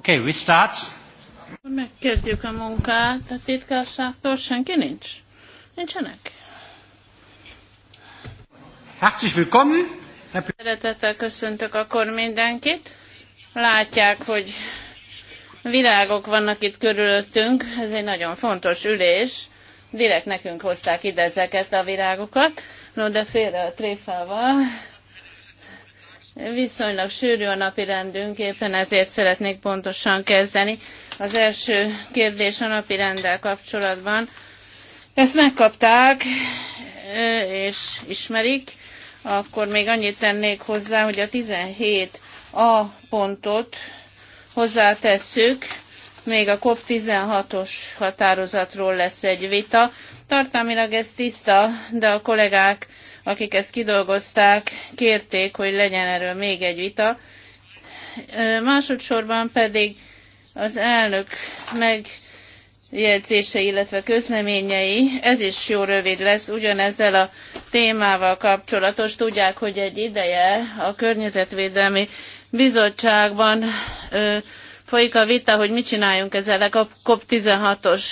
Okay, we start. Megkezdjük a munkát. A titkárságtól senki nincs? Nincsenek? Herzlich willkommen. Szeretettel köszöntök akkor mindenkit. Látják, hogy virágok vannak itt körülöttünk. Ez egy nagyon fontos ülés. Direkt nekünk hozták ide ezeket a virágokat. No, de félre a tréfával. Viszonylag sűrű a napi rendünk, éppen ezért szeretnék pontosan kezdeni. Az első kérdés a napi rendel kapcsolatban. Ezt megkapták, és ismerik. Akkor még annyit tennék hozzá, hogy a 17 A pontot hozzátesszük, még a COP16-os határozatról lesz egy vita, Tartalmilag ez tiszta, de a kollégák, akik ezt kidolgozták, kérték, hogy legyen erről még egy vita. Másodszorban pedig az elnök megjegyzése, illetve közleményei, ez is jó rövid lesz, ugyanezzel a témával kapcsolatos. Tudják, hogy egy ideje a Környezetvédelmi Bizottságban folyik a vita, hogy mit csináljunk ezzel a COP16-os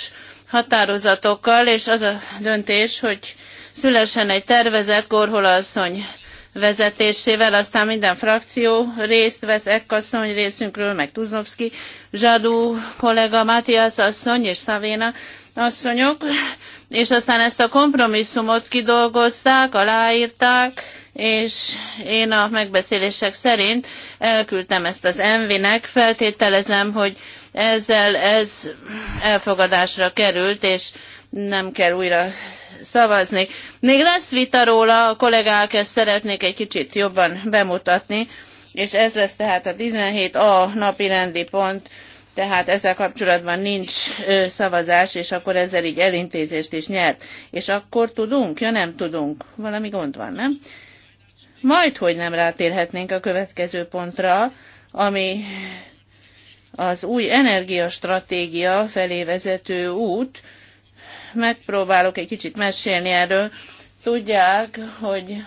határozatokkal, és az a döntés, hogy szülessen egy tervezet Gorhola asszony vezetésével, aztán minden frakció részt vesz, Ekkasszony részünkről, meg Tuznovski, Zsadú kollega, Mátiasz asszony és Szavéna asszonyok, és aztán ezt a kompromisszumot kidolgozták, aláírták, és én a megbeszélések szerint elküldtem ezt az MV-nek, feltételezem, hogy ezzel ez elfogadásra került, és nem kell újra szavazni. Még lesz vita róla, a kollégák ezt szeretnék egy kicsit jobban bemutatni, és ez lesz tehát a 17a napi rendi pont, tehát ezzel kapcsolatban nincs szavazás, és akkor ezzel így elintézést is nyert. És akkor tudunk? Ja, nem tudunk. Valami gond van, nem? Majd, hogy nem rátérhetnénk a következő pontra, ami az új energiastratégia felé vezető út. Megpróbálok egy kicsit mesélni erről. Tudják, hogy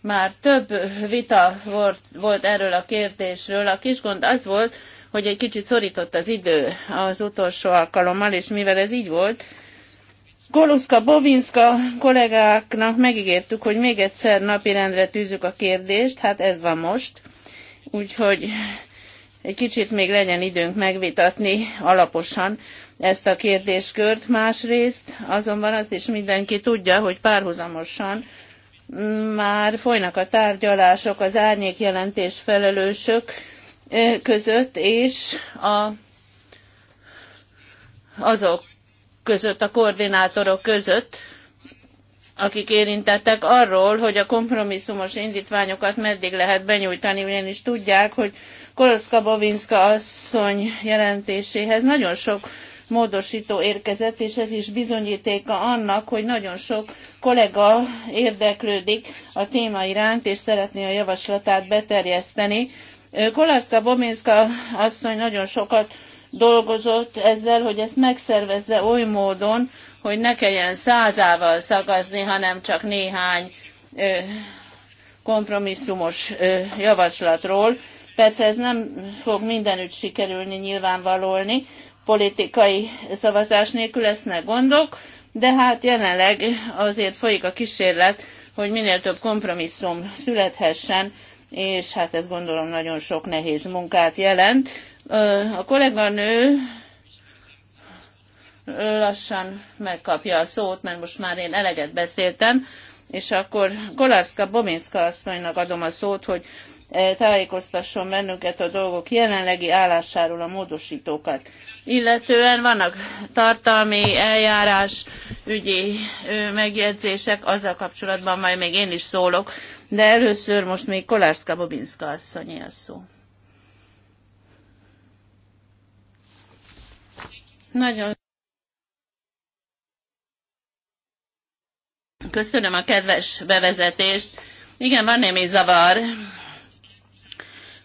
már több vita volt, volt erről a kérdésről. A kis gond az volt, hogy egy kicsit szorított az idő az utolsó alkalommal, és mivel ez így volt, Koluszka, Bovinska kollégáknak megígértük, hogy még egyszer napirendre tűzük a kérdést, hát ez van most. Úgyhogy egy kicsit még legyen időnk megvitatni alaposan ezt a kérdéskört. Másrészt azonban azt is mindenki tudja, hogy párhuzamosan már folynak a tárgyalások az árnyékjelentés jelentés felelősök között, és a, azok között, a koordinátorok között, akik érintettek arról, hogy a kompromisszumos indítványokat meddig lehet benyújtani, ugyanis tudják, hogy Koroszka Bovinska asszony jelentéséhez nagyon sok módosító érkezett, és ez is bizonyítéka annak, hogy nagyon sok kollega érdeklődik a téma iránt, és szeretné a javaslatát beterjeszteni. Kolarska Bominska asszony nagyon sokat dolgozott ezzel, hogy ezt megszervezze oly módon, hogy ne kelljen százával szakazni, hanem csak néhány kompromisszumos javaslatról Persze ez nem fog mindenütt sikerülni nyilvánvalóni, politikai szavazás nélkül ezt ne gondok, de hát jelenleg azért folyik a kísérlet, hogy minél több kompromisszum születhessen, és hát ez gondolom nagyon sok nehéz munkát jelent. A kolléganő lassan megkapja a szót, mert most már én eleget beszéltem, és akkor Kolarska Bominska asszonynak adom a szót, hogy Eh, tájékoztasson bennünket a dolgok jelenlegi állásáról a módosítókat. Illetően vannak tartalmi eljárás ügyi megjegyzések, azzal kapcsolatban majd még én is szólok, de először most még Kolárszka Bobinska asszonyi a szó. Nagyon Köszönöm a kedves bevezetést. Igen, van némi zavar,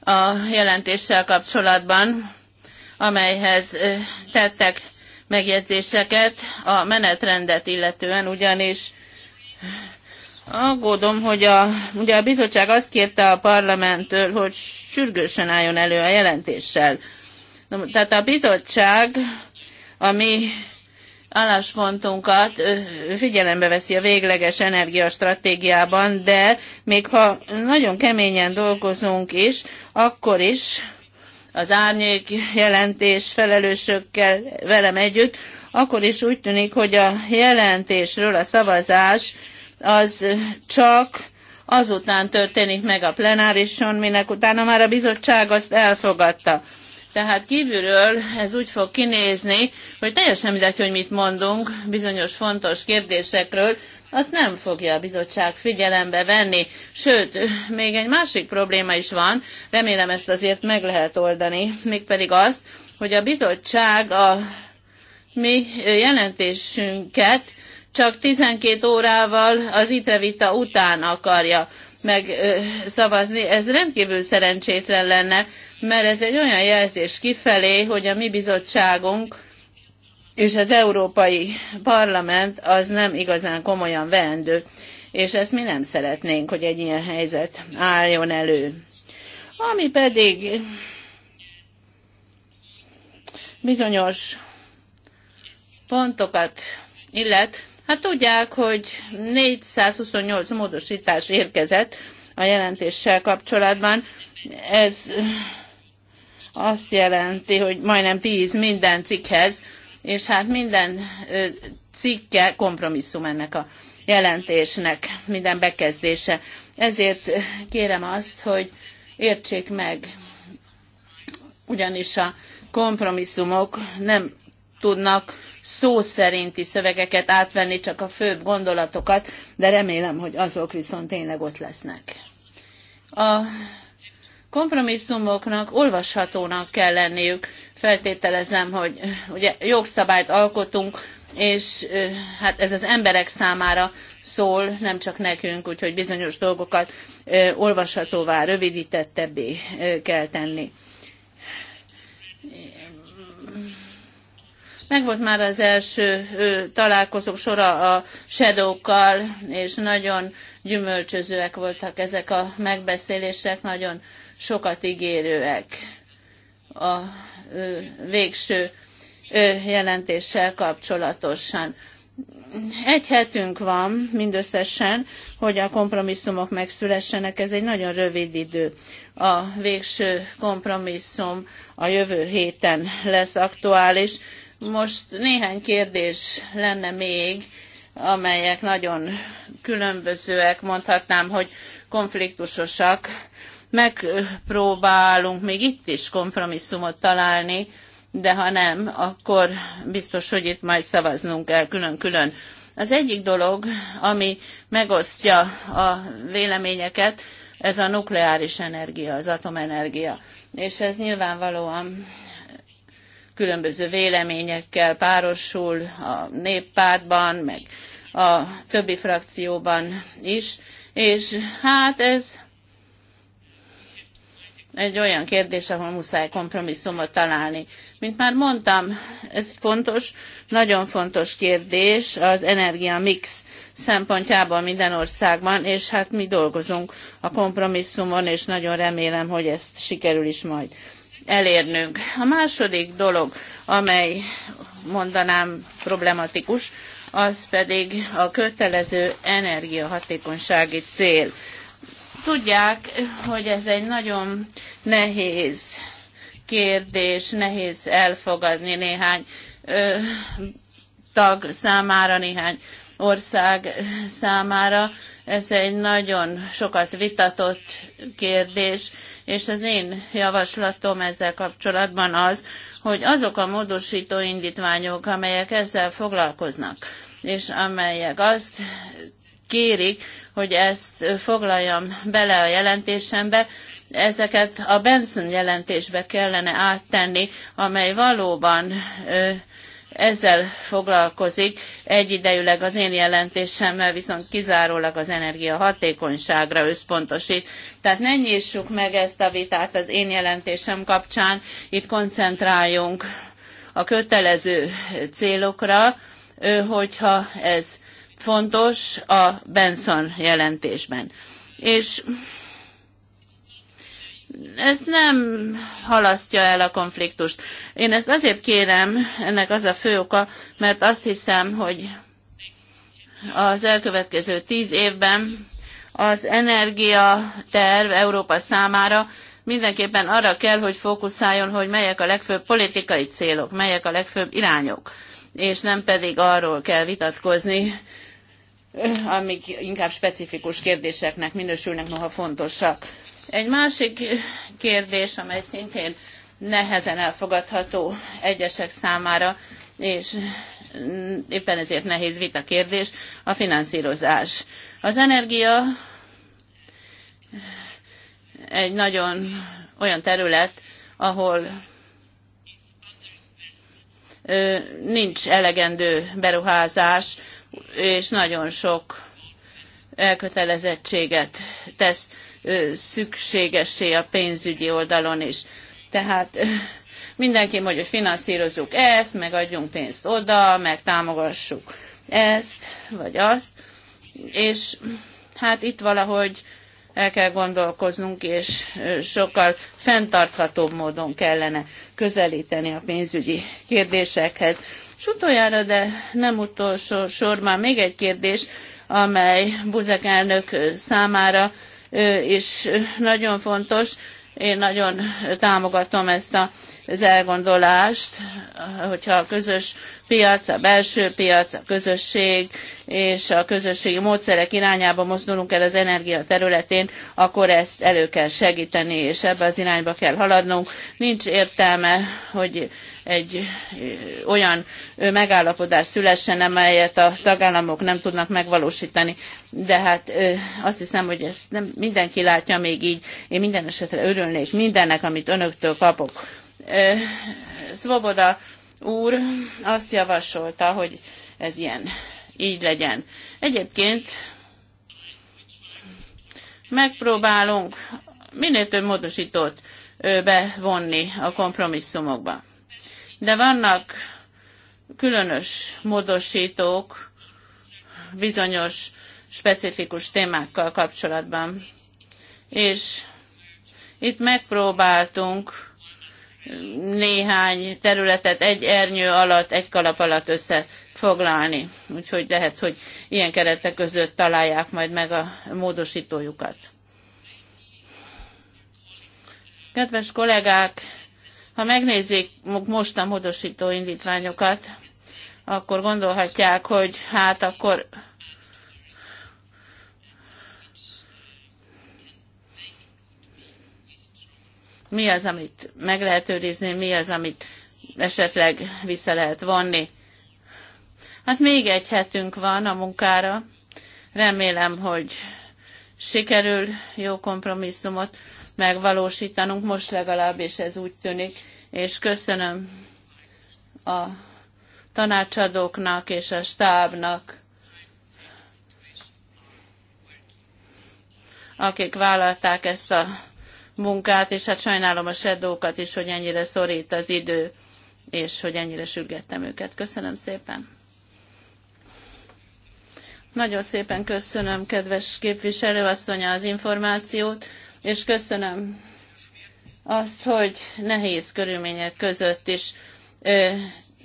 a jelentéssel kapcsolatban, amelyhez tettek megjegyzéseket a menetrendet illetően, ugyanis aggódom, hogy a, ugye a bizottság azt kérte a parlamenttől, hogy sürgősen álljon elő a jelentéssel. Tehát a bizottság, ami álláspontunkat figyelembe veszi a végleges energiastratégiában, de még ha nagyon keményen dolgozunk is, akkor is az árnyék jelentés felelősökkel velem együtt, akkor is úgy tűnik, hogy a jelentésről a szavazás az csak azután történik meg a plenárison, minek utána már a bizottság azt elfogadta. Tehát kívülről ez úgy fog kinézni, hogy teljesen mindegy, hogy mit mondunk bizonyos fontos kérdésekről, azt nem fogja a bizottság figyelembe venni. Sőt, még egy másik probléma is van, remélem ezt azért meg lehet oldani, mégpedig azt, hogy a bizottság a mi jelentésünket csak 12 órával az itrevita után akarja megszavazni, ez rendkívül szerencsétlen lenne, mert ez egy olyan jelzés kifelé, hogy a mi bizottságunk és az Európai Parlament az nem igazán komolyan veendő, és ezt mi nem szeretnénk, hogy egy ilyen helyzet álljon elő. Ami pedig bizonyos pontokat illet, Hát tudják, hogy 428 módosítás érkezett a jelentéssel kapcsolatban. Ez azt jelenti, hogy majdnem 10 minden cikkhez, és hát minden cikke kompromisszum ennek a jelentésnek, minden bekezdése. Ezért kérem azt, hogy értsék meg, ugyanis a kompromisszumok nem tudnak szó szerinti szövegeket átvenni, csak a főbb gondolatokat, de remélem, hogy azok viszont tényleg ott lesznek. A kompromisszumoknak olvashatónak kell lenniük. Feltételezem, hogy ugye jogszabályt alkotunk, és hát ez az emberek számára szól, nem csak nekünk, úgyhogy bizonyos dolgokat olvashatóvá, rövidítettebbé kell tenni. Megvolt már az első találkozók sora a shadow és nagyon gyümölcsözőek voltak ezek a megbeszélések, nagyon sokat ígérőek a végső jelentéssel kapcsolatosan. Egy hetünk van mindösszesen, hogy a kompromisszumok megszülessenek, ez egy nagyon rövid idő. A végső kompromisszum a jövő héten lesz aktuális, most néhány kérdés lenne még, amelyek nagyon különbözőek, mondhatnám, hogy konfliktusosak. Megpróbálunk még itt is kompromisszumot találni, de ha nem, akkor biztos, hogy itt majd szavaznunk kell külön-külön. Az egyik dolog, ami megosztja a véleményeket, ez a nukleáris energia, az atomenergia. És ez nyilvánvalóan különböző véleményekkel párosul a néppártban, meg a többi frakcióban is, és hát ez egy olyan kérdés, ahol muszáj kompromisszumot találni. Mint már mondtam, ez fontos, nagyon fontos kérdés az energia mix szempontjából minden országban, és hát mi dolgozunk a kompromisszumon, és nagyon remélem, hogy ezt sikerül is majd elérnünk. A második dolog, amely mondanám problematikus, az pedig a kötelező energiahatékonysági cél. Tudják, hogy ez egy nagyon nehéz kérdés, nehéz elfogadni néhány ö, tag számára, néhány ország számára, ez egy nagyon sokat vitatott kérdés, és az én javaslatom ezzel kapcsolatban az, hogy azok a módosító indítványok, amelyek ezzel foglalkoznak, és amelyek azt kérik, hogy ezt foglaljam bele a jelentésembe, ezeket a Benson jelentésbe kellene áttenni, amely valóban ezzel foglalkozik, egyidejűleg az én jelentésemmel viszont kizárólag az energiahatékonyságra összpontosít. Tehát ne nyissuk meg ezt a vitát az én jelentésem kapcsán, itt koncentráljunk a kötelező célokra, hogyha ez fontos a Benson jelentésben. És ez nem halasztja el a konfliktust. Én ezt azért kérem, ennek az a fő oka, mert azt hiszem, hogy az elkövetkező tíz évben az energiaterv Európa számára mindenképpen arra kell, hogy fókuszáljon, hogy melyek a legfőbb politikai célok, melyek a legfőbb irányok, és nem pedig arról kell vitatkozni, amik inkább specifikus kérdéseknek minősülnek, noha fontosak egy másik kérdés, amely szintén nehezen elfogadható egyesek számára, és éppen ezért nehéz vita kérdés, a finanszírozás. Az energia egy nagyon olyan terület, ahol nincs elegendő beruházás, és nagyon sok elkötelezettséget tesz szükségesé a pénzügyi oldalon is. Tehát mindenki mondja, hogy finanszírozzuk ezt, meg adjunk pénzt oda, meg támogassuk ezt, vagy azt, és hát itt valahogy el kell gondolkoznunk, és sokkal fenntarthatóbb módon kellene közelíteni a pénzügyi kérdésekhez. És utoljára, de nem utolsó sorban még egy kérdés, amely Buzek elnök számára is nagyon fontos. Én nagyon támogatom ezt a az elgondolást, hogyha a közös piac, a belső piac, a közösség és a közösségi módszerek irányába mozdulunk el az energia területén, akkor ezt elő kell segíteni, és ebbe az irányba kell haladnunk. Nincs értelme, hogy egy olyan megállapodás szülessen, amelyet a tagállamok nem tudnak megvalósítani. De hát azt hiszem, hogy ezt nem mindenki látja még így. Én minden esetre örülnék mindennek, amit önöktől kapok. Svoboda úr azt javasolta, hogy ez ilyen, így legyen. Egyébként megpróbálunk minél több módosítót bevonni a kompromisszumokba. De vannak különös módosítók bizonyos specifikus témákkal kapcsolatban. És itt megpróbáltunk néhány területet egy ernyő alatt, egy kalap alatt összefoglalni. Úgyhogy lehet, hogy ilyen keretek között találják majd meg a módosítójukat. Kedves kollégák, ha megnézzék most a módosító indítványokat, akkor gondolhatják, hogy hát akkor mi az, amit meg lehet őrizni, mi az, amit esetleg vissza lehet vonni. Hát még egy hetünk van a munkára. Remélem, hogy sikerül jó kompromisszumot megvalósítanunk, most legalábbis ez úgy tűnik, és köszönöm a tanácsadóknak és a stábnak, akik vállalták ezt a munkát, és hát sajnálom a sedókat is, hogy ennyire szorít az idő, és hogy ennyire sürgettem őket. Köszönöm szépen! Nagyon szépen köszönöm, kedves képviselőasszonya, az információt, és köszönöm azt, hogy nehéz körülmények között is ö,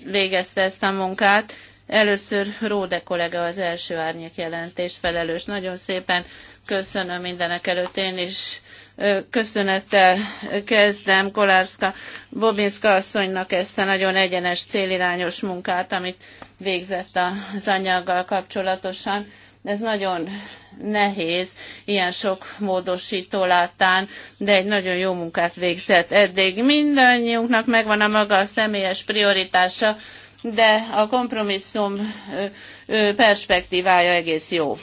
végezte ezt a munkát. Először Róde kollega az első árnyék jelentés felelős. Nagyon szépen köszönöm mindenek előtt én is köszönettel kezdem Kolárszka Bobinska asszonynak ezt a nagyon egyenes célirányos munkát, amit végzett az anyaggal kapcsolatosan. Ez nagyon nehéz, ilyen sok módosító láttán, de egy nagyon jó munkát végzett eddig. Mindannyiunknak megvan a maga a személyes prioritása, de a kompromisszum perspektívája egész jó.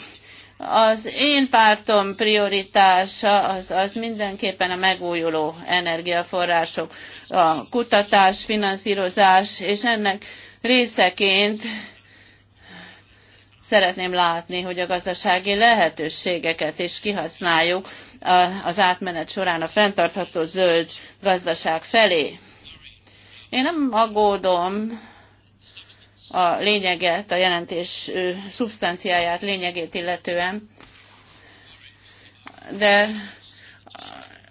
Az én pártom prioritása az, az mindenképpen a megújuló energiaforrások, a kutatás, finanszírozás, és ennek részeként szeretném látni, hogy a gazdasági lehetőségeket is kihasználjuk az átmenet során a fenntartható zöld gazdaság felé. Én nem aggódom a lényeget, a jelentés szubstanciáját, lényegét illetően, de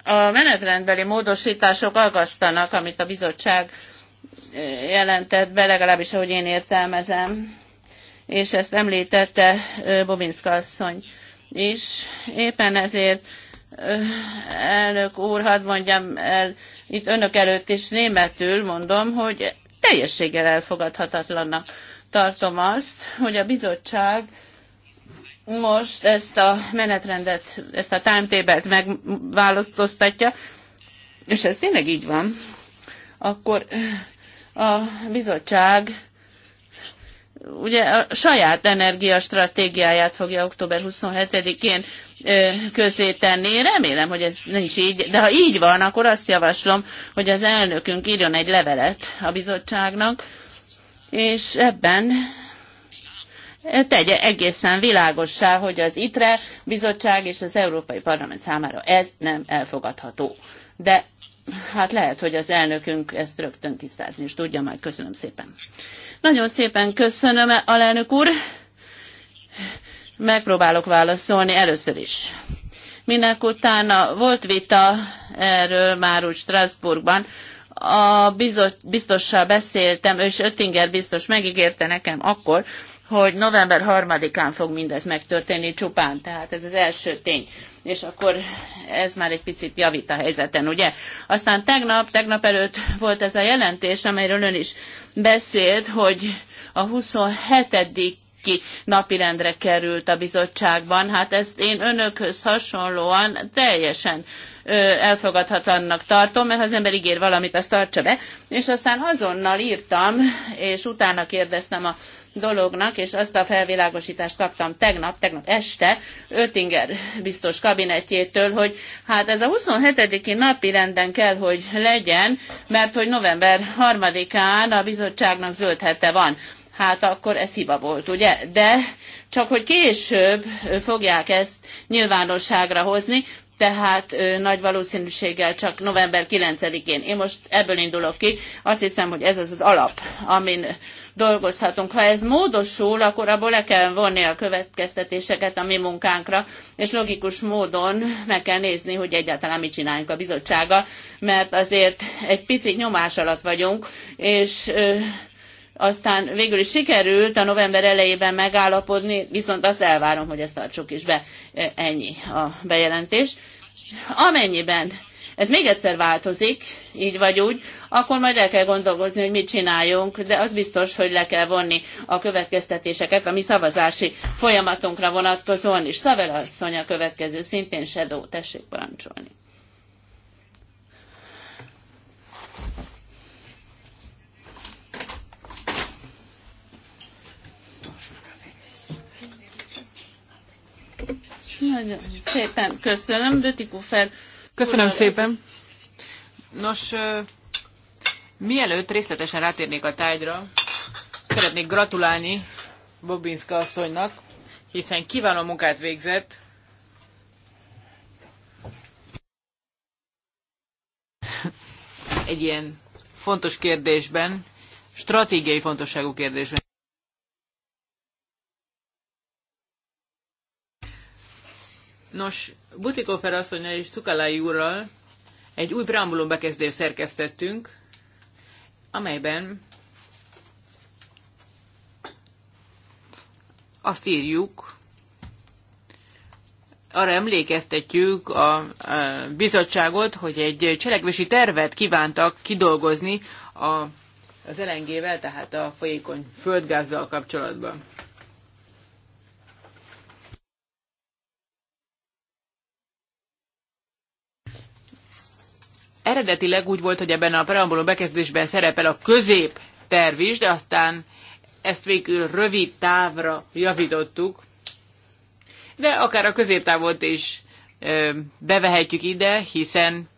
a menetrendbeli módosítások aggasztanak, amit a bizottság jelentett be, legalábbis ahogy én értelmezem, és ezt említette Bobinska asszony is. Éppen ezért elnök úr, hadd mondjam el, itt önök előtt is németül mondom, hogy teljességgel elfogadhatatlannak tartom azt, hogy a bizottság most ezt a menetrendet, ezt a timetable-t megváltoztatja, és ez tényleg így van, akkor a bizottság ugye a saját energiastratégiáját fogja október 27-én közé tenni. Remélem, hogy ez nincs így, de ha így van, akkor azt javaslom, hogy az elnökünk írjon egy levelet a bizottságnak, és ebben tegye egészen világossá, hogy az ITRE bizottság és az Európai Parlament számára ez nem elfogadható. De hát lehet, hogy az elnökünk ezt rögtön tisztázni is tudja, majd köszönöm szépen. Nagyon szépen köszönöm, alelnök úr. Megpróbálok válaszolni először is. Minek utána volt vita erről már úgy Strasbourgban, a bizot, biztossal beszéltem, és Öttinger biztos megígérte nekem akkor, hogy november 3-án fog mindez megtörténni csupán, tehát ez az első tény. És akkor ez már egy picit javít a helyzeten, ugye? Aztán tegnap, tegnap előtt volt ez a jelentés, amelyről ön is beszélt, hogy a 27 ki napirendre került a bizottságban. Hát ezt én önökhöz hasonlóan teljesen elfogadhatatlannak tartom, mert ha az ember ígér valamit, azt tartsa be. És aztán azonnal írtam, és utána kérdeztem a dolognak, és azt a felvilágosítást kaptam tegnap, tegnap este, Öttinger biztos kabinetjétől, hogy hát ez a 27. napi renden kell, hogy legyen, mert hogy november 3-án a bizottságnak zöld hete van hát akkor ez hiba volt, ugye? De csak hogy később fogják ezt nyilvánosságra hozni, tehát ö, nagy valószínűséggel csak november 9-én. Én most ebből indulok ki, azt hiszem, hogy ez az az alap, amin dolgozhatunk. Ha ez módosul, akkor abból le kell vonni a következtetéseket a mi munkánkra, és logikus módon meg kell nézni, hogy egyáltalán mit csináljunk a bizottsága, mert azért egy picit nyomás alatt vagyunk, és ö, aztán végül is sikerült a november elejében megállapodni, viszont azt elvárom, hogy ezt tartsuk is be. E, ennyi a bejelentés. Amennyiben ez még egyszer változik, így vagy úgy, akkor majd el kell gondolkozni, hogy mit csináljunk, de az biztos, hogy le kell vonni a következtetéseket a mi szavazási folyamatunkra vonatkozóan is. Szavel asszony a következő, szintén Sedó, tessék parancsolni. Nagyon szépen köszönöm, fel. Köszönöm szépen. Nos, mielőtt részletesen rátérnék a tájra, szeretnék gratulálni Bobinska asszonynak, hiszen kiváló munkát végzett. Egy ilyen fontos kérdésben, stratégiai fontosságú kérdésben. Nos, Butikofer asszonyal és Cukalai úrral egy új preambulum bekezdést szerkesztettünk, amelyben azt írjuk, arra emlékeztetjük a, bizottságot, hogy egy cselekvési tervet kívántak kidolgozni a, az elengével, tehát a folyékony földgázzal kapcsolatban. eredetileg úgy volt, hogy ebben a preambuló bekezdésben szerepel a közép terv is, de aztán ezt végül rövid távra javítottuk. De akár a középtávot is bevehetjük ide, hiszen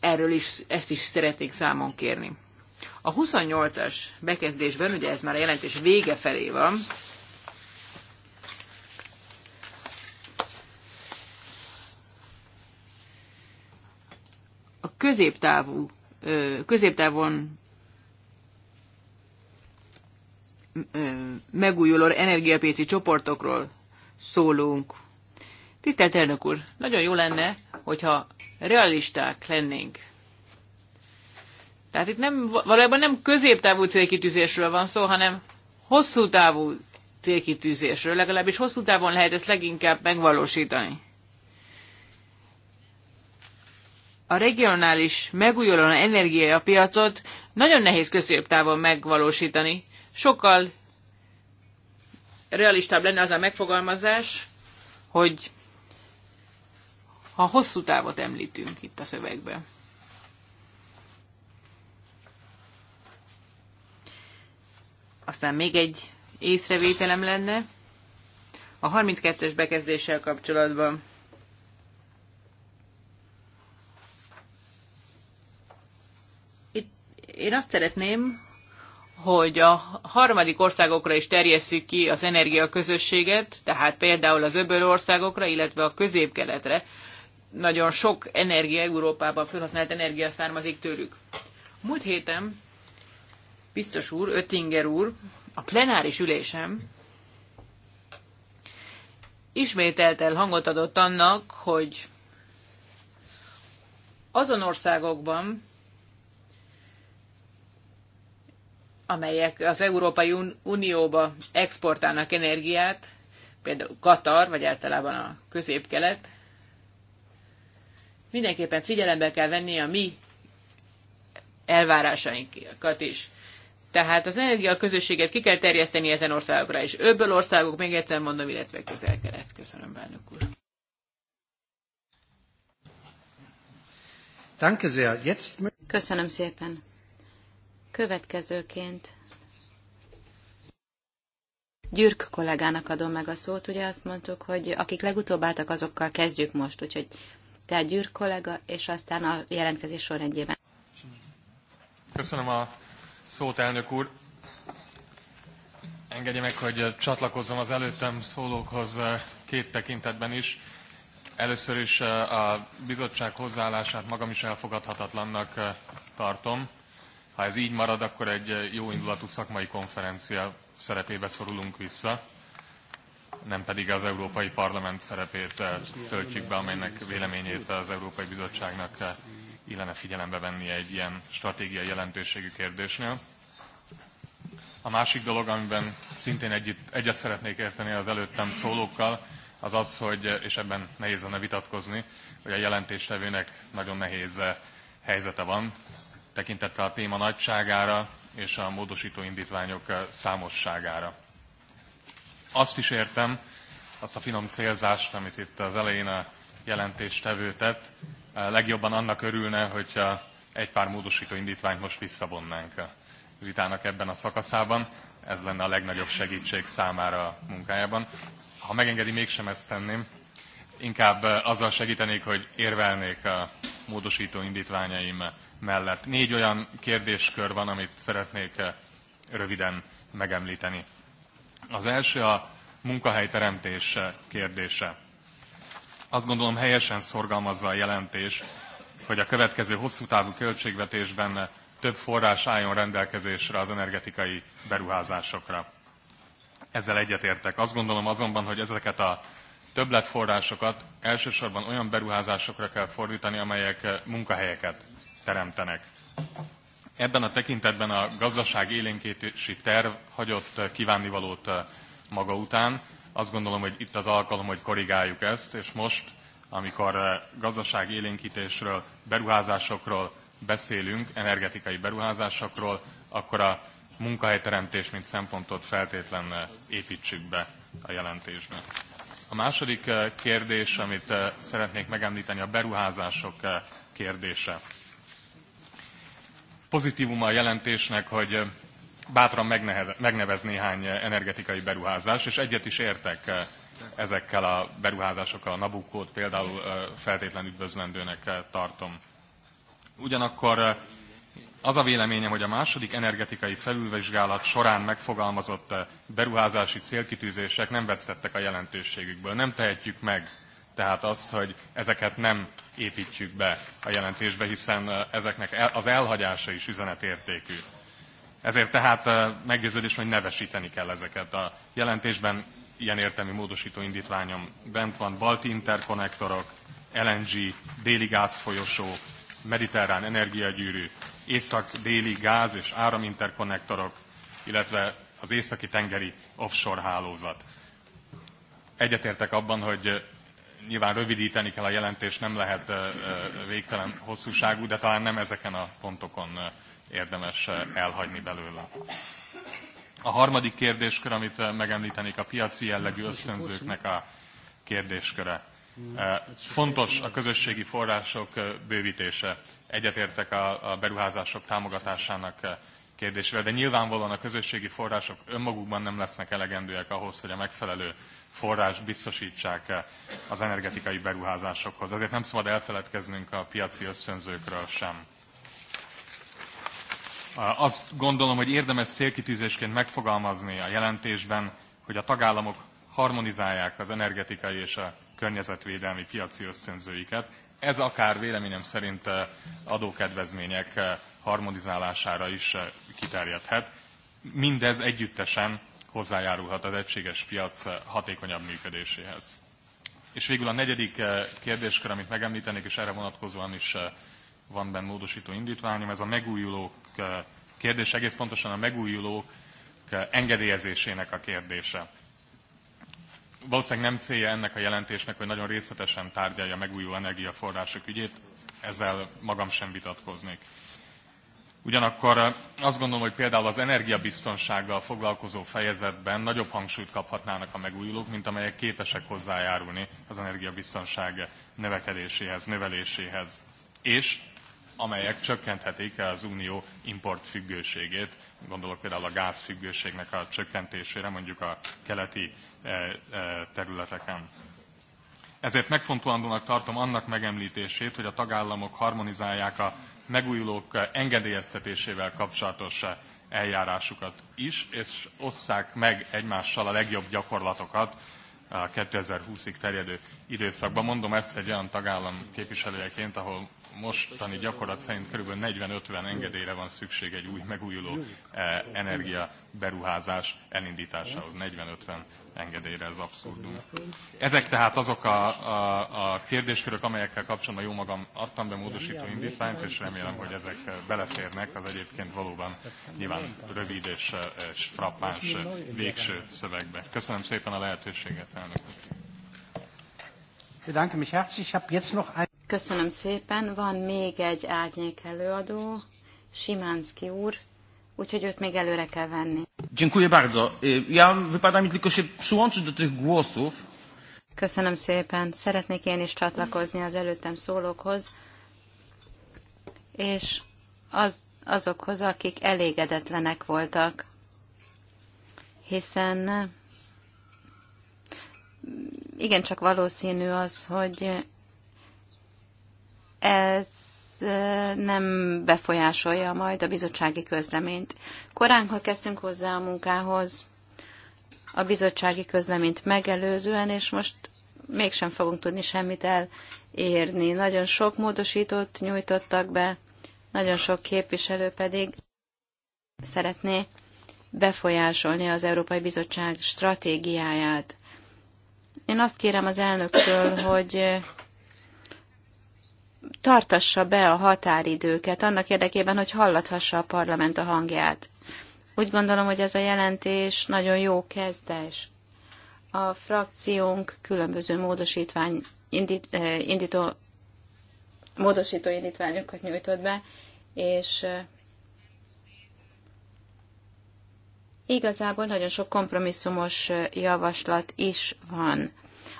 erről is, ezt is szeretnék számon kérni. A 28-as bekezdésben, ugye ez már a jelentés vége felé van, középtávú, középtávon megújuló energiapéci csoportokról szólunk. Tisztelt elnök úr, nagyon jó lenne, hogyha realisták lennénk. Tehát itt nem, valójában nem középtávú célkitűzésről van szó, hanem hosszú távú célkitűzésről, legalábbis hosszú távon lehet ezt leginkább megvalósítani. a regionális megújuló energiapiacot nagyon nehéz távon megvalósítani. Sokkal realistább lenne az a megfogalmazás, hogy ha hosszú távot említünk itt a szövegben. Aztán még egy észrevételem lenne a 32-es bekezdéssel kapcsolatban. én azt szeretném, hogy a harmadik országokra is terjesszük ki az energiaközösséget, tehát például az öböl országokra, illetve a középkeletre. Nagyon sok energia Európában felhasznált energia származik tőlük. Múlt héten biztos úr, Öttinger úr, a plenáris ülésem ismételt el hangot adott annak, hogy azon országokban, amelyek az Európai Unióba exportálnak energiát, például Katar, vagy általában a közép-kelet, mindenképpen figyelembe kell venni a mi elvárásainkat is. Tehát az energiaközösséget ki kell terjeszteni ezen országokra is. Öbből országok, még egyszer mondom, illetve közel-kelet. Köszönöm, bánok úr. Köszönöm szépen. Következőként Gyürk kollégának adom meg a szót, ugye azt mondtuk, hogy akik legutóbb álltak, azokkal kezdjük most, úgyhogy tehát Gyürk kollega, és aztán a jelentkezés sorrendjében. Köszönöm a szót, elnök úr. Engedje meg, hogy csatlakozzam az előttem szólókhoz eh, két tekintetben is. Először is eh, a bizottság hozzáállását magam is elfogadhatatlannak eh, tartom. Ha ez így marad, akkor egy eh, jó indulatú szakmai konferencia szerepébe szorulunk vissza, nem pedig az Európai Parlament szerepét eh, töltjük be, amelynek véleményét az Európai Bizottságnak eh, illene figyelembe vennie egy ilyen stratégiai jelentőségű kérdésnél. A másik dolog, amiben szintén együtt, egyet szeretnék érteni az előttem szólókkal, az az, hogy, és ebben nehéz lenne vitatkozni, hogy a jelentéstevőnek nagyon nehéz helyzete van, tekintettel a téma nagyságára és a módosító indítványok eh, számosságára. Azt is értem, azt a finom célzást, amit itt az elején a jelentéstevő tett, eh, legjobban annak örülne, hogyha egy pár módosító indítványt most visszavonnánk a vitának ebben a szakaszában. Ez lenne a legnagyobb segítség számára a munkájában. Ha megengedi, mégsem ezt tenném. Inkább eh, azzal segítenék, hogy érvelnék a módosító indítványaim mellett. Négy olyan kérdéskör van, amit szeretnék eh, röviden megemlíteni. Az első a munkahelyteremtés eh, kérdése. Azt gondolom helyesen szorgalmazza a jelentés, hogy a következő hosszú távú költségvetésben eh, több forrás álljon rendelkezésre az energetikai beruházásokra. Ezzel egyetértek. Azt gondolom azonban, hogy ezeket a többletforrásokat elsősorban olyan beruházásokra kell fordítani, amelyek munkahelyeket teremtenek. Ebben a tekintetben a gazdaság élénkítési terv hagyott kívánnivalót eh, maga után. Azt gondolom, hogy itt az alkalom, hogy korrigáljuk ezt, és most, amikor eh, gazdaság élénkítésről, beruházásokról beszélünk, energetikai beruházásokról, akkor a munkahelyteremtés, mint szempontot feltétlen eh, építsük be a jelentésbe. A második kérdés, amit szeretnék megemlíteni, a beruházások kérdése pozitívuma a jelentésnek, hogy eh, bátran megnevez néhány eh, energetikai beruházás, és egyet is értek eh, ezekkel a beruházásokkal. A Nabukkót például feltétlen üdvözlendőnek tartom. Ugyanakkor az a véleményem, hogy a második energetikai felülvizsgálat során megfogalmazott beruházási célkitűzések nem vesztettek a jelentőségükből. Nem tehetjük meg tehát azt, hogy ezeket nem építjük be a jelentésbe, hiszen ezeknek az elhagyása is üzenetértékű. Ezért tehát meggyőződés, hogy nevesíteni kell ezeket. A jelentésben ilyen értelmi módosító indítványom bent van, balti interkonnektorok, LNG, déli gázfolyosó, mediterrán energiagyűrű, észak-déli gáz és áraminterkonnektorok, illetve az északi tengeri offshore hálózat. Egyetértek abban, hogy nyilván rövidíteni kell a jelentés, nem lehet végtelen hosszúságú, de talán nem ezeken a pontokon érdemes elhagyni belőle. A harmadik kérdéskör, amit megemlítenék, a piaci jellegű ösztönzőknek a kérdésköre. Hmm. Fontos a közösségi források bővítése. Egyetértek a beruházások támogatásának kérdésével, de nyilvánvalóan a közösségi források önmagukban nem lesznek elegendőek ahhoz, hogy a megfelelő forrás biztosítsák az energetikai beruházásokhoz. Azért nem szabad elfeledkeznünk a piaci ösztönzőkről sem. Azt gondolom, hogy érdemes célkitűzésként megfogalmazni a jelentésben, hogy a tagállamok harmonizálják az energetikai és a környezetvédelmi piaci ösztönzőiket. Ez akár véleményem szerint eh, adókedvezmények eh, harmonizálására is eh, kiterjedhet. Mindez együttesen hozzájárulhat az egységes piac eh, hatékonyabb működéséhez. És végül a negyedik eh, kérdéskör, amit megemlítenék, és erre vonatkozóan is van benne módosító indítványom, ez a megújulók kérdés, egész pontosan a megújulók engedélyezésének a kérdése. Valószínűleg nem célja ennek a jelentésnek, hogy nagyon részletesen tárgyalja a megújuló energiaforrások ügyét, ezzel magam sem vitatkoznék. Ugyanakkor eh, azt gondolom, hogy például az energiabiztonsággal foglalkozó fejezetben nagyobb hangsúlyt kaphatnának a megújulók, mint amelyek képesek hozzájárulni az energiabiztonság növekedéséhez, növeléséhez, és amelyek csökkenthetik az unió importfüggőségét. Gondolok például a gázfüggőségnek a csökkentésére mondjuk a keleti eh, eh, területeken. Ezért megfontolandónak tartom annak megemlítését, hogy a tagállamok harmonizálják a megújulók engedélyeztetésével kapcsolatos eljárásukat is, és osszák meg egymással a legjobb gyakorlatokat a 2020-ig terjedő időszakban. Mondom ezt egy olyan tagállam képviselőjeként, ahol mostani gyakorlat szerint kb. 40-50 engedélyre van szükség egy új megújuló eh, energiaberuházás elindításához. 40-50 engedélyre ez abszurdum. Ezek tehát azok a, a, a kérdéskörök, amelyekkel kapcsolatban jó magam adtam be módosító indítványt, és remélem, hogy ezek beleférnek az egyébként valóban nyilván rövid és, és frappáns végső szövegbe. Köszönöm szépen a lehetőséget, elnök Köszönöm szépen. Van még egy árnyék előadó, Simánszki úr úgyhogy őt még előre kell venni. Dziękuję bardzo. Ja wypada mi tylko się przyłączyć do tych głosów. Köszönöm szépen. Szeretnék én is csatlakozni az előttem szólókhoz, és az, azokhoz, akik elégedetlenek voltak, hiszen igencsak valószínű az, hogy ez Eh, nem befolyásolja majd a bizottsági közleményt. Korán, ha kezdtünk hozzá a munkához, a bizottsági közleményt megelőzően, és most mégsem fogunk tudni semmit elérni. Nagyon sok módosítót nyújtottak be, nagyon sok képviselő pedig szeretné befolyásolni az Európai Bizottság stratégiáját. Én azt kérem az elnöktől, hogy tartassa be a határidőket annak érdekében, hogy hallathassa a parlament a hangját. Úgy gondolom, hogy ez a jelentés nagyon jó kezdés. A frakciónk különböző módosítvány indít, eh, indító, módosító indítványokat nyújtott be, és eh, igazából nagyon sok kompromisszumos eh, javaslat is van.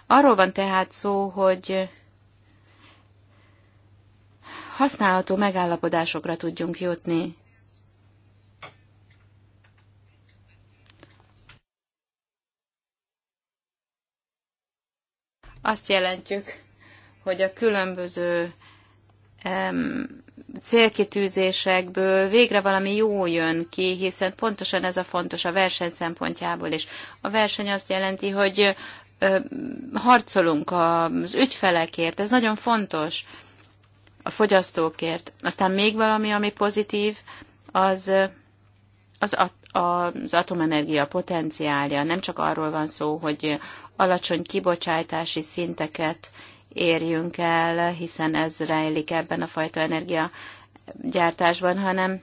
Arról van tehát szó, hogy használható megállapodásokra tudjunk jutni. Azt jelentjük, hogy a különböző em, célkitűzésekből végre valami jó jön ki, hiszen pontosan ez a fontos a verseny szempontjából is. A verseny azt jelenti, hogy harcolunk az ügyfelekért, ez nagyon fontos a fogyasztókért. Aztán még valami, ami pozitív, az az, az atomenergia potenciálja. Nem csak arról van szó, hogy alacsony kibocsátási szinteket érjünk el, hiszen ez rejlik ebben a fajta energiagyártásban, hanem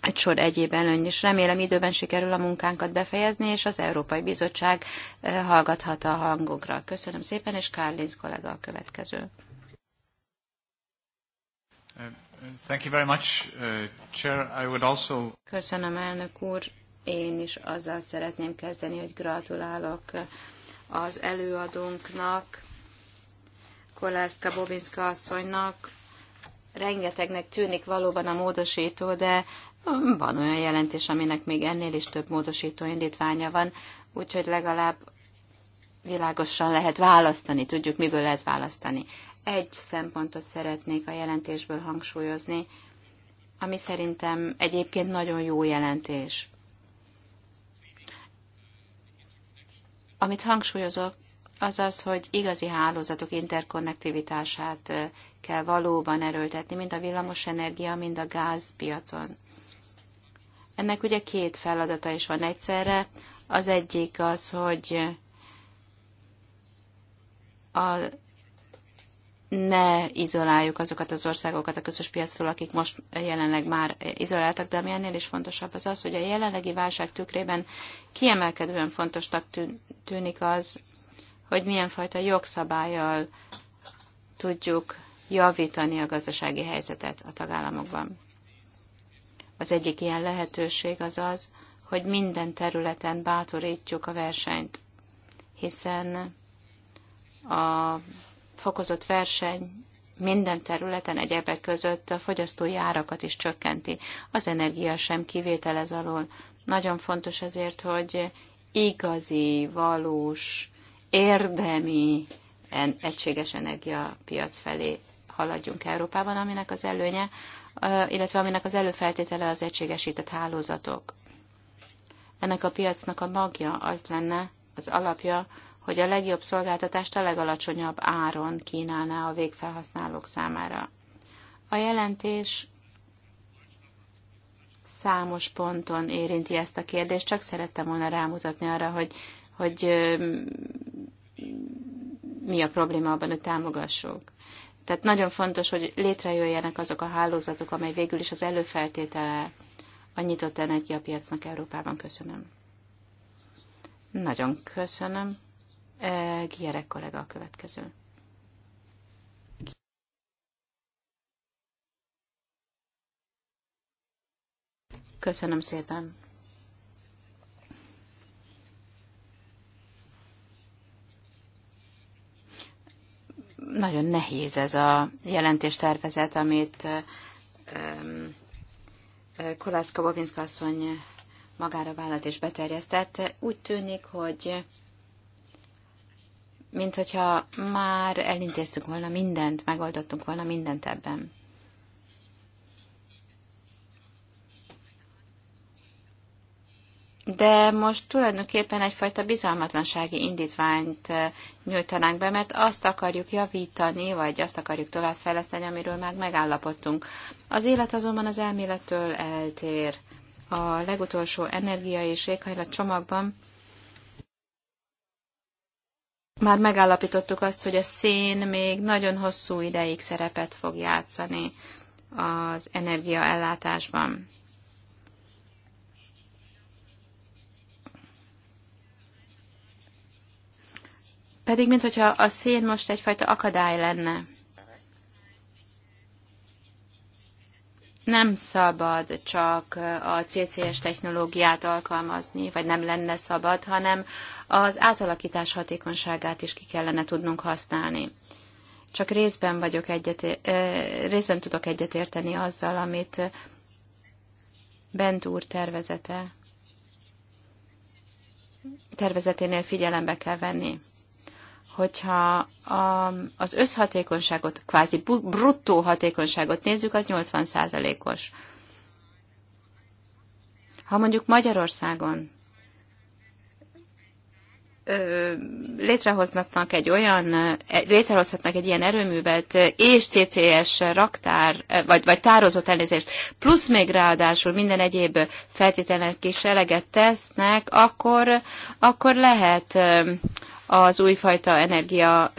egy sor egyéb előny is. Remélem időben sikerül a munkánkat befejezni, és az Európai Bizottság eh, hallgathat a hangokra. Köszönöm szépen, és Kárlinsz kollega a következő. Thank you very much, uh, Chair. I would also... Köszönöm, elnök úr. Én is azzal szeretném kezdeni, hogy gratulálok uh, az előadónknak, Kolárszka Bobinska asszonynak. Rengetegnek tűnik valóban a módosító, de um, van olyan jelentés, aminek még ennél is több módosító indítványa van, úgyhogy legalább világosan lehet választani, tudjuk, miből lehet választani egy szempontot szeretnék a jelentésből hangsúlyozni, ami szerintem egyébként nagyon jó jelentés. Amit hangsúlyozok, az az, hogy igazi hálózatok interkonnektivitását kell valóban erőltetni, mind a villamosenergia, mind a gázpiacon. Ennek ugye két feladata is van egyszerre. Az egyik az, hogy a ne izoláljuk azokat az országokat a közös piacról, akik most jelenleg már izoláltak, de ami ennél is fontosabb az az, hogy a jelenlegi válság tükrében kiemelkedően fontosnak tűnik az, hogy milyen fajta jogszabályjal tudjuk javítani a gazdasági helyzetet a tagállamokban. Az egyik ilyen lehetőség az az, hogy minden területen bátorítjuk a versenyt, hiszen a fokozott verseny minden területen egyebek között a fogyasztói árakat is csökkenti. Az energia sem kivétel ez alól. Nagyon fontos ezért, hogy igazi, valós, érdemi egységes energiapiac felé haladjunk Európában, aminek az előnye, illetve aminek az előfeltétele az egységesített hálózatok. Ennek a piacnak a magja az lenne, az alapja, hogy a legjobb szolgáltatást a legalacsonyabb áron kínálná a végfelhasználók számára. A jelentés számos ponton érinti ezt a kérdést, csak szerettem volna rámutatni arra, hogy, hogy mi a probléma abban, hogy támogassuk. Tehát nagyon fontos, hogy létrejöjjenek azok a hálózatok, amely végül is az előfeltétele a nyitott energiapiacnak Európában. Köszönöm. Nagyon köszönöm. Eh, Gyerek kollega a következő. Köszönöm szépen. Nagyon nehéz ez a jelentéstervezet, amit eh, eh, Kolászka Bobinszka asszony magára vállalt és beterjesztett. Úgy tűnik, hogy mint hogyha már elintéztünk volna mindent, megoldottunk volna mindent ebben. De most tulajdonképpen egyfajta bizalmatlansági indítványt eh, nyújtanánk be, mert azt akarjuk javítani, vagy azt akarjuk továbbfejleszteni, amiről már megállapodtunk. Az élet azonban az elmélettől eltér. A legutolsó energia és éghajlat csomagban már megállapítottuk azt, hogy a szén még nagyon hosszú ideig szerepet fog játszani az energiaellátásban. Pedig, mintha a szén most egyfajta akadály lenne. nem szabad csak a CCS technológiát alkalmazni, vagy nem lenne szabad, hanem az átalakítás hatékonyságát is ki kellene tudnunk használni. Csak részben, vagyok egyet, részben tudok egyetérteni azzal, amit Bent úr tervezete tervezeténél figyelembe kell venni hogyha a, az összhatékonyságot, kvázi bruttó hatékonyságot nézzük, az 80 százalékos, Ha mondjuk Magyarországon létrehoznak egy olyan, e, létrehozhatnak egy ilyen erőművet, és CCS raktár, e, vagy, vagy tározott elnézést, plusz még ráadásul minden egyéb feltételnek is eleget tesznek, akkor, akkor lehet az újfajta energia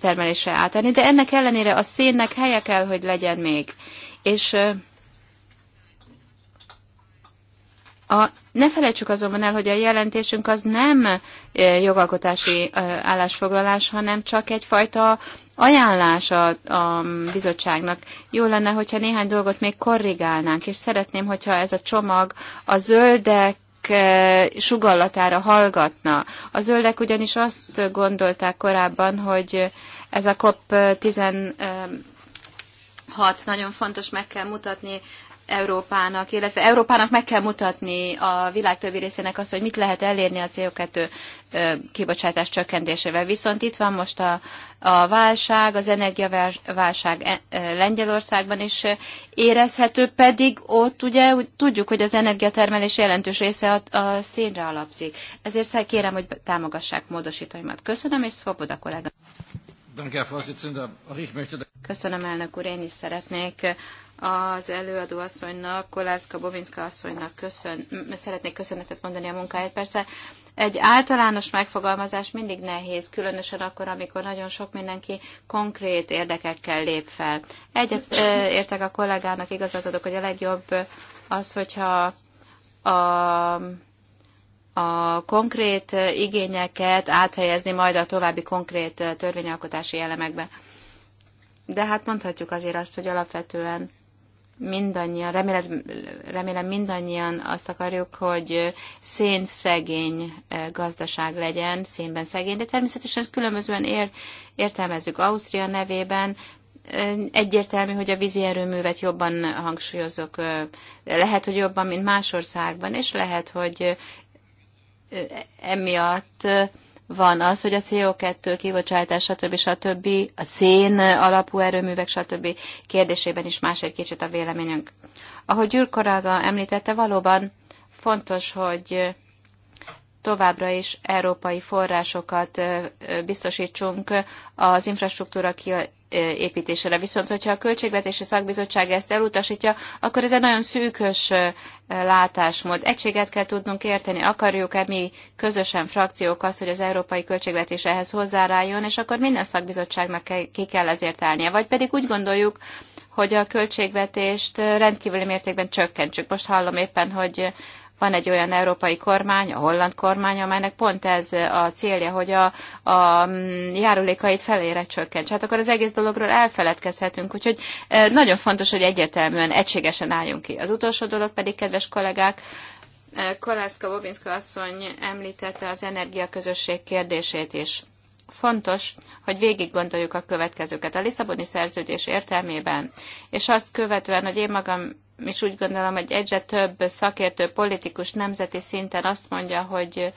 termelésre átállni, de ennek ellenére a szénnek helye kell, hogy legyen még. És a, ne felejtsük azonban el, hogy a jelentésünk az nem jogalkotási állásfoglalás, hanem csak egyfajta ajánlás a, a bizottságnak. Jó lenne, hogyha néhány dolgot még korrigálnánk, és szeretném, hogyha ez a csomag a zöldek Eh, sugallatára hallgatna. A zöldek ugyanis azt gondolták korábban, hogy ez a COP 16 nagyon fontos, meg kell mutatni Európának, illetve Európának meg kell mutatni a világ többi részének azt, hogy mit lehet elérni a CO2 kibocsátás csökkentésével. Viszont itt van most a, a válság, az energiaválság e, Lengyelországban is érezhető, pedig ott ugye tudjuk, hogy az energiatermelés jelentős része a, a szénre alapszik. Ezért kérem, hogy támogassák módosítóimat. Köszönöm, és Svoboda kollega. Köszönöm, elnök úr, én is szeretnék az előadó asszonynak, Kolászka Bovinska asszonynak köszön, szeretnék köszönetet mondani a munkáért. Persze egy általános megfogalmazás mindig nehéz, különösen akkor, amikor nagyon sok mindenki konkrét érdekekkel lép fel. Egyet értek a kollégának, igazat adok, hogy a legjobb az, hogyha a a konkrét igényeket áthelyezni majd a további konkrét törvényalkotási elemekbe de hát mondhatjuk azért azt, hogy alapvetően mindannyian, remélem, remélem mindannyian azt akarjuk, hogy szén szegény gazdaság legyen, szénben szegény, de természetesen ezt különbözően ér, értelmezzük Ausztria nevében. Egyértelmű, hogy a vízi erőművet jobban hangsúlyozok, lehet, hogy jobban, mint más országban, és lehet, hogy emiatt van az, hogy a CO2 kibocsátás, stb. stb. a szén alapú erőművek, stb. kérdésében is más egy kicsit a véleményünk. Ahogy Gyűr Koraga említette, valóban fontos, hogy továbbra is európai forrásokat biztosítsunk az infrastruktúra építésére. Viszont, hogyha a Költségvetési Szakbizottság ezt elutasítja, akkor ez egy nagyon szűkös látásmód. Egységet kell tudnunk érteni, akarjuk-e mi közösen frakciók azt, hogy az európai költségvetés ehhez hozzárájon, és akkor minden szakbizottságnak ki kell ezért állnia. Vagy pedig úgy gondoljuk, hogy a költségvetést rendkívüli mértékben csökkentsük. Most hallom éppen, hogy van egy olyan európai kormány, a holland kormány, amelynek pont ez a célja, hogy a, a mm, járulékait felére csökkents. Hát akkor az egész dologról elfeledkezhetünk, úgyhogy e, nagyon fontos, hogy egyértelműen egységesen álljunk ki. Az utolsó dolog pedig, kedves kollégák, e, Kolászka Bobinska asszony említette az energiaközösség kérdését is. Fontos, hogy végig gondoljuk a következőket. A Lisszaboni szerződés értelmében, és azt követően, hogy én magam és úgy gondolom, hogy egyre több szakértő, politikus nemzeti szinten azt mondja, hogy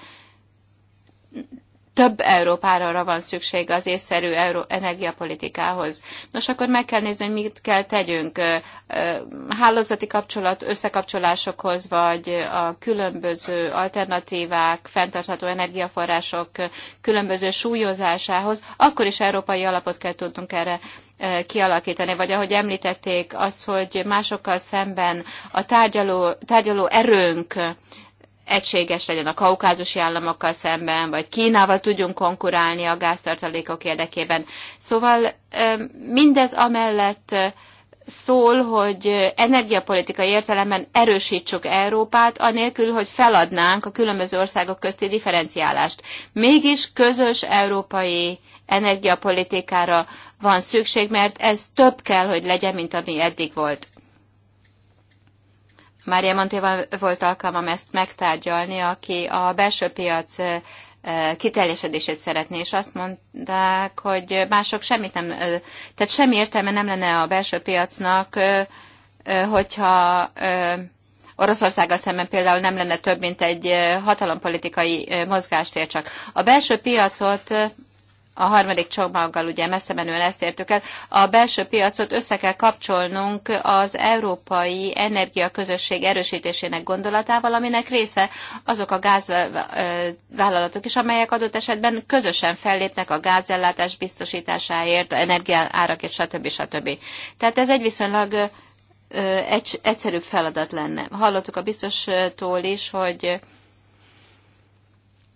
több Európára van szükség az észszerű energiapolitikához. Nos, akkor meg kell nézni, hogy mit kell tegyünk hálózati kapcsolat összekapcsolásokhoz, vagy a különböző alternatívák, fenntartható energiaforrások különböző súlyozásához, akkor is európai alapot kell tudnunk erre kialakítani, vagy ahogy említették, az, hogy másokkal szemben a tárgyaló, tárgyaló erőnk egységes legyen a kaukázusi államokkal szemben, vagy Kínával tudjunk konkurálni a gáztartalékok érdekében. Szóval mindez amellett szól, hogy energiapolitikai értelemben erősítsük Európát, anélkül, hogy feladnánk a különböző országok közti differenciálást. Mégis közös európai energiapolitikára van szükség, mert ez több kell, hogy legyen, mint ami eddig volt. Mária Montéval volt alkalmam ezt megtárgyalni, aki a belső piac kiteljesedését szeretné, és azt mondták, hogy mások semmit nem, tehát semmi értelme nem lenne a belső piacnak, hogyha Oroszországgal szemben például nem lenne több, mint egy hatalompolitikai mozgástér csak. A belső piacot a harmadik csomaggal ugye messze menően ezt értük el, a belső piacot össze kell kapcsolnunk az európai energiaközösség erősítésének gondolatával, aminek része azok a gázvállalatok is, amelyek adott esetben közösen fellépnek a gázellátás biztosításáért, energiaárakért, stb. stb. Tehát ez egy viszonylag egyszerűbb feladat lenne. Hallottuk a biztostól is, hogy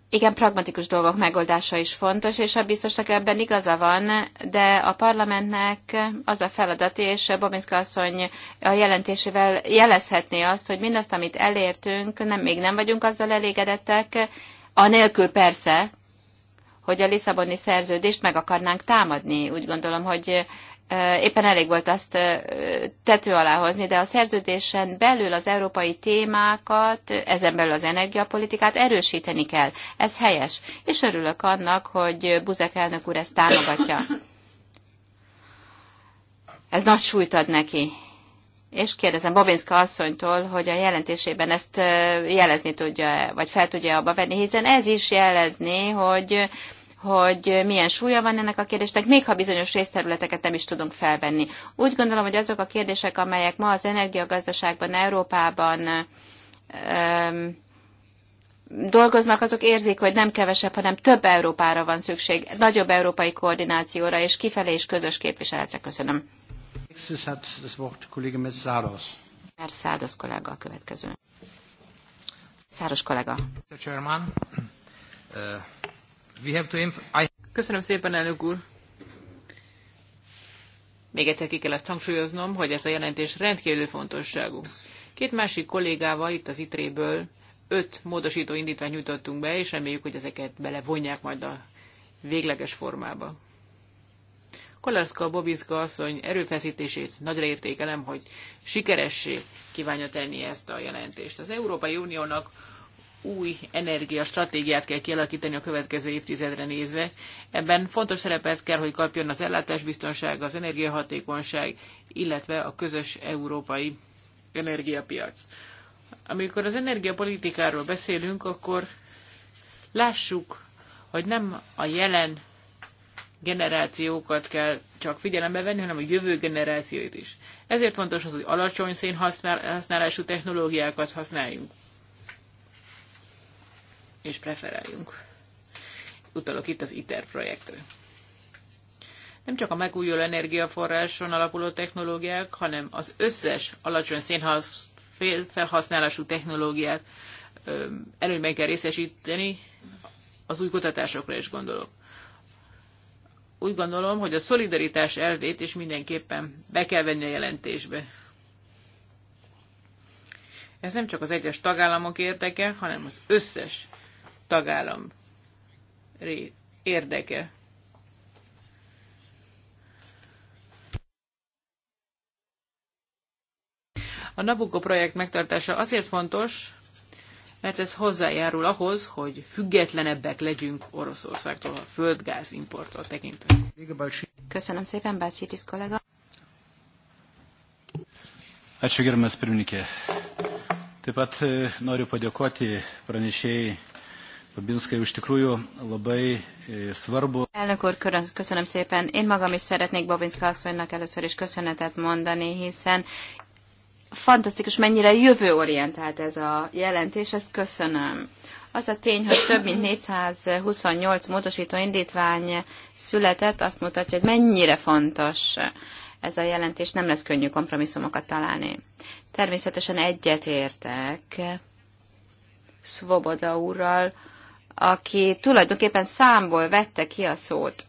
igen, pragmatikus dolgok megoldása is fontos, és a biztosnak ebben igaza van, de a parlamentnek az a feladat, és Bobinska asszony a jelentésével jelezhetné azt, hogy mindazt, amit elértünk, nem, még nem vagyunk azzal elégedettek, anélkül persze, hogy a Lisszaboni szerződést meg akarnánk támadni. Úgy gondolom, hogy éppen elég volt azt tető alá hozni, de a szerződésen belül az európai témákat, ezen belül az energiapolitikát erősíteni kell. Ez helyes. És örülök annak, hogy Buzek elnök úr ezt támogatja. Ez nagy súlyt ad neki. És kérdezem Bobinska asszonytól, hogy a jelentésében ezt jelezni tudja, vagy fel tudja abba venni, hiszen ez is jelezni, hogy hogy milyen súlya van ennek a kérdésnek, még ha bizonyos részterületeket nem is tudunk felvenni. Úgy gondolom, hogy azok a kérdések, amelyek ma az energiagazdaságban, Európában öm, dolgoznak, azok érzik, hogy nem kevesebb, hanem több Európára van szükség, nagyobb európai koordinációra és kifelé és közös képviseletre. Köszönöm. Száros kollega a következő. Száros kollega. Mr. Chairman, uh, We have to I... Köszönöm szépen, elnök úr. Még egyszer ki kell ezt hangsúlyoznom, hogy ez a jelentés rendkívül fontosságú. Két másik kollégával itt az ITRÉ-ből öt módosító indítványt nyújtottunk be, és reméljük, hogy ezeket belevonják majd a végleges formába. Kolarszka Bobiszka asszony erőfeszítését nagyra értékelem, hogy sikeressé kívánja tenni ezt a jelentést. Az Európai Uniónak új energiastratégiát kell kialakítani a következő évtizedre nézve. Ebben fontos szerepet kell, hogy kapjon az ellátásbiztonság, az energiahatékonyság, illetve a közös európai energiapiac. Amikor az energiapolitikáról beszélünk, akkor lássuk, hogy nem a jelen generációkat kell csak figyelembe venni, hanem a jövő generációit is. Ezért fontos az, hogy alacsony szénhasználású technológiákat használjunk és preferáljunk. Utalok itt az ITER projektre. Nem csak a megújuló energiaforráson alapuló technológiák, hanem az összes alacsony szénház felhasználású technológiát előnyben kell részesíteni, az új kutatásokra is gondolok. Úgy gondolom, hogy a szolidaritás elvét is mindenképpen be kell venni a jelentésbe. Ez nem csak az egyes tagállamok érdeke, hanem az összes tagállam érdeke. A Nabucco projekt megtartása azért fontos, mert ez hozzájárul ahhoz, hogy függetlenebbek legyünk Oroszországtól a földgáz importtól tekintve. Köszönöm szépen, Bászítis kollega. Ačiū gerbiamas pirmininkė. Taip pat e, noriu padėkoti pranešėjai Babinskai už tikrųjų labai e, svarbu. Elnök úr, köszönöm szépen. Én magam is szeretnék Babinska asszonynak először is köszönetet mondani, hiszen fantasztikus, mennyire jövőorientált ez a jelentés, ezt köszönöm. Az a tény, hogy több mint 428 módosító indítvány született, azt mutatja, hogy mennyire fontos ez a jelentés, nem lesz könnyű kompromisszumokat találni. Természetesen egyetértek Svoboda úrral, aki tulajdonképpen számból vette ki a szót.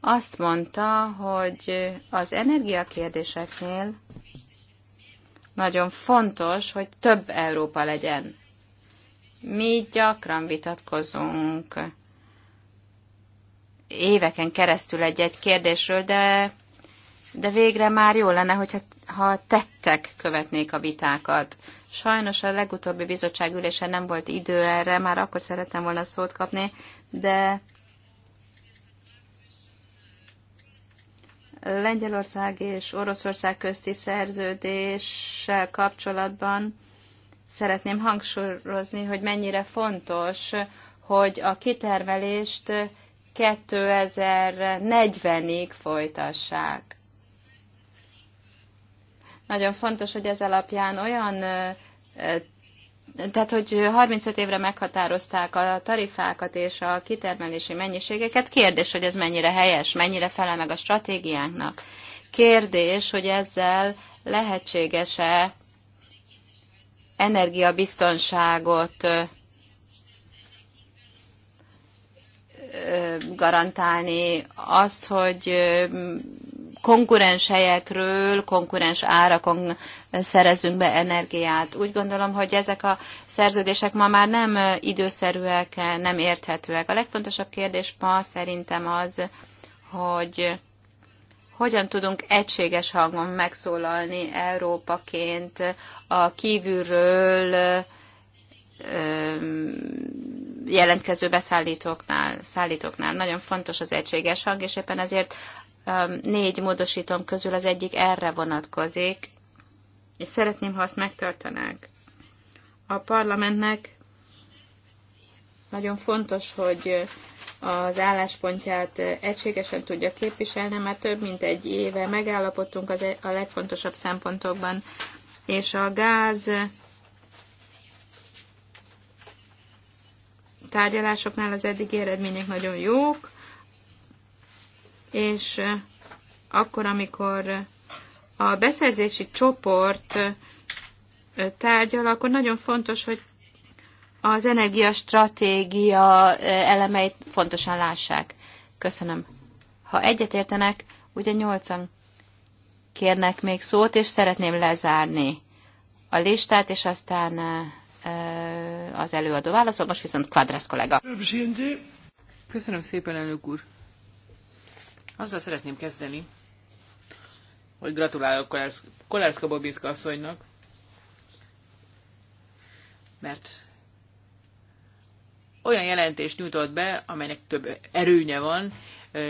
Azt mondta, hogy az energiakérdéseknél nagyon fontos, hogy több Európa legyen. Mi gyakran vitatkozunk éveken keresztül egy-egy kérdésről, de, de végre már jó lenne, hogyha, ha tettek követnék a vitákat. Sajnos a legutóbbi bizottságülésen nem volt idő erre, már akkor szerettem volna szót kapni, de Lengyelország és Oroszország közti szerződéssel kapcsolatban szeretném hangsúlyozni, hogy mennyire fontos, hogy a kitervelést 2040-ig folytassák. Nagyon fontos, hogy ez alapján olyan tehát, hogy 35 évre meghatározták a tarifákat és a kitermelési mennyiségeket, kérdés, hogy ez mennyire helyes, mennyire felel meg a stratégiánknak. Kérdés, hogy ezzel lehetséges-e energiabiztonságot garantálni azt, hogy konkurens helyekről, konkurens árakon szerezünk be energiát. Úgy gondolom, hogy ezek a szerződések ma már nem időszerűek, nem érthetőek. A legfontosabb kérdés ma szerintem az, hogy hogyan tudunk egységes hangon megszólalni Európaként a kívülről jelentkező beszállítóknál, szállítóknál. Nagyon fontos az egységes hang, és éppen ezért négy módosítom közül az egyik erre vonatkozik, és szeretném, ha azt megtartanák. A parlamentnek nagyon fontos, hogy az álláspontját egységesen tudja képviselni, mert több mint egy éve megállapodtunk az e- a legfontosabb szempontokban, és a gáz tárgyalásoknál az eddigi eredmények nagyon jók, és akkor, amikor a beszerzési csoport tárgyal, akkor nagyon fontos, hogy az energiastratégia elemeit fontosan lássák. Köszönöm. Ha egyetértenek, ugye nyolcan kérnek még szót, és szeretném lezárni a listát, és aztán az előadó válaszol. Most viszont Quadras kollega. Köszönöm szépen, elnök úr. Azzal szeretném kezdeni, hogy gratulálok Kolárszka Bobiszka asszonynak, mert olyan jelentést nyújtott be, amelynek több erőnye van,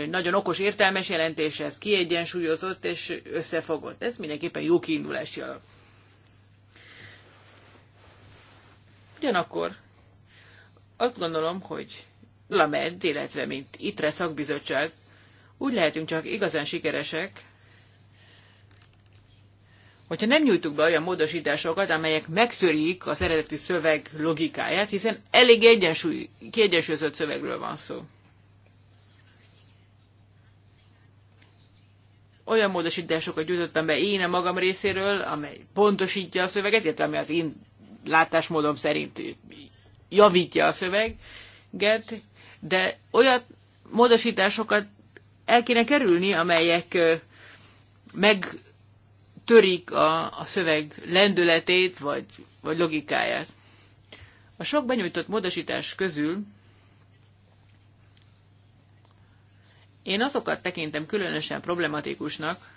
nagyon okos, értelmes jelentés, ez kiegyensúlyozott és összefogott. Ez mindenképpen jó kiindulási alap. Ugyanakkor azt gondolom, hogy Lamed, illetve mint ITRE szakbizottság úgy lehetünk csak igazán sikeresek, hogyha nem nyújtuk be olyan módosításokat, amelyek megtörik az eredeti szöveg logikáját, hiszen elég egyensúly, kiegyensúlyozott szövegről van szó. Olyan módosításokat gyűjtöttem be én a magam részéről, amely pontosítja a szöveget, illetve ami az én látásmódom szerint javítja a szöveget, de olyan módosításokat el kéne kerülni, amelyek megtörik a, a szöveg lendületét vagy, vagy logikáját. A sok benyújtott módosítás közül én azokat tekintem különösen problematikusnak,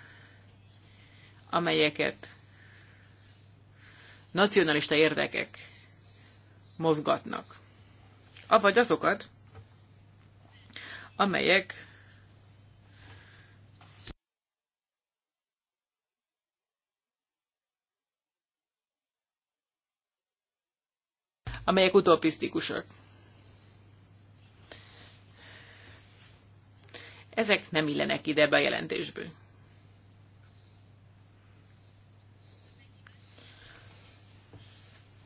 amelyeket nacionalista érdekek mozgatnak. Avagy azokat, amelyek amelyek utopisztikusak. Ezek nem illenek ide be a jelentésből.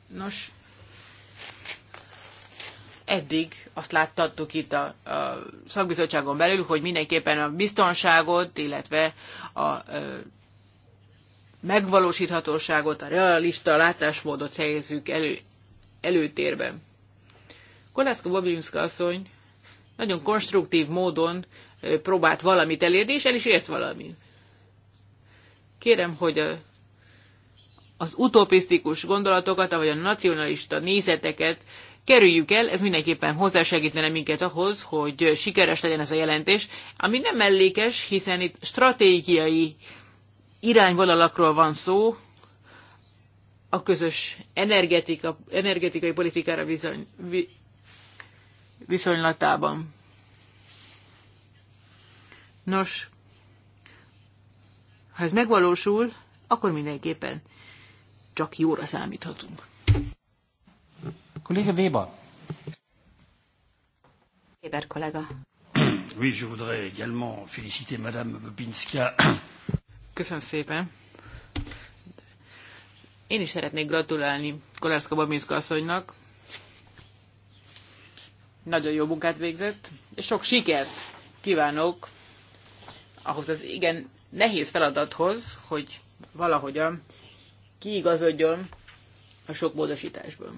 Nos, eddig azt láttattuk itt a, a szakbizottságon belül, hogy mindenképpen a biztonságot, illetve a, a megvalósíthatóságot, a realista látásmódot helyezzük elő, előtérben. Kolászka Bobinska asszony nagyon konstruktív módon próbált valamit elérni, és el is ért valamit. Kérem, hogy a, az utopisztikus gondolatokat, vagy a nacionalista nézeteket kerüljük el, ez mindenképpen hozzásegítene minket ahhoz, hogy sikeres legyen ez a jelentés, ami nem mellékes, hiszen itt stratégiai irányvonalakról van szó, a közös energetika, energetikai politikára bizony, vi, viszonylatában. Nos, ha ez megvalósul, akkor mindenképpen csak jóra számíthatunk. Kolléga Weber. Weber kollega. Oui, je voudrais également féliciter Madame Bobinska. Köszönöm szépen. Én is szeretnék gratulálni Kolárszka Babinszka asszonynak. Nagyon jó munkát végzett, és sok sikert kívánok ahhoz az igen nehéz feladathoz, hogy valahogyan kiigazodjon a sok módosításból.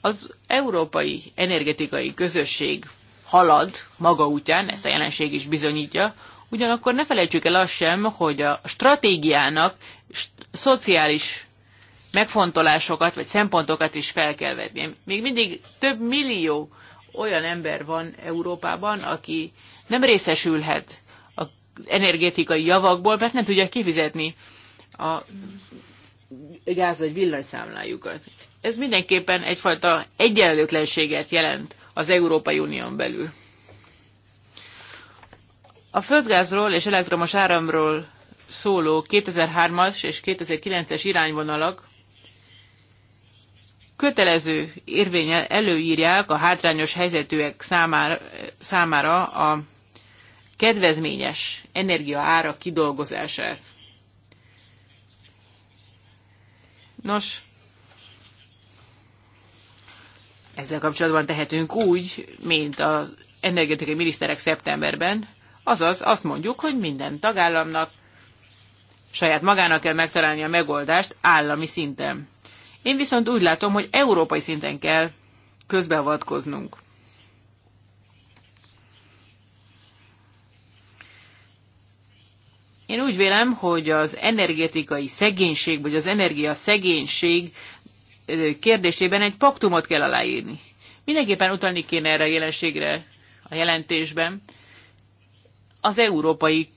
Az európai energetikai közösség halad maga útján, ezt a jelenség is bizonyítja, Ugyanakkor ne felejtsük el azt sem, hogy a stratégiának szociális megfontolásokat vagy szempontokat is fel kell vetni. Még mindig több millió olyan ember van Európában, aki nem részesülhet az energetikai javakból, mert nem tudja kifizetni a gáz vagy villanyszámlájukat. Ez mindenképpen egyfajta egyenlőtlenséget jelent az Európai Unión belül. A földgázról és elektromos áramról szóló 2003-as és 2009-es irányvonalak kötelező érvényel előírják a hátrányos helyzetűek számára, számára a kedvezményes energiaára kidolgozását. Nos, ezzel kapcsolatban tehetünk úgy, mint az energetikai miniszterek szeptemberben, Azaz azt mondjuk, hogy minden tagállamnak saját magának kell megtalálni a megoldást állami szinten. Én viszont úgy látom, hogy európai szinten kell közbeavatkoznunk. Én úgy vélem, hogy az energetikai szegénység, vagy az energia szegénység kérdésében egy paktumot kell aláírni. Mindenképpen utalni kéne erre a jelenségre a jelentésben, az európai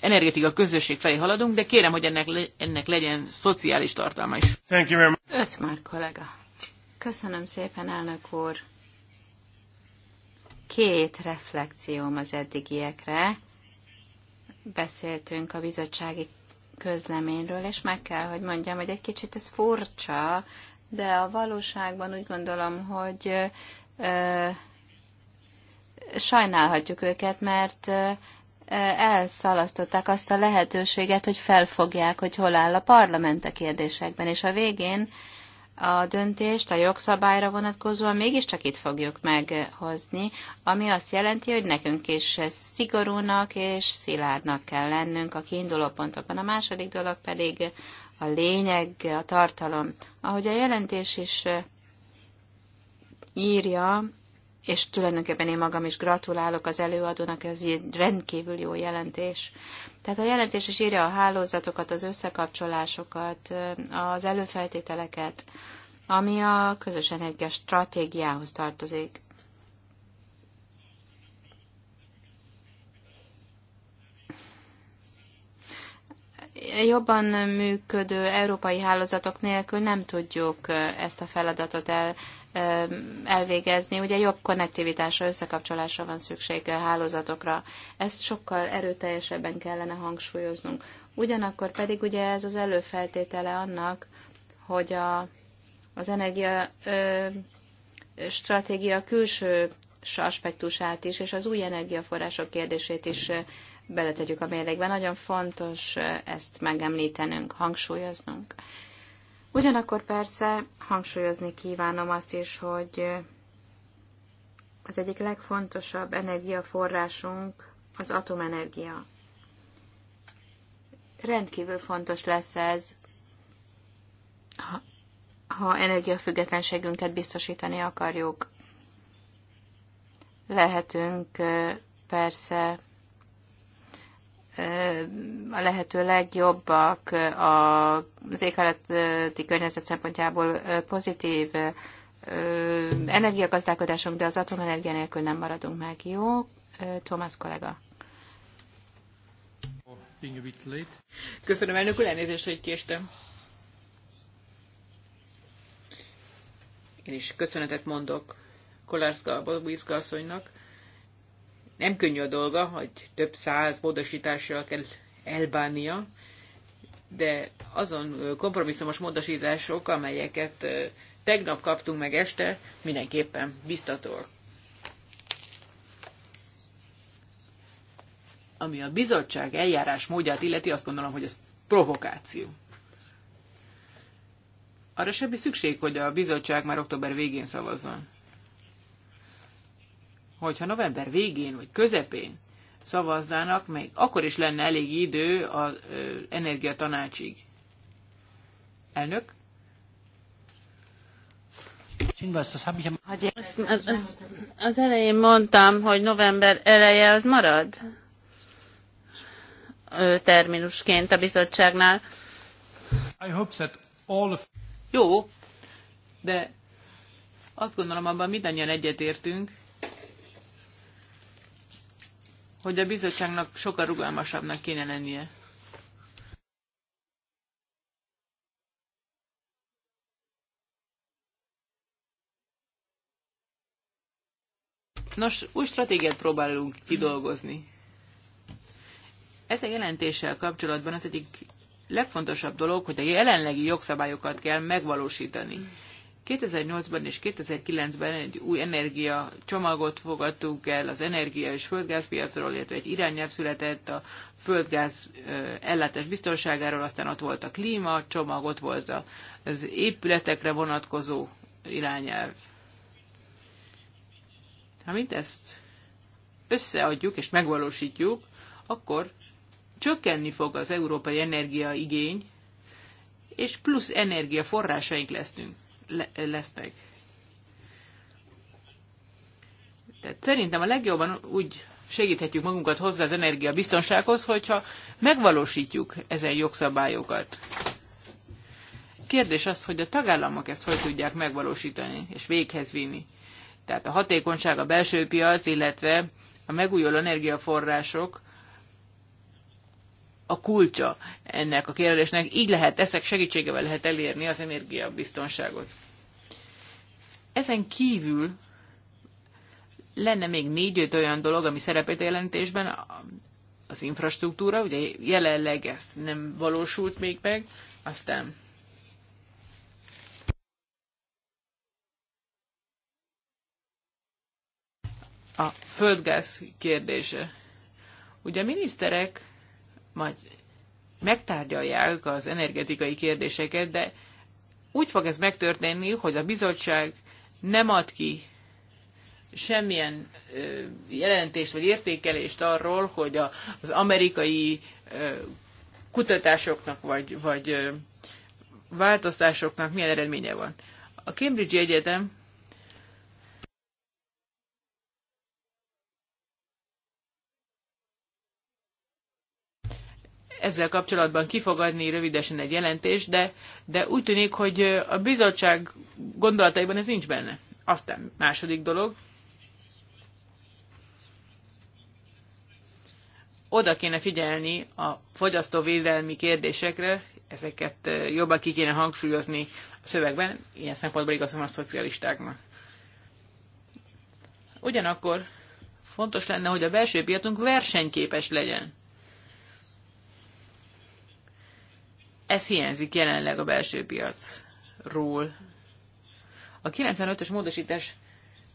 energetika közösség felé haladunk, de kérem, hogy ennek, le, ennek legyen szociális tartalma is. Thank you very much. Öt már kollega. Köszönöm szépen, elnök úr. Két reflekcióm az eddigiekre. Beszéltünk a bizottsági közleményről, és meg kell, hogy mondjam, hogy egy kicsit ez furcsa, de a valóságban úgy gondolom, hogy ö, sajnálhatjuk őket, mert elszalasztották azt a lehetőséget, hogy felfogják, hogy hol áll a parlament a kérdésekben, és a végén a döntést a jogszabályra vonatkozóan mégiscsak itt fogjuk meghozni, ami azt jelenti, hogy nekünk is szigorúnak és szilárdnak kell lennünk a kiinduló pontokban. A második dolog pedig a lényeg, a tartalom. Ahogy a jelentés is írja, és tulajdonképpen én magam is gratulálok az előadónak, ez egy rendkívül jó jelentés. Tehát a jelentés is írja a hálózatokat, az összekapcsolásokat, az előfeltételeket, ami a közös energia stratégiához tartozik. jobban működő európai hálózatok nélkül nem tudjuk ezt a feladatot el, elvégezni. Ugye jobb konnektivitásra, összekapcsolásra van szükség hálózatokra. Ezt sokkal erőteljesebben kellene hangsúlyoznunk. Ugyanakkor pedig ugye ez az előfeltétele annak, hogy a, az energia ö, stratégia külső aspektusát is, és az új energiaforrások kérdését is beletegyük a mérlegbe. Nagyon fontos ezt megemlítenünk, hangsúlyoznunk. Ugyanakkor persze hangsúlyozni kívánom azt is, hogy az egyik legfontosabb energiaforrásunk az atomenergia. Rendkívül fontos lesz ez, ha, ha energiafüggetlenségünket biztosítani akarjuk. Lehetünk persze a lehető legjobbak az éghajlati környezet szempontjából pozitív energiagazdálkodásunk, de az atomenergia nélkül nem maradunk meg. Jó, Thomas kollega. Köszönöm, elnök úr, elnézést, hogy késtem. Én is köszönetet mondok Kolárszka Bobizka asszonynak nem könnyű a dolga, hogy több száz módosítással kell elbánnia, de azon kompromisszumos módosítások, amelyeket tegnap kaptunk meg este, mindenképpen biztatóak. Ami a bizottság eljárás módját illeti, azt gondolom, hogy ez provokáció. Arra semmi szükség, hogy a bizottság már október végén szavazzon hogyha november végén vagy közepén szavaznának, még akkor is lenne elég idő az energiatanácsig. Elnök? Az, az, az elején mondtam, hogy november eleje az marad terminusként a bizottságnál. Of... Jó, de azt gondolom abban mindannyian egyetértünk, hogy a bizottságnak sokkal rugalmasabbnak kéne lennie. Nos, új stratégiát próbálunk kidolgozni. Ezzel jelentéssel kapcsolatban az egyik legfontosabb dolog, hogy a jelenlegi jogszabályokat kell megvalósítani. 2008-ban és 2009-ben egy új energia csomagot fogadtunk el az energia és földgázpiacról, illetve egy irányelv született a földgáz ellátás biztonságáról, aztán ott volt a klíma csomag, ott volt az épületekre vonatkozó irányelv. Ha mindezt összeadjuk és megvalósítjuk, akkor csökkenni fog az európai energiaigény, és plusz energiaforrásaink leszünk le- lesznek. Tehát szerintem a legjobban úgy segíthetjük magunkat hozzá az energia biztonsághoz, hogyha megvalósítjuk ezen jogszabályokat. Kérdés az, hogy a tagállamok ezt hogy tudják megvalósítani és véghez vinni. Tehát a hatékonyság, a belső piac, illetve a megújuló energiaforrások a kulcsa ennek a kérdésnek. Így lehet, ezek segítségevel lehet elérni az energiabiztonságot. Ezen kívül lenne még négy-öt olyan dolog, ami szerepelt a jelentésben, az infrastruktúra, ugye jelenleg ezt nem valósult még meg, aztán a földgáz kérdése. Ugye a miniszterek majd megtárgyalják az energetikai kérdéseket, de úgy fog ez megtörténni, hogy a bizottság nem ad ki semmilyen jelentést vagy értékelést arról, hogy a, az amerikai kutatásoknak vagy, vagy változtásoknak milyen eredménye van. A Cambridge Egyetem ezzel kapcsolatban kifogadni rövidesen egy jelentést, de, de úgy tűnik, hogy a bizottság gondolataiban ez nincs benne. Aztán második dolog. Oda kéne figyelni a fogyasztóvédelmi kérdésekre, ezeket jobban ki kéne hangsúlyozni a szövegben, ilyen szempontból igazom a szocialistáknak. Ugyanakkor fontos lenne, hogy a belső piacunk versenyképes legyen. Ez hiányzik jelenleg a belső piacról. A 95-ös módosítás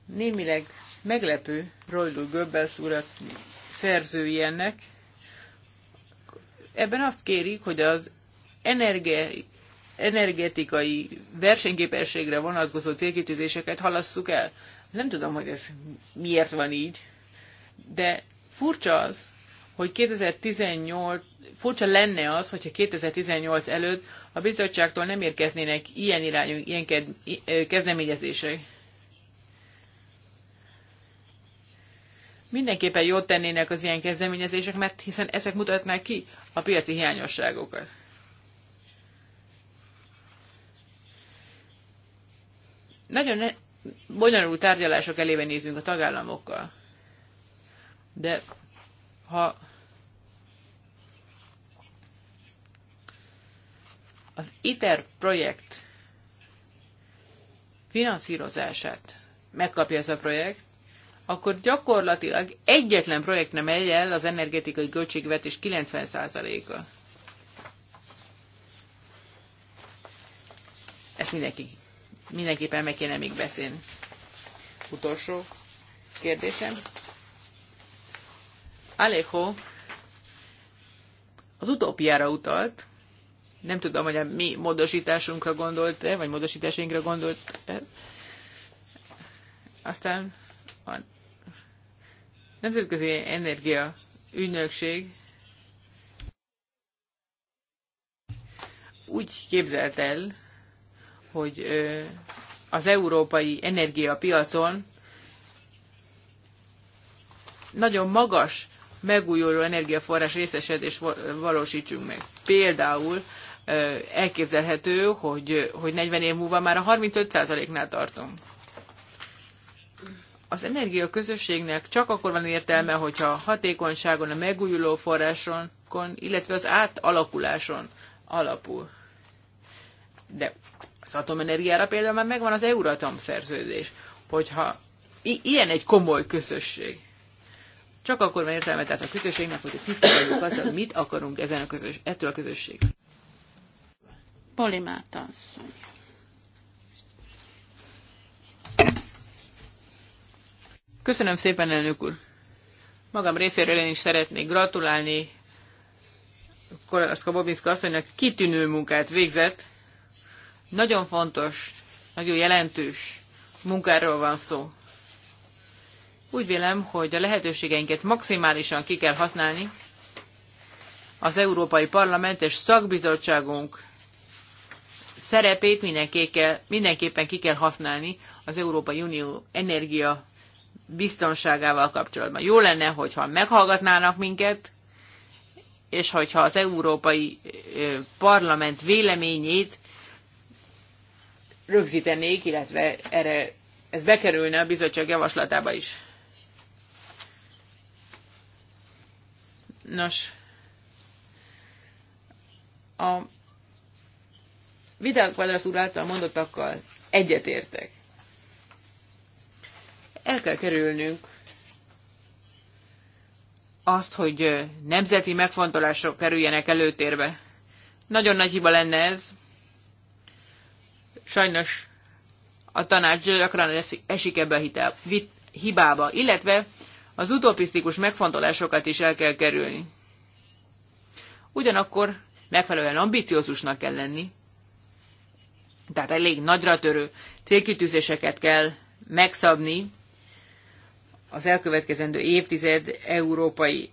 némileg meglepő Roldul Göbbelsz urat szerzői ennek. Ebben azt kérik, hogy az energi, energetikai versenyképességre vonatkozó célkitűzéseket halasszuk el. Nem tudom, hogy ez miért van így, de furcsa az, hogy 2018, furcsa lenne az, hogyha 2018 előtt a bizottságtól nem érkeznének ilyen irányú, ilyen kezdeményezések. Mindenképpen jót tennének az ilyen kezdeményezések, mert hiszen ezek mutatnák ki a piaci hiányosságokat. Nagyon bonyolult tárgyalások elébe nézünk a tagállamokkal. De ha az ITER projekt finanszírozását megkapja ez a projekt, akkor gyakorlatilag egyetlen projekt nem megy el az energetikai költségvetés 90%-a. Ezt mindenki, mindenképpen meg kéne még beszélni. Utolsó kérdésem. Alejo az utópiára utalt, nem tudom, hogy a mi módosításunkra gondolt-e, vagy módosításainkra gondolt-e. Aztán a Nemzetközi Energia Ügynökség úgy képzelt el, hogy az európai energiapiacon nagyon magas megújuló energiaforrás részesedést valósítsunk meg. Például elképzelhető, hogy, hogy 40 év múlva már a 35%-nál tartunk. Az energia közösségnek csak akkor van értelme, hogyha a hatékonyságon, a megújuló forráson, illetve az átalakuláson alapul. De az atomenergiára például már megvan az Euratom szerződés, hogyha i- ilyen egy komoly közösség. Csak akkor van értelme, tehát a közösségnek, hogy tiszteljük azt, hogy mit akarunk ezen a közös, ettől a közösség. Polimát asszony. Köszönöm szépen, elnök úr. Magam részéről én is szeretnék gratulálni Kolaszka Bobinszka asszonynak kitűnő munkát végzett. Nagyon fontos, nagyon jelentős munkáról van szó. Úgy vélem, hogy a lehetőségeinket maximálisan ki kell használni. Az Európai Parlament és szakbizottságunk szerepét mindenképpen ki kell használni az Európai Unió energia biztonságával kapcsolatban. Jó lenne, hogyha meghallgatnának minket, és hogyha az Európai Parlament véleményét rögzítenék, illetve erre ez bekerülne a bizottság javaslatába is. Nos, a Vidal Quadras úr által mondottakkal egyetértek. El kell kerülnünk azt, hogy nemzeti megfontolások kerüljenek előtérbe. Nagyon nagy hiba lenne ez. Sajnos a tanács gyakran esik ebbe a hibába, illetve az utopisztikus megfontolásokat is el kell kerülni. Ugyanakkor megfelelően ambiciózusnak kell lenni, tehát elég nagyra törő célkitűzéseket kell megszabni az elkövetkezendő évtized európai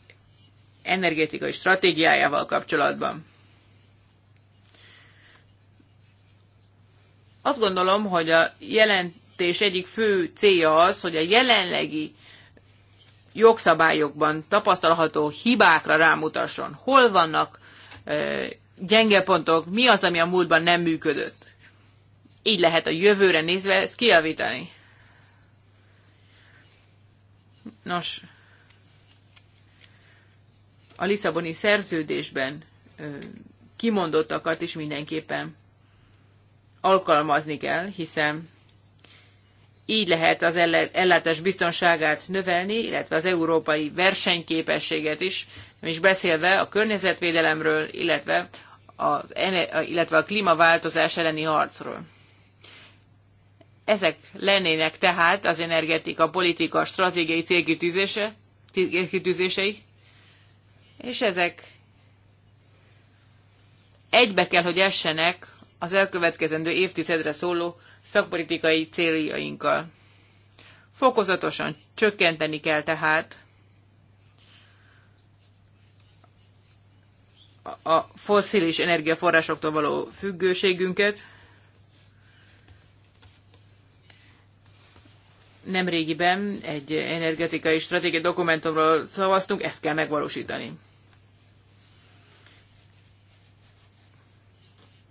energetikai stratégiájával kapcsolatban. Azt gondolom, hogy a jelentés egyik fő célja az, hogy a jelenlegi jogszabályokban tapasztalható hibákra rámutasson. Hol vannak gyenge pontok, mi az, ami a múltban nem működött. Így lehet a jövőre nézve ezt kijavítani. Nos, a Lisszaboni szerződésben kimondottakat is mindenképpen alkalmazni kell, hiszen így lehet az ellátás biztonságát növelni, illetve az európai versenyképességet is, nem is beszélve a környezetvédelemről, illetve, az, illetve a klímaváltozás elleni harcról. Ezek lennének tehát az energetika politika stratégiai célkitűzése, célkitűzései, és ezek egybe kell, hogy essenek az elkövetkezendő évtizedre szóló szakpolitikai céljainkkal. Fokozatosan csökkenteni kell tehát a foszilis energiaforrásoktól való függőségünket. Nemrégiben egy energetikai stratégiai dokumentumról szavaztunk, ezt kell megvalósítani.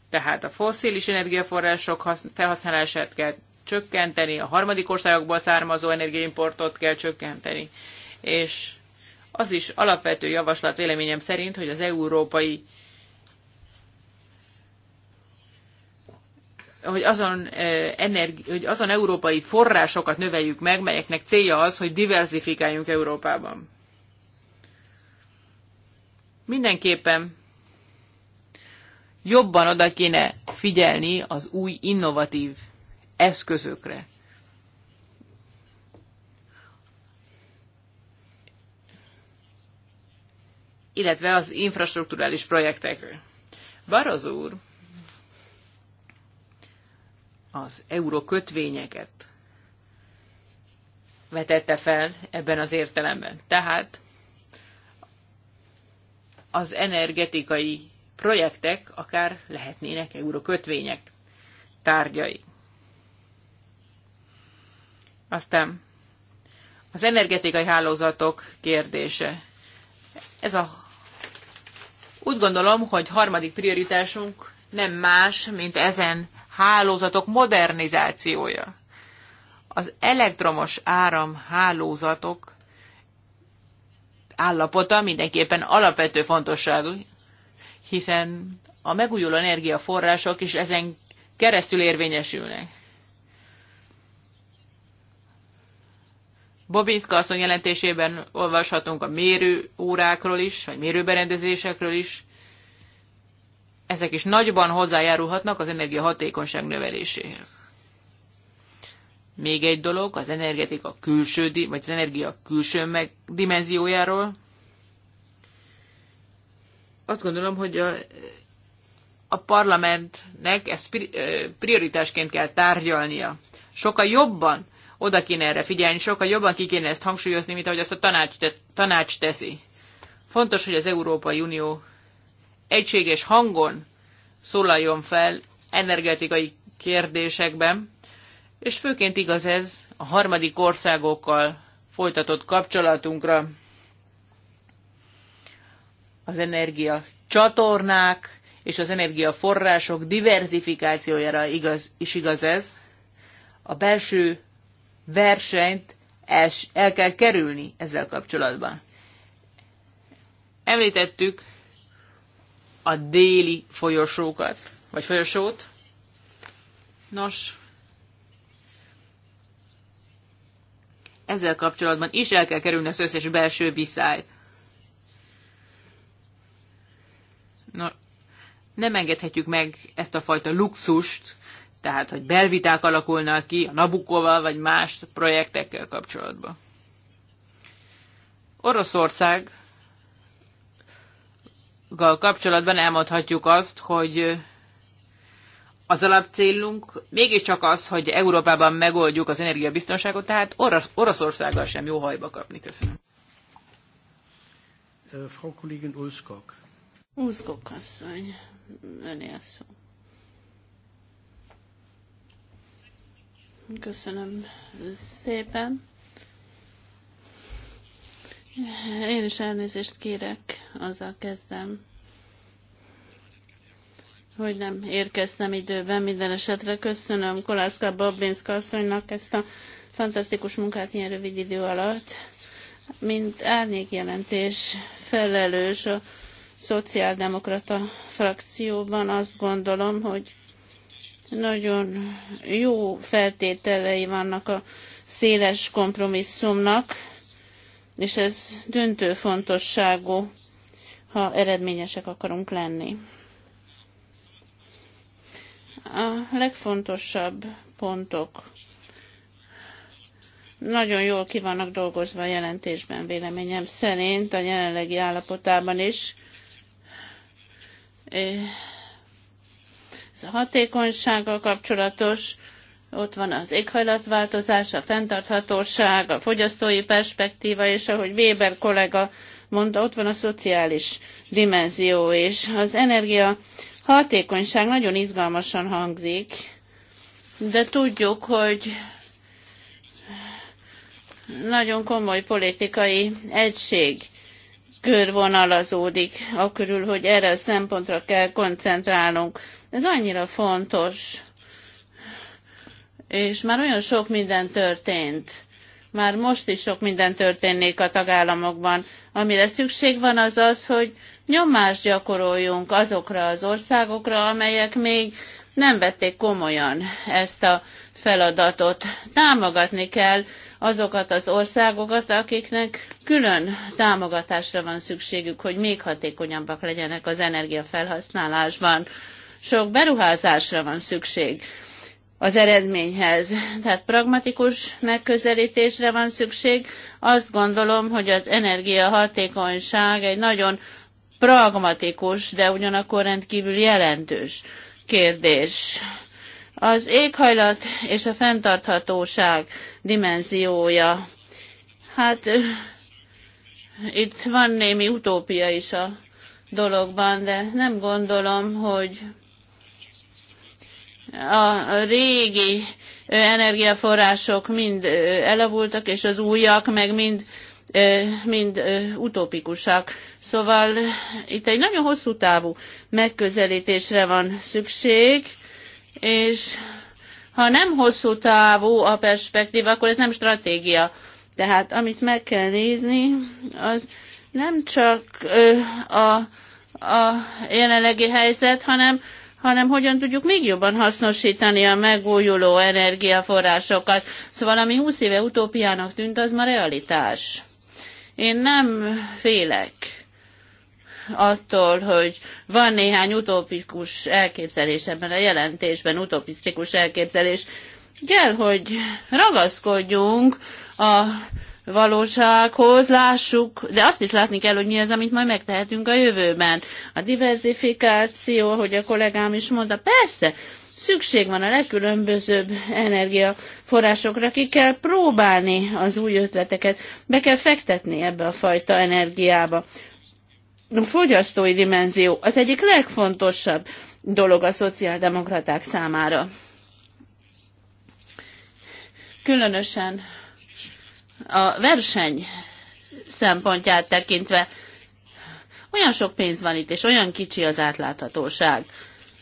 Tehát a fosszilis energiaforrások felhasználását kell csökkenteni, a harmadik országokból származó energiaimportot kell csökkenteni. És az is alapvető javaslat véleményem szerint, hogy az európai hogy azon, eh, energi, hogy azon európai forrásokat növeljük meg, melyeknek célja az, hogy diversifikáljunk Európában. Mindenképpen jobban oda kéne figyelni az új innovatív eszközökre. illetve az infrastruktúrális projektekre. Barozó úr az eurókötvényeket vetette fel ebben az értelemben. Tehát az energetikai projektek akár lehetnének eurókötvények tárgyai. Aztán az energetikai hálózatok kérdése. Ez a, úgy gondolom, hogy harmadik prioritásunk nem más, mint ezen hálózatok modernizációja. Az elektromos áram hálózatok állapota mindenképpen alapvető fontosságú hiszen a megújuló energiaforrások is ezen keresztül érvényesülnek. Bobinszka asszony jelentésében olvashatunk a mérőórákról is, vagy mérőberendezésekről is. Ezek is nagyban hozzájárulhatnak az energiahatékonyság növeléséhez. Még egy dolog az energetika külső, vagy az energia külső meg dimenziójáról azt gondolom, hogy a, a parlamentnek ezt prioritásként kell tárgyalnia. Sokkal jobban oda kéne erre figyelni, sokkal jobban ki kéne ezt hangsúlyozni, mint ahogy azt a tanács, te, tanács teszi. Fontos, hogy az Európai Unió egységes hangon szólaljon fel energetikai kérdésekben, és főként igaz ez a harmadik országokkal folytatott kapcsolatunkra az energia csatornák és az energiaforrások diversifikációjára igaz, is igaz ez. A belső versenyt el, el kell kerülni ezzel kapcsolatban. Említettük a déli folyosókat, vagy folyosót. Nos, ezzel kapcsolatban is el kell kerülni az összes belső viszályt. Na, nem engedhetjük meg ezt a fajta luxust, tehát, hogy belviták alakulnak ki a Nabukoval vagy más projektekkel kapcsolatban. Oroszország kapcsolatban elmondhatjuk azt, hogy az alapcélunk mégiscsak az, hogy Európában megoldjuk az energiabiztonságot, tehát Orosz- Oroszországgal sem jó hajba kapni. Köszönöm. Frau Kollegin Ulskog. Úzgok asszony, önél szó. Köszönöm szépen. Én is elnézést kérek, azzal kezdem, hogy nem érkeztem időben. Minden esetre köszönöm Kolászka Babinszka asszonynak ezt a fantasztikus munkát ilyen rövid idő alatt. Mint jelentés, felelős a szociáldemokrata frakcióban azt gondolom, hogy nagyon jó feltételei vannak a széles kompromisszumnak, és ez döntő fontosságú, ha eredményesek akarunk lenni. A legfontosabb pontok nagyon jól ki vannak dolgozva a jelentésben, véleményem szerint, a jelenlegi állapotában is. Ez a hatékonysággal kapcsolatos, ott van az éghajlatváltozás, a fenntarthatóság, a fogyasztói perspektíva, és ahogy Weber kollega mondta, ott van a szociális dimenzió, és az energia hatékonyság nagyon izgalmasan hangzik, de tudjuk, hogy nagyon komoly politikai egység körvonalazódik, körül, hogy erre a szempontra kell koncentrálnunk. Ez annyira fontos, és már olyan sok minden történt. Már most is sok minden történnék a tagállamokban. Amire szükség van az az, hogy nyomást gyakoroljunk azokra az országokra, amelyek még nem vették komolyan ezt a feladatot. Támogatni kell azokat az országokat, akiknek külön támogatásra van szükségük, hogy még hatékonyabbak legyenek az energiafelhasználásban. Sok beruházásra van szükség az eredményhez. Tehát pragmatikus megközelítésre van szükség. Azt gondolom, hogy az energiahatékonyság egy nagyon pragmatikus, de ugyanakkor rendkívül jelentős kérdés. Az éghajlat és a fenntarthatóság dimenziója. Hát itt van némi utópia is a dologban, de nem gondolom, hogy a régi energiaforrások mind elavultak, és az újak meg mind, mind utópikusak. Szóval itt egy nagyon hosszú távú megközelítésre van szükség, és ha nem hosszú távú a perspektíva, akkor ez nem stratégia. Tehát amit meg kell nézni, az nem csak a, a jelenlegi helyzet, hanem hanem hogyan tudjuk még jobban hasznosítani a megújuló energiaforrásokat. Szóval ami 20 éve utópiának tűnt, az ma realitás. Én nem félek attól, hogy van néhány utopikus elképzelés ebben a jelentésben, utopisztikus elképzelés. Kell, hogy ragaszkodjunk a valósághoz, lássuk, de azt is látni kell, hogy mi az, amit majd megtehetünk a jövőben. A diversifikáció, hogy a kollégám is mondta, persze, szükség van a legkülönbözőbb energiaforrásokra, ki kell próbálni az új ötleteket, be kell fektetni ebbe a fajta energiába fogyasztói dimenzió az egyik legfontosabb dolog a szociáldemokraták számára. Különösen a verseny szempontját tekintve olyan sok pénz van itt, és olyan kicsi az átláthatóság.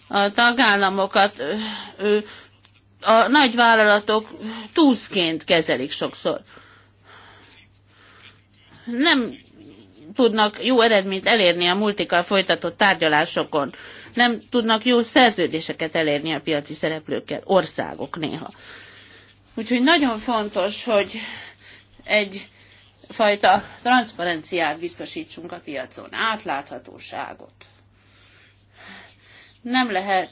A tagállamokat a nagy vállalatok túszként kezelik sokszor. Nem tudnak jó eredményt elérni a multikal folytatott tárgyalásokon. Nem tudnak jó szerződéseket elérni a piaci szereplőkkel, országok néha. Úgyhogy nagyon fontos, hogy egy fajta transzparenciát biztosítsunk a piacon, átláthatóságot. Nem lehet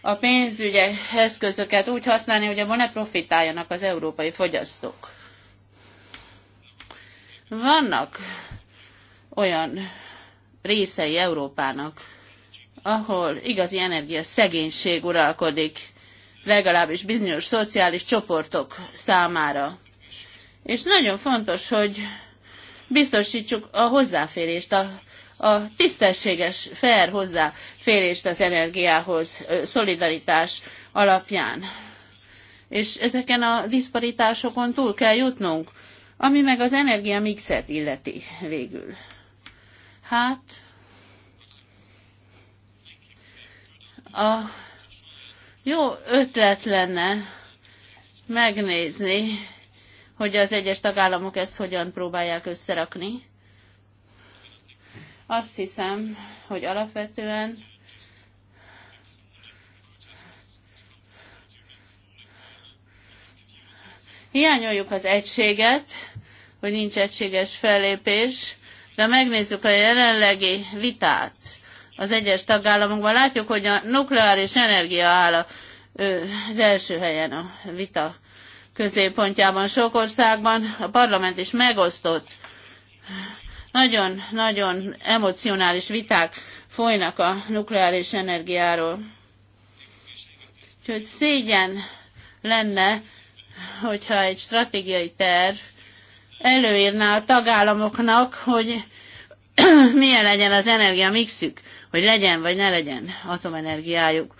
a pénzügyi eszközöket úgy használni, hogy abban ne profitáljanak az európai fogyasztók. Vannak olyan részei Európának, ahol igazi energia szegénység uralkodik, legalábbis bizonyos szociális csoportok számára. És nagyon fontos, hogy biztosítsuk a hozzáférést, a, a tisztességes, fair hozzáférést az energiához, szolidaritás alapján. És ezeken a diszparitásokon túl kell jutnunk, ami meg az energiamixet illeti végül. Hát a jó ötlet lenne megnézni, hogy az egyes tagállamok ezt hogyan próbálják összerakni. Azt hiszem, hogy alapvetően hiányoljuk az egységet, hogy nincs egységes fellépés, de megnézzük a jelenlegi vitát az egyes tagállamokban, látjuk, hogy a nukleáris energia áll a, az első helyen a vita középpontjában sok országban. A parlament is megosztott. Nagyon-nagyon emocionális viták folynak a nukleáris energiáról. Úgyhogy szégyen lenne, hogyha egy stratégiai terv előírná a tagállamoknak, hogy milyen legyen az energia mixük, hogy legyen vagy ne legyen atomenergiájuk.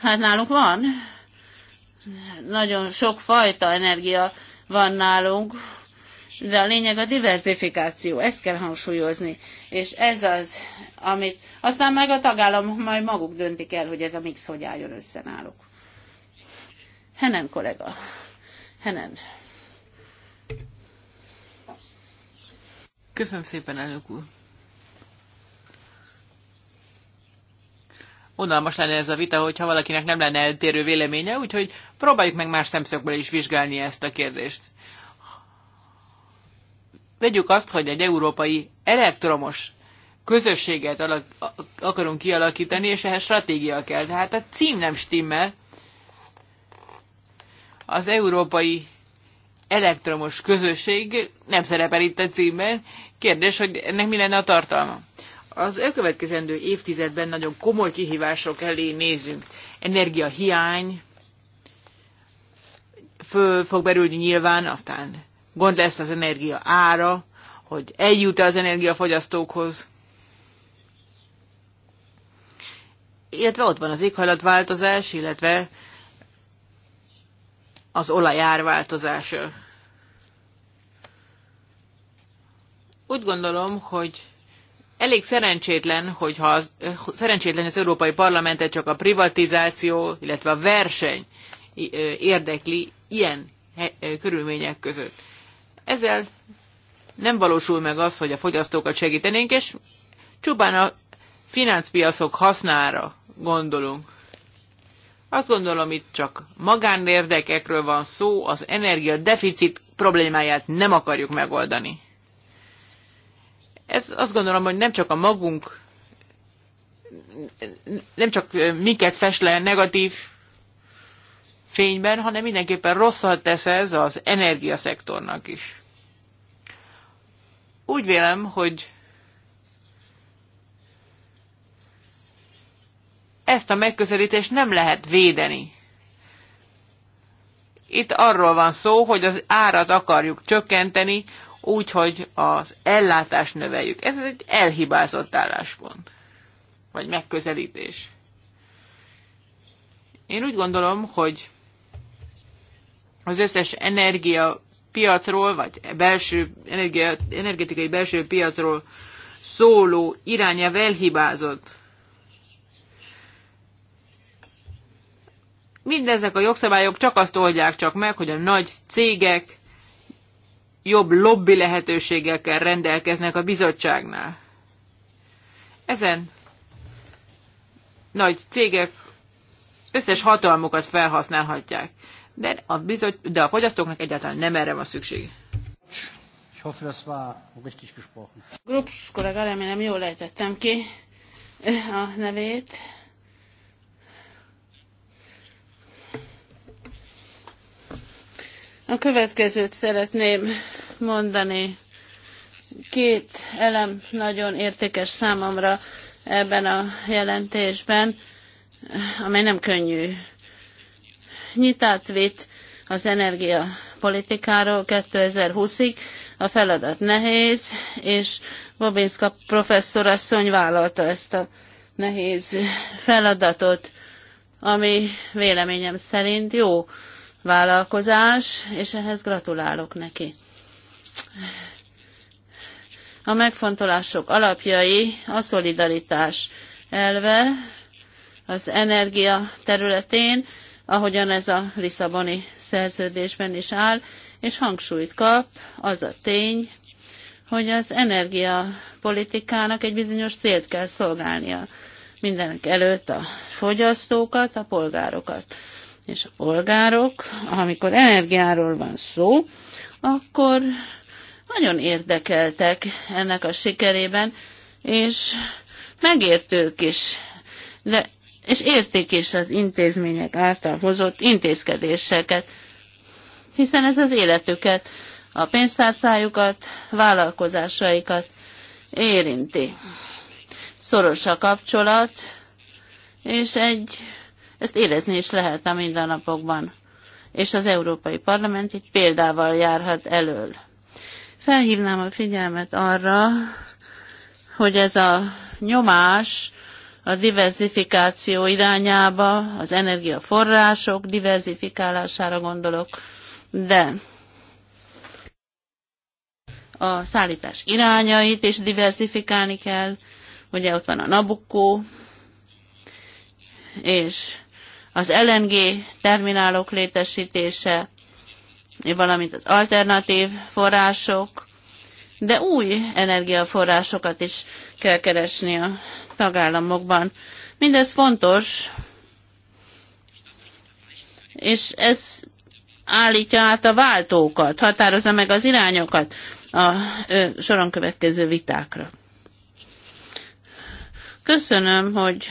Hát nálunk van. Nagyon sok fajta energia van nálunk, de a lényeg a diversifikáció, ezt kell hangsúlyozni. És ez az, amit aztán meg a tagállamok majd maguk döntik el, hogy ez a mix hogy álljon össze náluk. Henen kollega. Henen. Köszönöm szépen, elnök úr. Unalmas lenne ez a vita, hogyha valakinek nem lenne eltérő véleménye, úgyhogy próbáljuk meg más szemszögből is vizsgálni ezt a kérdést. Vegyük azt, hogy egy európai elektromos közösséget alak, akarunk kialakítani, és ehhez stratégia kell. Tehát hát a cím nem stimmel. Az európai elektromos közösség nem szerepel itt a címben, Kérdés, hogy ennek mi lenne a tartalma? Az elkövetkezendő évtizedben nagyon komoly kihívások elé nézünk. Energiahiány, föl fog berülni nyilván, aztán gond lesz az energia ára, hogy eljut-e az energiafogyasztókhoz. Illetve ott van az éghajlatváltozás, illetve az olajár változása. Úgy gondolom, hogy elég szerencsétlen, hogyha az, eh, szerencsétlen az Európai Parlamentet csak a privatizáció, illetve a verseny eh, érdekli ilyen eh, körülmények között. Ezzel nem valósul meg az, hogy a fogyasztókat segítenénk, és csupán a finanszpiaszok hasznára gondolunk. Azt gondolom, itt csak magánérdekekről van szó, az energia deficit problémáját nem akarjuk megoldani. Ez azt gondolom, hogy nem csak a magunk, nem csak minket fest le negatív fényben, hanem mindenképpen rosszat tesz ez az energiaszektornak is. Úgy vélem, hogy ezt a megközelítést nem lehet védeni. Itt arról van szó, hogy az árat akarjuk csökkenteni, úgy, hogy az ellátást növeljük. Ez egy elhibázott álláspont, vagy megközelítés. Én úgy gondolom, hogy az összes energia piacról, vagy belső, energia, energetikai belső piacról szóló iránya elhibázott. Mindezek a jogszabályok csak azt oldják csak meg, hogy a nagy cégek jobb lobby lehetőségekkel rendelkeznek a bizottságnál. Ezen nagy cégek összes hatalmukat felhasználhatják, de a, bizot, de a fogyasztóknak egyáltalán nem erre van szükség. Grups kollega, remélem jól lejtettem ki eh, a nevét. A következőt szeretném mondani. Két elem nagyon értékes számomra ebben a jelentésben, amely nem könnyű. Nyitát vitt az energiapolitikáról 2020-ig, a feladat nehéz, és Bobinska professzor asszony vállalta ezt a nehéz feladatot, ami véleményem szerint jó vállalkozás, és ehhez gratulálok neki. A megfontolások alapjai a szolidaritás elve az energia területén, ahogyan ez a Lisszaboni szerződésben is áll, és hangsúlyt kap az a tény, hogy az energiapolitikának egy bizonyos célt kell szolgálnia mindenek előtt a fogyasztókat, a polgárokat és polgárok, amikor energiáról van szó, akkor nagyon érdekeltek ennek a sikerében, és megértők is, de, és érték is az intézmények által hozott intézkedéseket, hiszen ez az életüket, a pénztárcájukat, vállalkozásaikat érinti. Szoros a kapcsolat, és egy ezt érezni is lehet a mindennapokban. És az Európai Parlament itt példával járhat elől. Felhívnám a figyelmet arra, hogy ez a nyomás a diversifikáció irányába, az energiaforrások diversifikálására gondolok, de a szállítás irányait is diversifikálni kell. Ugye ott van a Nabukkó, és az LNG terminálok létesítése, valamint az alternatív források, de új energiaforrásokat is kell keresni a tagállamokban. Mindez fontos, és ez állítja át a váltókat, határozza meg az irányokat a soron következő vitákra. Köszönöm, hogy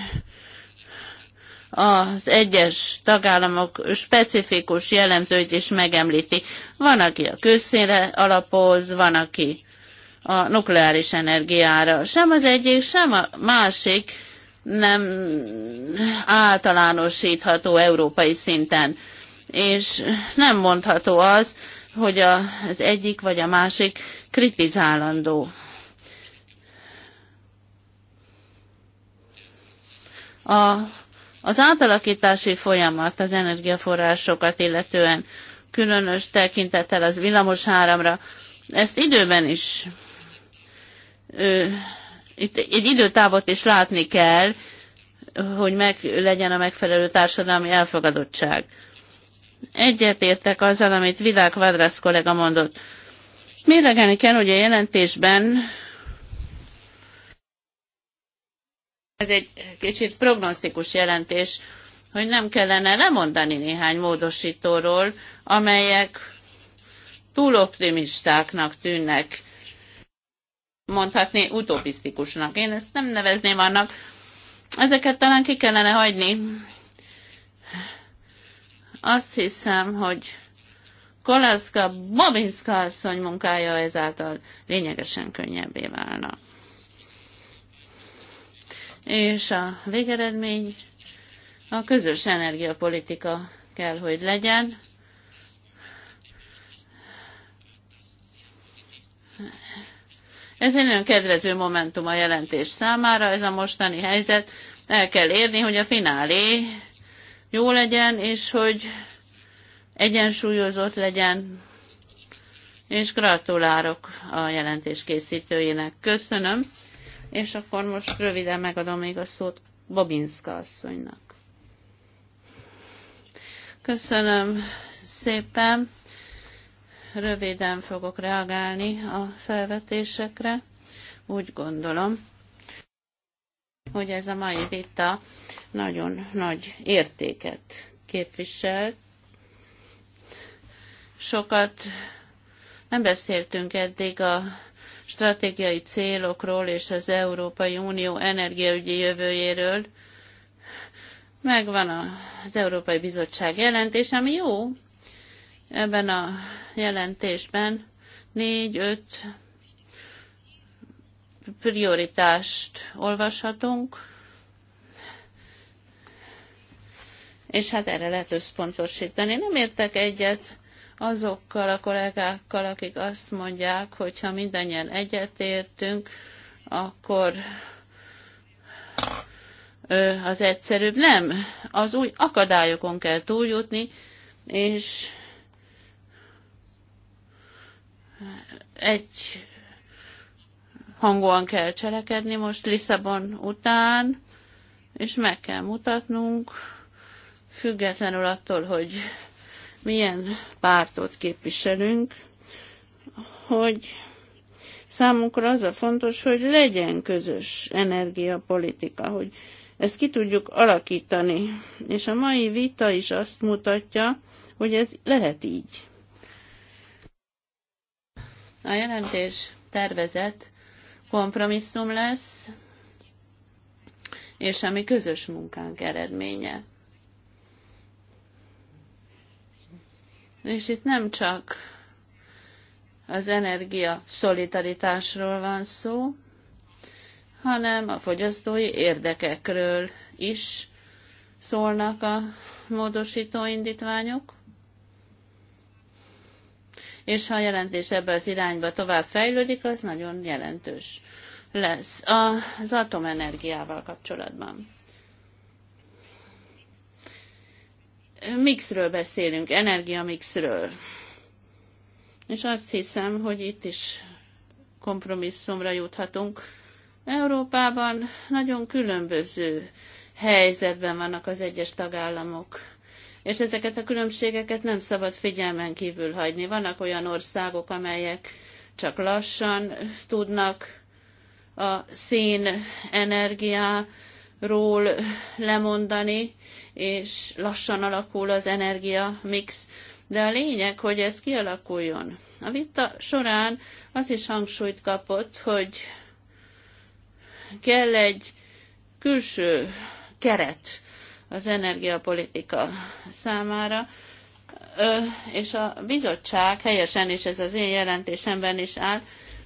az egyes tagállamok specifikus jellemzőit is megemlíti. Van, aki a közszínre alapoz, van, aki a nukleáris energiára. Sem az egyik, sem a másik nem általánosítható európai szinten. És nem mondható az, hogy az egyik vagy a másik kritizálandó. A az átalakítási folyamat az energiaforrásokat illetően különös tekintettel az villamos áramra, ezt időben is, ö, itt egy időtávot is látni kell, hogy meg legyen a megfelelő társadalmi elfogadottság. Egyetértek azzal, amit Vidák Vadrasz kollega mondott. Mérlegelni kell, hogy a jelentésben Ez egy kicsit prognosztikus jelentés, hogy nem kellene lemondani néhány módosítóról, amelyek túl optimistáknak tűnnek, mondhatni utopisztikusnak. Én ezt nem nevezném annak. Ezeket talán ki kellene hagyni. Azt hiszem, hogy Kolaszka Bobinska asszony munkája ezáltal lényegesen könnyebbé válna és a végeredmény a közös energiapolitika kell, hogy legyen. Ez egy nagyon kedvező momentum a jelentés számára, ez a mostani helyzet. El kell érni, hogy a finálé jó legyen, és hogy egyensúlyozott legyen, és gratulárok a jelentés készítőjének. Köszönöm. És akkor most röviden megadom még a szót Bobinska asszonynak. Köszönöm szépen. Röviden fogok reagálni a felvetésekre. Úgy gondolom, hogy ez a mai vita nagyon nagy értéket képvisel. Sokat nem beszéltünk eddig a stratégiai célokról és az Európai Unió energiaügyi jövőjéről. Megvan az Európai Bizottság jelentés, ami jó. Ebben a jelentésben négy-öt prioritást olvashatunk, és hát erre lehet összpontosítani. Nem értek egyet azokkal a kollégákkal, akik azt mondják, hogy ha mindannyian egyetértünk, akkor az egyszerűbb. Nem, az új akadályokon kell túljutni, és egy hangúan kell cselekedni most Lisszabon után, és meg kell mutatnunk, függetlenül attól, hogy milyen pártot képviselünk, hogy számunkra az a fontos, hogy legyen közös energiapolitika, hogy ezt ki tudjuk alakítani. És a mai vita is azt mutatja, hogy ez lehet így. A jelentés tervezet kompromisszum lesz, és ami közös munkánk eredménye. És itt nem csak az energia szolidaritásról van szó, hanem a fogyasztói érdekekről is szólnak a módosító indítványok. És ha a jelentés ebbe az irányba tovább fejlődik, az nagyon jelentős lesz az atomenergiával kapcsolatban. mixről beszélünk, energiamixről. És azt hiszem, hogy itt is kompromisszumra juthatunk. Európában nagyon különböző helyzetben vannak az egyes tagállamok. És ezeket a különbségeket nem szabad figyelmen kívül hagyni. Vannak olyan országok, amelyek csak lassan tudnak a szén energiáról lemondani, és lassan alakul az energia mix. De a lényeg, hogy ez kialakuljon. A vita során az is hangsúlyt kapott, hogy kell egy külső keret az energiapolitika számára, és a bizottság helyesen, és ez az én jelentésemben is áll,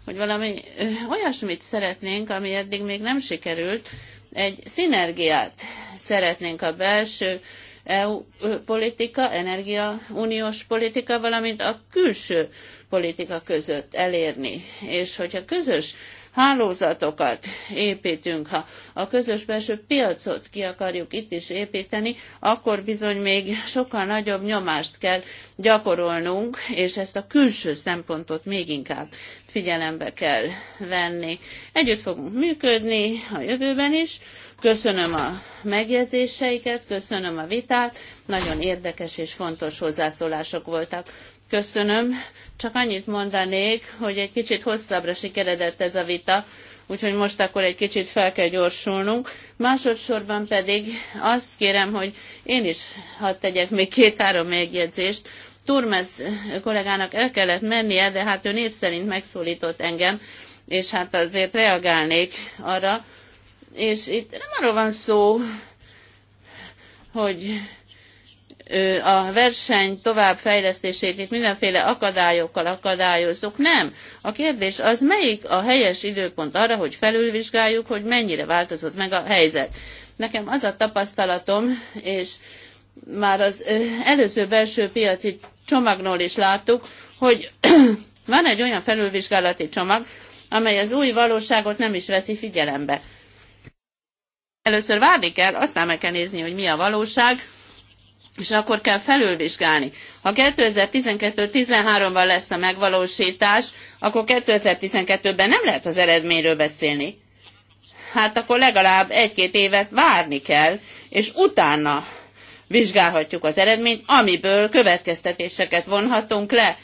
hogy valami olyasmit szeretnénk, ami eddig még nem sikerült, egy szinergiát szeretnénk a belső EU politika, energiauniós politika, valamint a külső politika között elérni. És hogyha közös hálózatokat építünk, ha a közös belső piacot ki akarjuk itt is építeni, akkor bizony még sokkal nagyobb nyomást kell gyakorolnunk, és ezt a külső szempontot még inkább figyelembe kell venni. Együtt fogunk működni a jövőben is, Köszönöm a megjegyzéseiket, köszönöm a vitát, nagyon érdekes és fontos hozzászólások voltak. Köszönöm, csak annyit mondanék, hogy egy kicsit hosszabbra sikeredett ez a vita, úgyhogy most akkor egy kicsit fel kell gyorsulnunk. Másodszorban pedig azt kérem, hogy én is hadd tegyek még két-három megjegyzést. Turmes kollégának el kellett mennie, de hát ő név szerint megszólított engem, és hát azért reagálnék arra, és itt nem arról van szó, hogy a verseny továbbfejlesztését itt mindenféle akadályokkal akadályozzuk. Nem. A kérdés az, melyik a helyes időpont arra, hogy felülvizsgáljuk, hogy mennyire változott meg a helyzet. Nekem az a tapasztalatom, és már az előző belső piaci csomagnól is láttuk, hogy van egy olyan felülvizsgálati csomag, amely az új valóságot nem is veszi figyelembe. Először várni kell, aztán meg kell nézni, hogy mi a valóság, és akkor kell felülvizsgálni. Ha 2012-13-ban lesz a megvalósítás, akkor 2012-ben nem lehet az eredményről beszélni. Hát akkor legalább egy-két évet várni kell, és utána vizsgálhatjuk az eredményt, amiből következtetéseket vonhatunk le.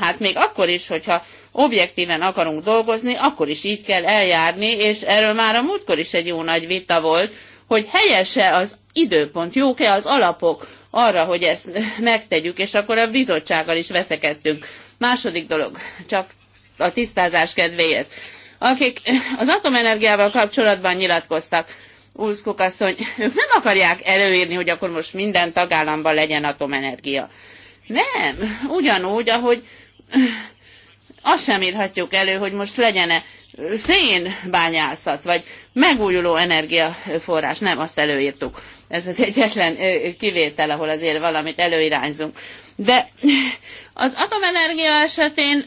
Hát még akkor is, hogyha objektíven akarunk dolgozni, akkor is így kell eljárni, és erről már a múltkor is egy jó nagy vita volt, hogy helyese az időpont, jók-e az alapok arra, hogy ezt megtegyük, és akkor a bizottsággal is veszekedtünk. Második dolog, csak a tisztázás kedvéért. Akik az atomenergiával kapcsolatban nyilatkoztak, Úszkuk asszony, ők nem akarják előírni, hogy akkor most minden tagállamban legyen atomenergia. Nem, ugyanúgy, ahogy azt sem írhatjuk elő, hogy most legyen-e szénbányászat, vagy megújuló energiaforrás. Nem, azt előírtuk. Ez az egyetlen kivétel, ahol azért valamit előirányzunk. De az atomenergia esetén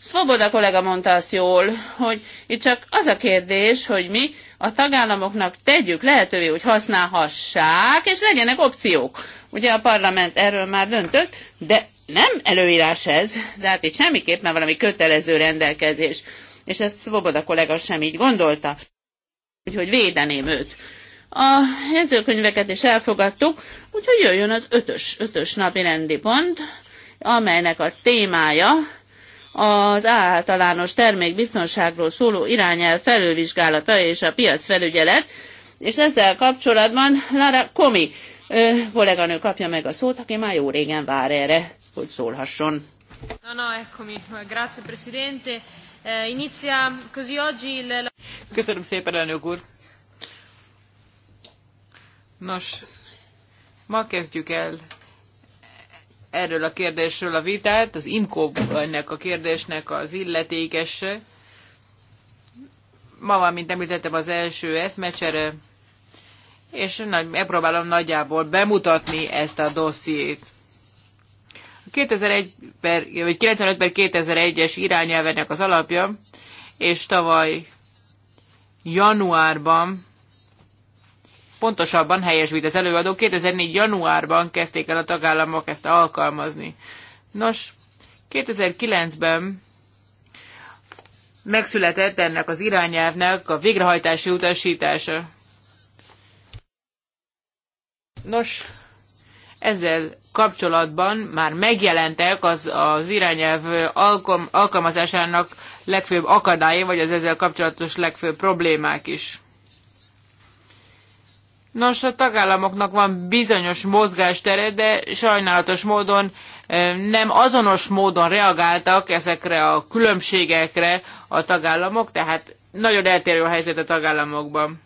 Svoboda kollega mondta azt jól, hogy itt csak az a kérdés, hogy mi a tagállamoknak tegyük lehetővé, hogy használhassák, és legyenek opciók. Ugye a parlament erről már döntött, de nem előírás ez, de hát itt semmiképpen valami kötelező rendelkezés. És ezt Svoboda kollega sem így gondolta. Úgyhogy védeném őt. A jegyzőkönyveket is elfogadtuk, úgyhogy jöjjön az ötös, ötös napi rendi pont, amelynek a témája az általános termékbiztonságról szóló irányel felülvizsgálata és a piacfelügyelet, és ezzel kapcsolatban Lara Komi kolléganő kapja meg a szót, aki már jó régen vár erre hogy szólhasson. No, no, eccomi. Grazie, Presidente. Eh, inizia così oggi il... Köszönöm szépen, elnök úr. Nos, ma kezdjük el erről a kérdésről a vitát, az IMCO ennek a kérdésnek az illetékes. Ma van, mint említettem, az első eszmecsere, és megpróbálom nagyjából bemutatni ezt a dossziét. 2001 per, vagy 95 per 2001-es irányelvenek az alapja, és tavaly januárban, pontosabban vid az előadó, 2004 januárban kezdték el a tagállamok ezt alkalmazni. Nos, 2009-ben megszületett ennek az irányelvnek a végrehajtási utasítása. Nos, ezzel kapcsolatban már megjelentek az, az irányelv alkom, alkalmazásának legfőbb akadályai, vagy az ezzel kapcsolatos legfőbb problémák is. Nos, a tagállamoknak van bizonyos mozgástere, de sajnálatos módon eh, nem azonos módon reagáltak ezekre a különbségekre a tagállamok, tehát nagyon eltérő a helyzet a tagállamokban.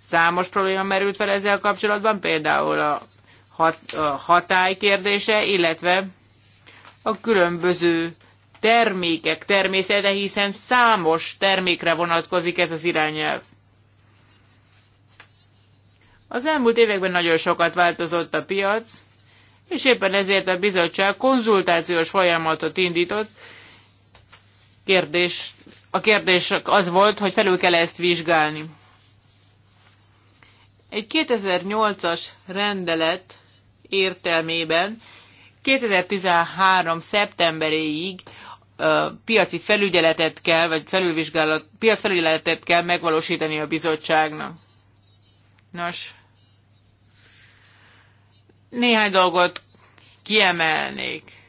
Számos probléma merült fel ezzel kapcsolatban, például a hat, hatály kérdése, illetve a különböző termékek természete, hiszen számos termékre vonatkozik ez az irányelv. Az elmúlt években nagyon sokat változott a piac, és éppen ezért a bizottság konzultációs folyamatot indított. Kérdés, a kérdés az volt, hogy felül kell ezt vizsgálni. Egy 2008-as rendelet értelmében 2013. szeptemberéig piaci felügyeletet kell, vagy felülvizsgálat, felügyeletet kell megvalósítani a bizottságnak. Nos, néhány dolgot kiemelnék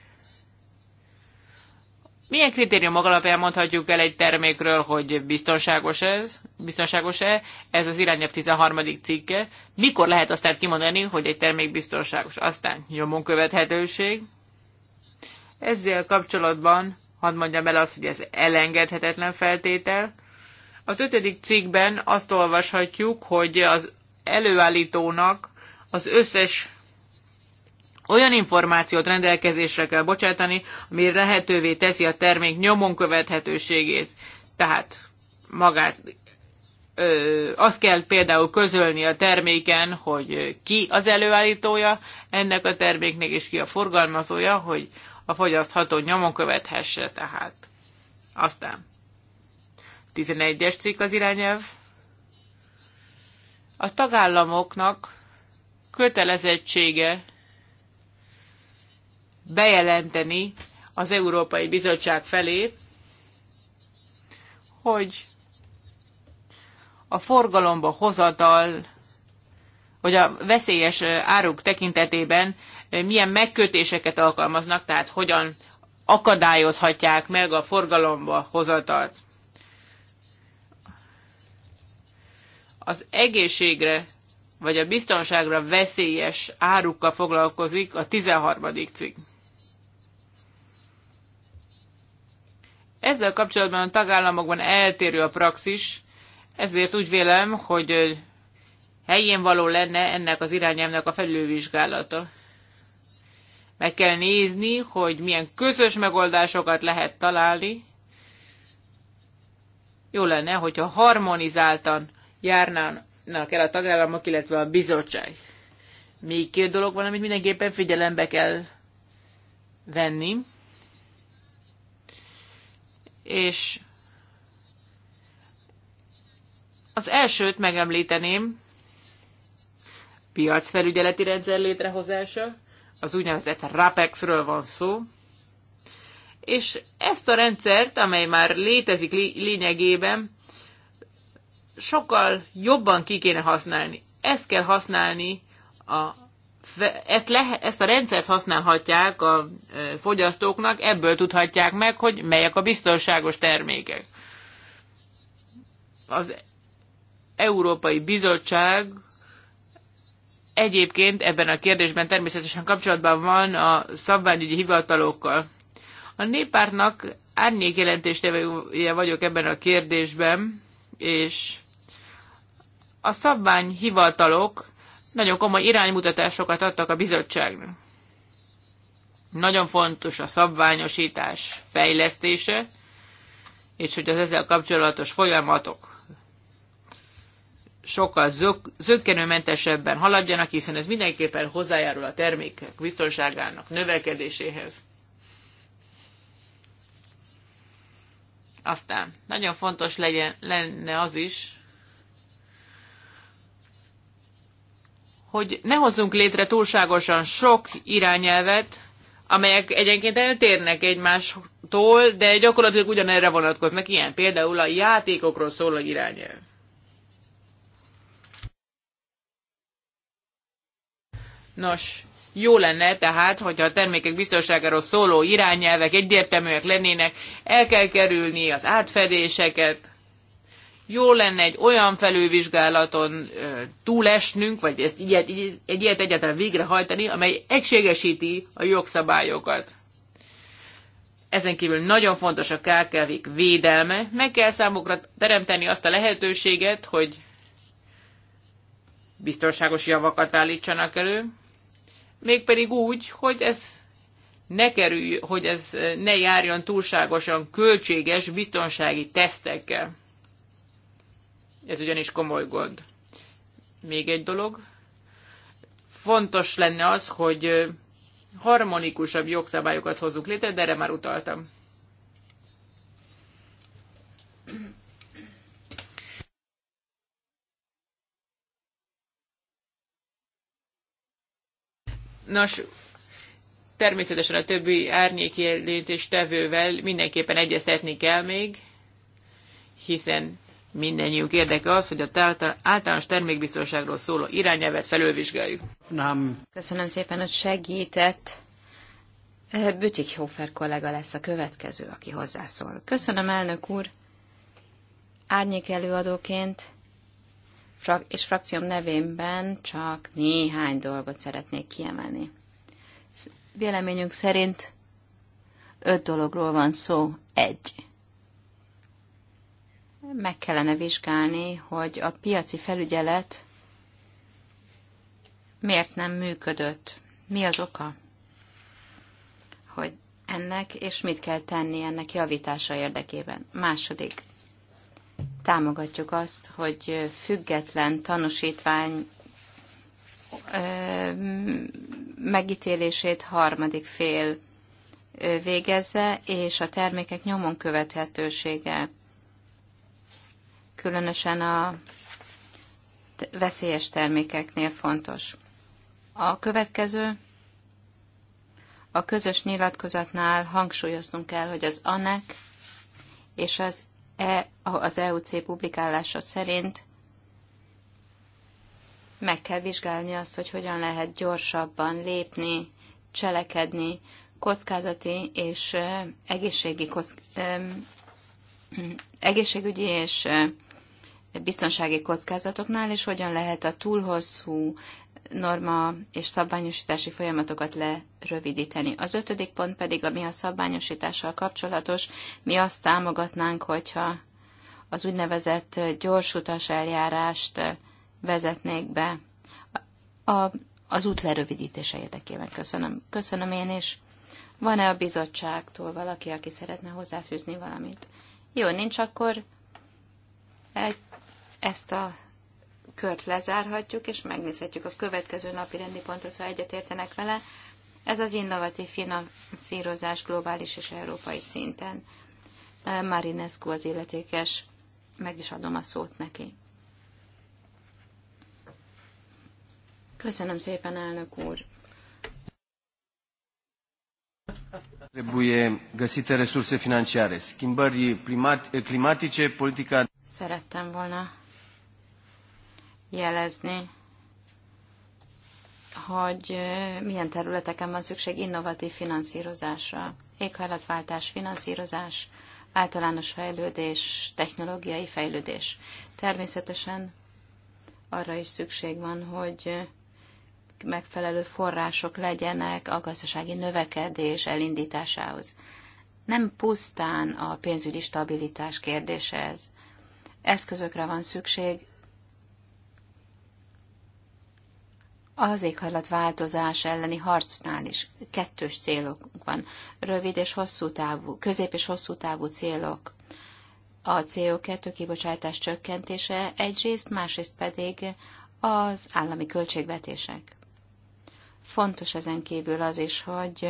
milyen kritériumok alapján mondhatjuk el egy termékről, hogy biztonságos ez, biztonságos-e, ez az irányelv 13. cikke, mikor lehet aztán kimondani, hogy egy termék biztonságos, aztán nyomon követhetőség. Ezzel kapcsolatban hadd mondjam el azt, hogy ez elengedhetetlen feltétel. Az ötödik cikkben azt olvashatjuk, hogy az előállítónak az összes olyan információt rendelkezésre kell bocsátani, ami lehetővé teszi a termék nyomon követhetőségét. Tehát magát ö, azt kell például közölni a terméken, hogy ki az előállítója ennek a terméknek, és ki a forgalmazója, hogy a fogyasztható nyomon követhesse tehát. Aztán 11-es cikk az irányelv. A tagállamoknak kötelezettsége bejelenteni az Európai Bizottság felé, hogy a forgalomba hozatal, hogy a veszélyes áruk tekintetében milyen megkötéseket alkalmaznak, tehát hogyan akadályozhatják meg a forgalomba hozatalt. Az egészségre vagy a biztonságra veszélyes árukkal foglalkozik a 13. cikk. Ezzel kapcsolatban a tagállamokban eltérő a praxis, ezért úgy vélem, hogy helyén való lenne ennek az irányelvnek a felülvizsgálata. Meg kell nézni, hogy milyen közös megoldásokat lehet találni. Jó lenne, hogyha harmonizáltan járnának el a tagállamok, illetve a bizottság. Még két dolog van, amit mindenképpen figyelembe kell venni és az elsőt megemlíteném, piacfelügyeleti rendszer létrehozása, az úgynevezett RAPEX-ről van szó, és ezt a rendszert, amely már létezik lényegében, sokkal jobban ki kéne használni. Ezt kell használni a ezt, le, ezt a rendszert használhatják a fogyasztóknak, ebből tudhatják meg, hogy melyek a biztonságos termékek. Az Európai Bizottság egyébként ebben a kérdésben természetesen kapcsolatban van a szabványügyi hivatalokkal. A néppártnak árnyék jelentéstevője vagyok ebben a kérdésben, és a szabványhivatalok nagyon komoly iránymutatásokat adtak a bizottságnak. Nagyon fontos a szabványosítás fejlesztése, és hogy az ezzel kapcsolatos folyamatok sokkal zök, zökkenőmentesebben haladjanak, hiszen ez mindenképpen hozzájárul a termékek biztonságának növekedéséhez. Aztán nagyon fontos legyen, lenne az is, hogy ne hozzunk létre túlságosan sok irányelvet, amelyek egyenként eltérnek egymástól, de gyakorlatilag ugyanerre vonatkoznak, ilyen például a játékokról szóló irányelv. Nos, jó lenne tehát, hogyha a termékek biztonságáról szóló irányelvek egyértelműek lennének, el kell kerülni az átfedéseket, jó lenne egy olyan felülvizsgálaton túlesnünk, vagy ezt ilyet, egy ilyet egyáltalán végrehajtani, amely egységesíti a jogszabályokat. Ezen kívül nagyon fontos a kkv védelme. Meg kell számukra teremteni azt a lehetőséget, hogy biztonságos javakat állítsanak elő, mégpedig úgy, hogy ez ne kerülj, hogy ez ne járjon túlságosan költséges biztonsági tesztekkel. Ez ugyanis komoly gond. Még egy dolog. Fontos lenne az, hogy harmonikusabb jogszabályokat hozzunk létre, de erre már utaltam. Nos, természetesen a többi árnyékjelentés tevővel mindenképpen egyeztetni kell még, hiszen Mindennyiunk érdeke az, hogy a általános termékbiztonságról szóló irányelvet felülvizsgáljuk. Nem. Köszönöm szépen, hogy segített. Eh, Bütik Hofer kollega lesz a következő, aki hozzászól. Köszönöm, elnök úr. Árnyék előadóként és frakcióm nevében csak néhány dolgot szeretnék kiemelni. Véleményünk szerint öt dologról van szó. Egy meg kellene vizsgálni, hogy a piaci felügyelet miért nem működött, mi az oka, hogy ennek, és mit kell tenni ennek javítása érdekében. Második, támogatjuk azt, hogy független tanúsítvány megítélését harmadik fél végezze, és a termékek nyomon követhetősége különösen a veszélyes termékeknél fontos. A következő, a közös nyilatkozatnál hangsúlyoznunk kell, hogy az ANEC és az, e, az EUC publikálása szerint meg kell vizsgálni azt, hogy hogyan lehet gyorsabban lépni, cselekedni, kockázati és eh, egészségi kock, eh, egészségügyi és eh, biztonsági kockázatoknál, és hogyan lehet a túl hosszú norma és szabványosítási folyamatokat lerövidíteni. Az ötödik pont pedig, ami a szabványosítással kapcsolatos, mi azt támogatnánk, hogyha az úgynevezett gyorsutas eljárást vezetnék be a, az út lerövidítése érdekében. Köszönöm. Köszönöm én is. Van-e a bizottságtól valaki, aki szeretne hozzáfűzni valamit? Jó, nincs akkor egy ezt a kört lezárhatjuk, és megnézhetjük a következő napi rendi pontot, ha egyetértenek vele. Ez az innovatív finanszírozás globális és európai szinten. Marinescu az illetékes, meg is adom a szót neki. Köszönöm szépen, elnök úr! Trebuie găsite resurse financiare, schimbări climatice, politica... Szerettem volna jelezni, hogy milyen területeken van szükség innovatív finanszírozásra. Éghajlatváltás, finanszírozás, általános fejlődés, technológiai fejlődés. Természetesen arra is szükség van, hogy megfelelő források legyenek a gazdasági növekedés elindításához. Nem pusztán a pénzügyi stabilitás kérdése ez. Eszközökre van szükség az éghajlatváltozás elleni harcnál is kettős célok van. Rövid és hosszú távú, közép és hosszú távú célok. A CO2 kibocsátás csökkentése egyrészt, másrészt pedig az állami költségvetések. Fontos ezen kívül az is, hogy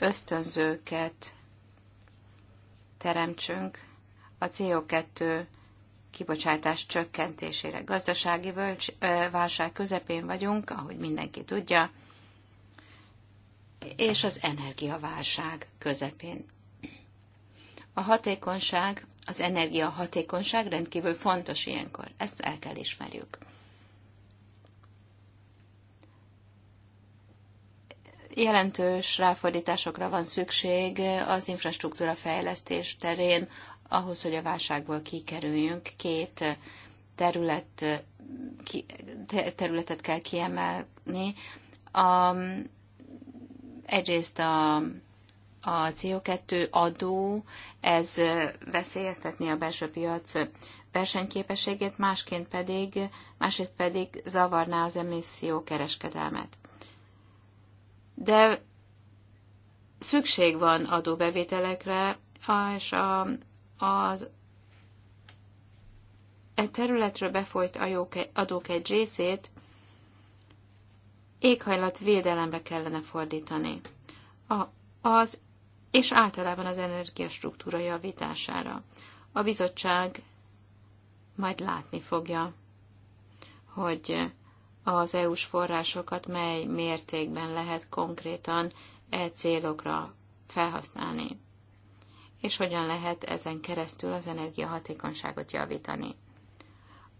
ösztönzőket teremtsünk a CO2 kibocsátás csökkentésére. Gazdasági völcs, válság közepén vagyunk, ahogy mindenki tudja, és az energiaválság közepén. A hatékonyság, az energia hatékonyság rendkívül fontos ilyenkor. Ezt el kell ismerjük. Jelentős ráfordításokra van szükség az infrastruktúra fejlesztés terén, ahhoz, hogy a válságból kikerüljünk, két terület, ki, területet kell kiemelni. A, egyrészt a, a CO2 adó, ez veszélyeztetni a belső piac versenyképességét, másként pedig, másrészt pedig zavarná az emisszió kereskedelmet. De szükség van adóbevételekre, és a az e területről befolyt e- adók egy részét védelemre kellene fordítani. A, az és általában az energiastruktúra javítására. A bizottság majd látni fogja, hogy az EU-s forrásokat mely mértékben lehet konkrétan e célokra felhasználni és hogyan lehet ezen keresztül az energiahatékonyságot javítani.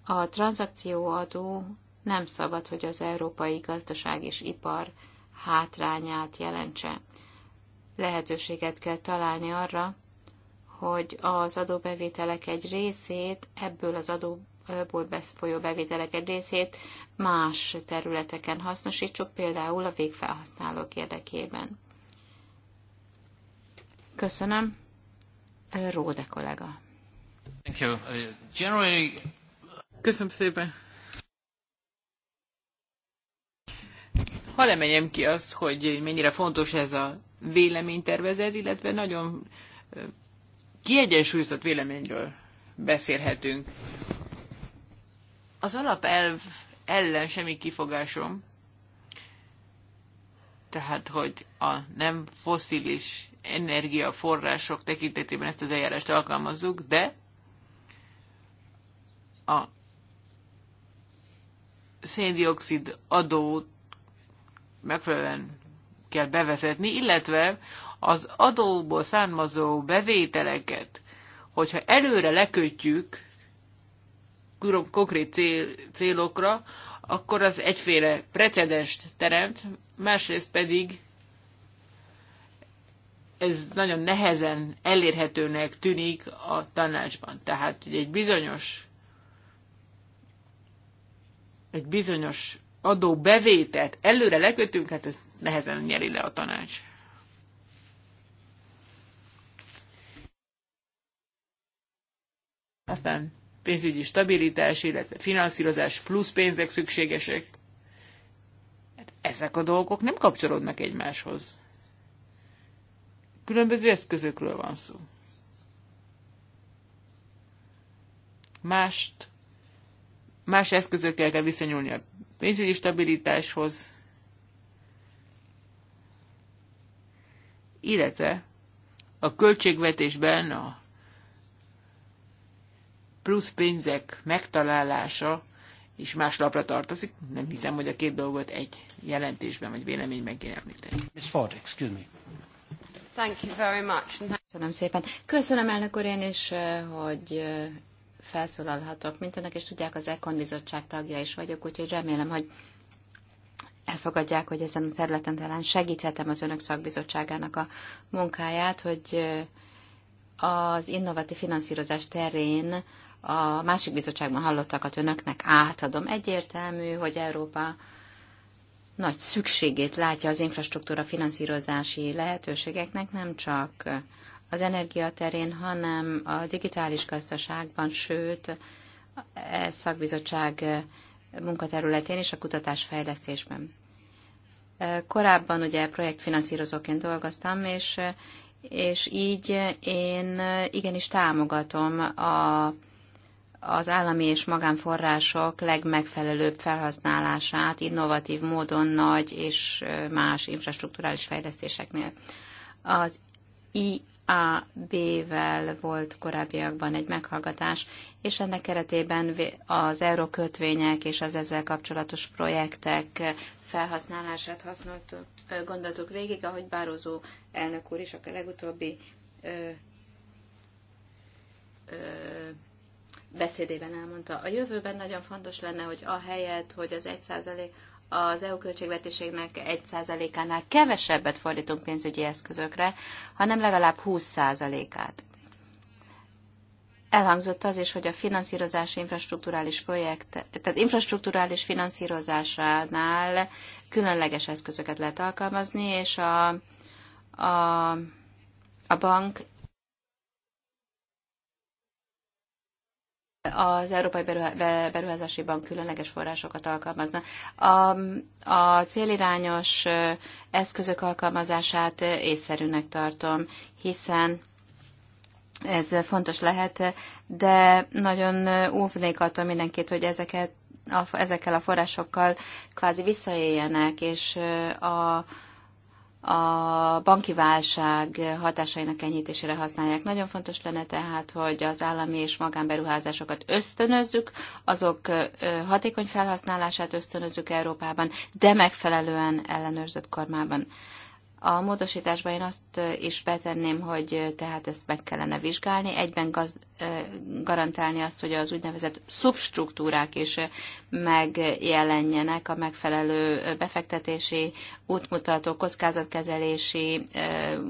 A tranzakcióadó nem szabad, hogy az európai gazdaság és ipar hátrányát jelentse. Lehetőséget kell találni arra, hogy az adóbevételek egy részét, ebből az adóból befolyó bevételek egy részét más területeken hasznosítsuk, például a végfelhasználók érdekében. Köszönöm. Róde kollega. Thank you. Uh, generally... Köszönöm szépen. Ha emeljem ki azt, hogy mennyire fontos ez a véleménytervezet, illetve nagyon kiegyensúlyozott véleményről beszélhetünk. Az alapelv ellen semmi kifogásom, tehát hogy a nem foszilis energiaforrások tekintetében ezt az eljárást alkalmazzuk, de a széndiokszid adót megfelelően kell bevezetni, illetve az adóból származó bevételeket, hogyha előre lekötjük konkrét cél, célokra, akkor az egyféle precedens teremt, másrészt pedig ez nagyon nehezen elérhetőnek tűnik a tanácsban. Tehát egy bizonyos egy bizonyos adó bevételt előre lekötünk, hát ez nehezen nyeri le a tanács. Aztán pénzügyi stabilitás, illetve finanszírozás plusz pénzek szükségesek. Hát ezek a dolgok nem kapcsolódnak egymáshoz. Különböző eszközökről van szó. Mást, más eszközökkel kell viszonyulni a pénzügyi stabilitáshoz, illetve a költségvetésben a plusz pénzek megtalálása és más lapra tartozik. Nem hiszem, hogy a két dolgot egy jelentésben vagy véleményben kéne említeni. Miss Ford, excuse me. Thank you very much. Köszönöm szépen. Köszönöm elnök úr én is, eh, hogy eh, felszólalhatok, mint önök és tudják, az Econ bizottság tagja is vagyok, úgyhogy remélem, hogy elfogadják, hogy ezen a területen talán segíthetem az önök szakbizottságának a munkáját, hogy eh, az innovatív finanszírozás terén a másik bizottságban hallottakat önöknek átadom. Egyértelmű, hogy Európa nagy szükségét látja az infrastruktúra finanszírozási lehetőségeknek, nem csak az energia terén, hanem a digitális gazdaságban, sőt, e szakbizottság munkaterületén és a kutatásfejlesztésben. Korábban ugye projektfinanszírozóként dolgoztam, és, és így én igenis támogatom a az állami és magánforrások legmegfelelőbb felhasználását innovatív módon nagy és más infrastruktúrális fejlesztéseknél. Az IAB-vel volt korábbiakban egy meghallgatás, és ennek keretében az eurókötvények és az ezzel kapcsolatos projektek felhasználását használt, gondoltuk végig, ahogy Bározó elnök úr is a legutóbbi ö, ö, beszédében elmondta. A jövőben nagyon fontos lenne, hogy a helyet, hogy az 1 az EU költségvetésének 1%-ánál kevesebbet fordítunk pénzügyi eszközökre, hanem legalább 20%-át. Elhangzott az is, hogy a finanszírozás infrastruktúrális projekt, tehát infrastruktúrális finanszírozásánál különleges eszközöket lehet alkalmazni, és a, a, a bank az Európai Beruházási Bank különleges forrásokat alkalmazna. A, a célirányos eszközök alkalmazását észszerűnek tartom, hiszen ez fontos lehet, de nagyon óvnék attól mindenkit, hogy ezeket, a, ezekkel a forrásokkal kvázi visszaéljenek, és a a banki válság hatásainak enyhítésére használják. Nagyon fontos lenne tehát, hogy az állami és magánberuházásokat ösztönözzük, azok hatékony felhasználását ösztönözzük Európában, de megfelelően ellenőrzött kormában. A módosításban én azt is betenném, hogy tehát ezt meg kellene vizsgálni, egyben gaz, garantálni azt, hogy az úgynevezett szubstruktúrák is megjelenjenek a megfelelő befektetési útmutatók, kockázatkezelési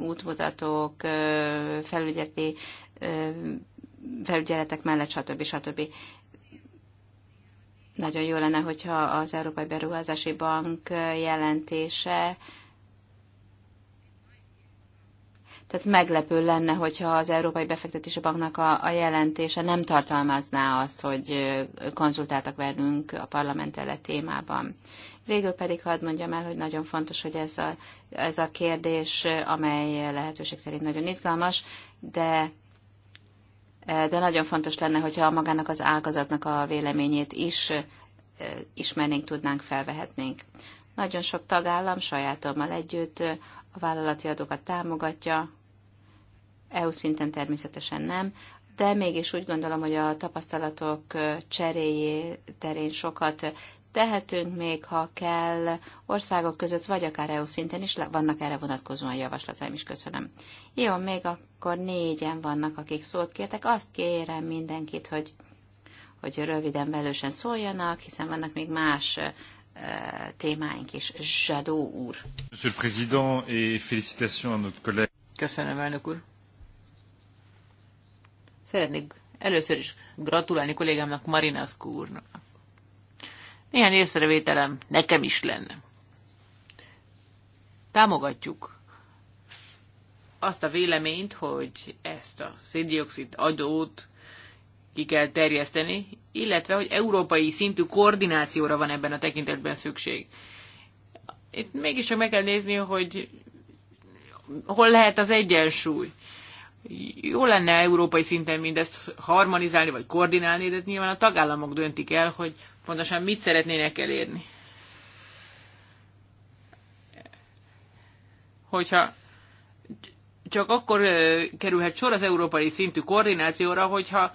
útmutatók, felügyeleti felügyeletek mellett, stb. stb. Nagyon jó lenne, hogyha az Európai Beruházási Bank jelentése Tehát meglepő lenne, hogyha az Európai Befektetési Banknak a, a jelentése nem tartalmazná azt, hogy konzultáltak velünk a parlament a témában. Végül pedig hadd mondjam el, hogy nagyon fontos, hogy ez a, ez a kérdés, amely lehetőség szerint nagyon izgalmas, de de nagyon fontos lenne, hogyha magának az ágazatnak a véleményét is ismernénk, tudnánk, felvehetnénk. Nagyon sok tagállam sajátommal együtt a vállalati adókat támogatja, EU szinten természetesen nem, de mégis úgy gondolom, hogy a tapasztalatok cseréjé terén sokat tehetünk még, ha kell, országok között, vagy akár EU szinten is vannak erre vonatkozóan javaslataim is, köszönöm. Jó, még akkor négyen vannak, akik szót kértek. Azt kérem mindenkit, hogy, hogy röviden, velősen szóljanak, hiszen vannak még más témáink is. Zsadó úr. Monsieur le Président, et félicitations à notre collègue. Köszönöm, elnök úr. Szeretnék először is gratulálni kollégámnak Marinaszkó úrnak. Néhány észrevételem nekem is lenne. Támogatjuk azt a véleményt, hogy ezt a széndiokszid adót ki kell terjeszteni, illetve hogy európai szintű koordinációra van ebben a tekintetben szükség. Itt mégis meg kell nézni, hogy hol lehet az egyensúly. Jó lenne európai szinten mindezt harmonizálni vagy koordinálni, de nyilván a tagállamok döntik el, hogy pontosan mit szeretnének elérni. Hogyha csak akkor kerülhet sor az európai szintű koordinációra, hogyha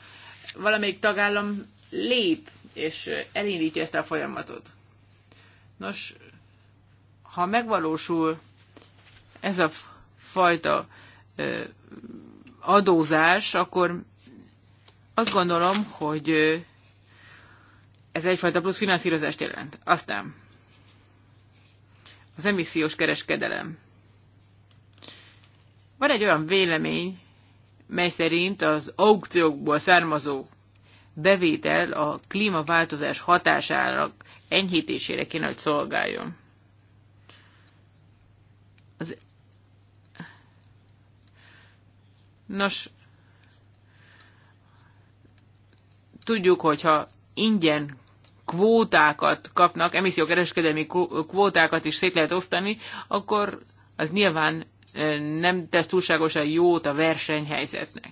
valamelyik tagállam lép és elindítja ezt a folyamatot. Nos, ha megvalósul ez a fajta adózás, akkor azt gondolom, hogy ez egyfajta plusz finanszírozást jelent. Aztán az emissziós kereskedelem. Van egy olyan vélemény, mely szerint az aukciókból származó bevétel a klímaváltozás hatásának enyhítésére kéne, hogy szolgáljon. Az Nos, tudjuk, hogyha ingyen kvótákat kapnak, emissziókereskedelmi kvótákat is szét lehet osztani, akkor az nyilván nem tesz túlságosan jót a versenyhelyzetnek.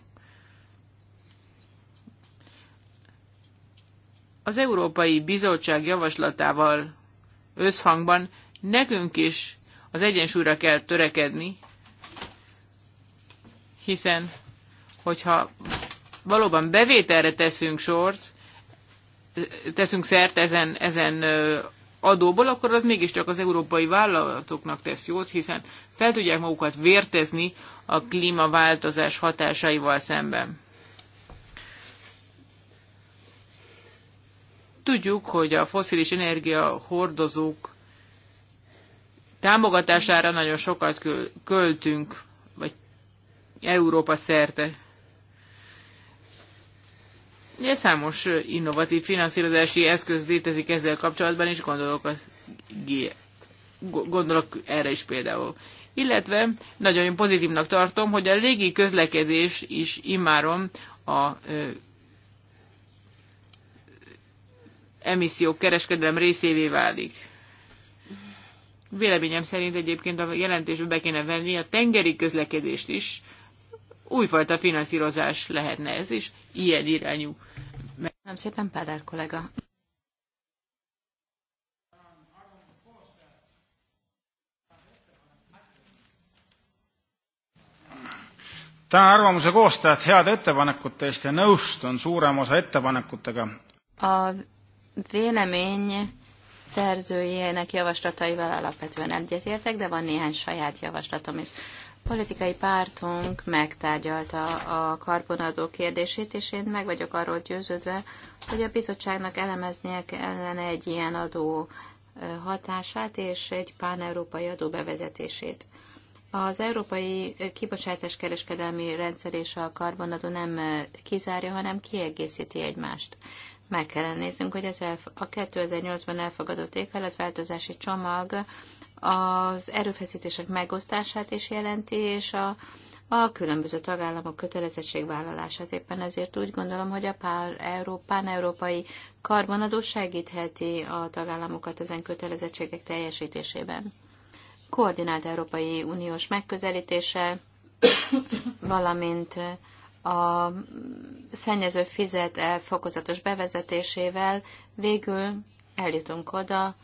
Az Európai Bizottság javaslatával összhangban nekünk is az egyensúlyra kell törekedni, hiszen hogyha valóban bevételre teszünk sort, teszünk szert ezen, ezen adóból, akkor az mégiscsak az európai vállalatoknak tesz jót, hiszen fel tudják magukat vértezni a klímaváltozás hatásaival szemben. Tudjuk, hogy a foszilis energia hordozók támogatására nagyon sokat költünk Európa szerte. Ugye számos innovatív finanszírozási eszköz létezik ezzel kapcsolatban, és gondolok, az, gondolok erre is például. Illetve nagyon pozitívnak tartom, hogy a légi közlekedés is immáron a ö, emissziók kereskedelem részévé válik. Véleményem szerint egyébként a jelentésbe be kéne venni a tengeri közlekedést is, újfajta finanszírozás lehetne ez is, ilyen irányú. Nem szépen, Pádár kollega. tänan arvamuse koostajat heade ettepanekute eest ja nõustun suurema osa ettepanekutega. A vélemény szerzőjének javaslataival alapvetően egyetértek, de van néhány saját javaslatom is politikai pártunk megtárgyalta a karbonadó kérdését, és én meg vagyok arról győződve, hogy a bizottságnak elemeznie kellene egy ilyen adó hatását és egy pán-európai adó bevezetését. Az európai kibocsátás kereskedelmi rendszer és a karbonadó nem kizárja, hanem kiegészíti egymást. Meg kellene néznünk, hogy ez a 2008-ban elfogadott éghajlatváltozási csomag az erőfeszítések megosztását is jelenti, és a, a különböző tagállamok kötelezettségvállalását. Éppen ezért úgy gondolom, hogy a pár európán európai karbonadó segítheti a tagállamokat ezen kötelezettségek teljesítésében. Koordinált Európai Uniós megközelítése, valamint a szennyező fizet elfokozatos bevezetésével végül eljutunk oda,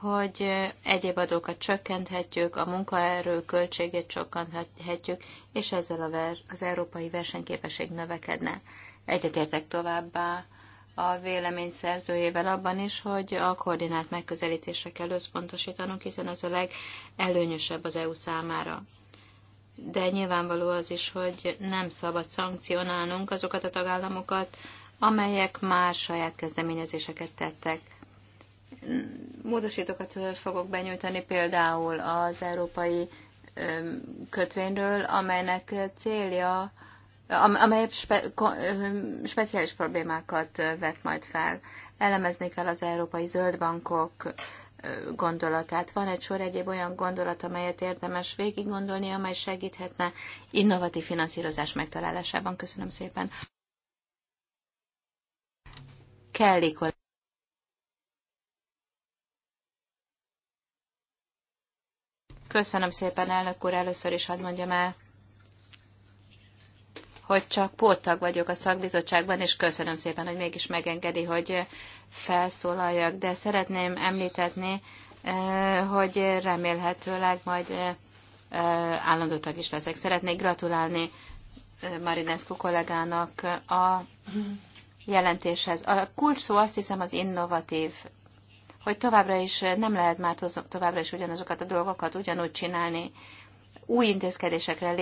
hogy egyéb adókat csökkenthetjük, a munkaerő költségét csökkenthetjük, és ezzel az európai versenyképesség növekedne. Egyetértek továbbá a vélemény szerzőjével abban is, hogy a koordinált megközelítésre kell összpontosítanunk, hiszen az a legelőnyösebb az EU számára. De nyilvánvaló az is, hogy nem szabad szankcionálnunk azokat a tagállamokat, amelyek már saját kezdeményezéseket tettek módosítókat fogok benyújtani például az európai kötvényről, amelynek célja, amely spe, speciális problémákat vet majd fel. Elemezni kell az európai zöldbankok gondolatát. Van egy sor egyéb olyan gondolat, amelyet érdemes végig gondolni, amely segíthetne innovatív finanszírozás megtalálásában. Köszönöm szépen. Kelly kollégám. Köszönöm szépen, elnök úr, először is hadd mondjam el, hogy csak póttag vagyok a szakbizottságban, és köszönöm szépen, hogy mégis megengedi, hogy felszólaljak. De szeretném említetni, eh, hogy remélhetőleg majd eh, állandó tag is leszek. Szeretnék gratulálni eh, Marinescu kollégának a jelentéshez. A kulcs szó azt hiszem az innovatív hogy továbbra is nem lehet már továbbra is ugyanazokat a dolgokat ugyanúgy csinálni. Új intézkedésekre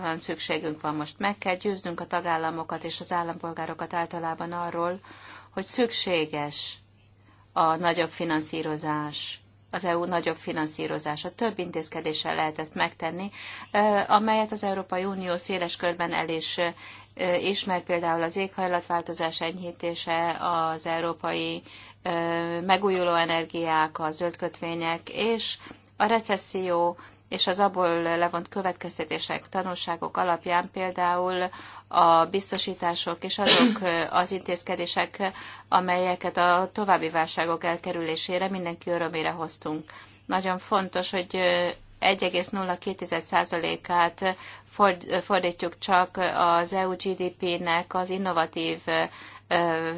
van szükségünk van most. Meg kell győznünk a tagállamokat és az állampolgárokat általában arról, hogy szükséges a nagyobb finanszírozás, az EU nagyobb finanszírozása. Több intézkedéssel lehet ezt megtenni, amelyet az Európai Unió széles körben el is ismer, például az éghajlatváltozás enyhítése, az európai megújuló energiák, a zöld kötvények és a recesszió és az abból levont következtetések, tanulságok alapján például a biztosítások és azok az intézkedések, amelyeket a további válságok elkerülésére mindenki örömére hoztunk. Nagyon fontos, hogy 1,02%-át fordítjuk csak az EU GDP-nek az innovatív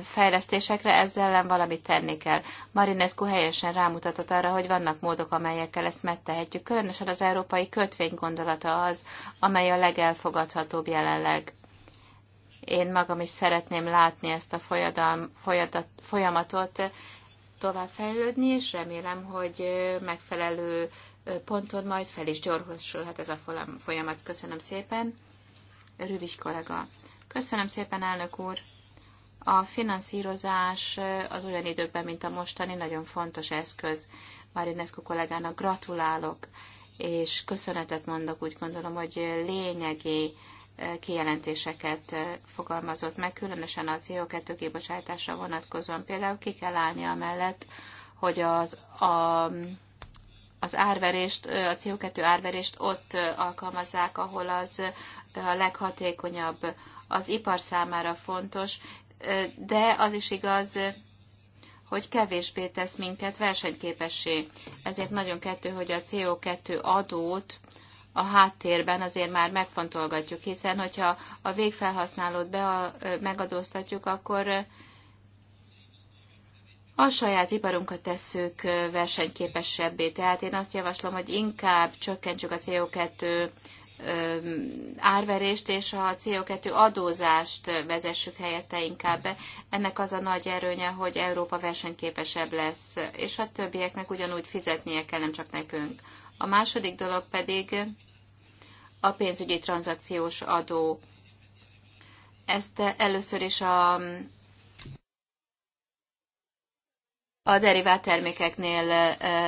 fejlesztésekre, ezzel ellen valamit tenni kell. Marinescu helyesen rámutatott arra, hogy vannak módok, amelyekkel ezt megtehetjük. Különösen az európai kötvény gondolata az, amely a legelfogadhatóbb jelenleg. Én magam is szeretném látni ezt a folyadal, folyadat, folyamatot továbbfejlődni, és remélem, hogy megfelelő ponton majd fel is gyorsulhat ez a folyamat. Köszönöm szépen, Rübis kollega. Köszönöm szépen, elnök úr! A finanszírozás az olyan időkben, mint a mostani, nagyon fontos eszköz. Marinescu kollégának gratulálok, és köszönetet mondok, úgy gondolom, hogy lényegi kijelentéseket fogalmazott meg, különösen a CO2 kibocsátásra vonatkozóan. Például ki kell állni amellett, hogy az, a, az árverést, a CO2 árverést ott alkalmazzák, ahol az a leghatékonyabb, az ipar számára fontos, de az is igaz, hogy kevésbé tesz minket versenyképessé. Ezért nagyon kettő, hogy a CO2 adót a háttérben azért már megfontolgatjuk, hiszen hogyha a végfelhasználót be, megadóztatjuk, akkor a saját iparunkat tesszük versenyképesebbé. Tehát én azt javaslom, hogy inkább csökkentsük a CO2 árverést és a CO2 adózást vezessük helyette inkább be. Ennek az a nagy erőnye, hogy Európa versenyképesebb lesz, és a többieknek ugyanúgy fizetnie kell, nem csak nekünk. A második dolog pedig a pénzügyi tranzakciós adó. Ezt először is a, a derivált termékeknél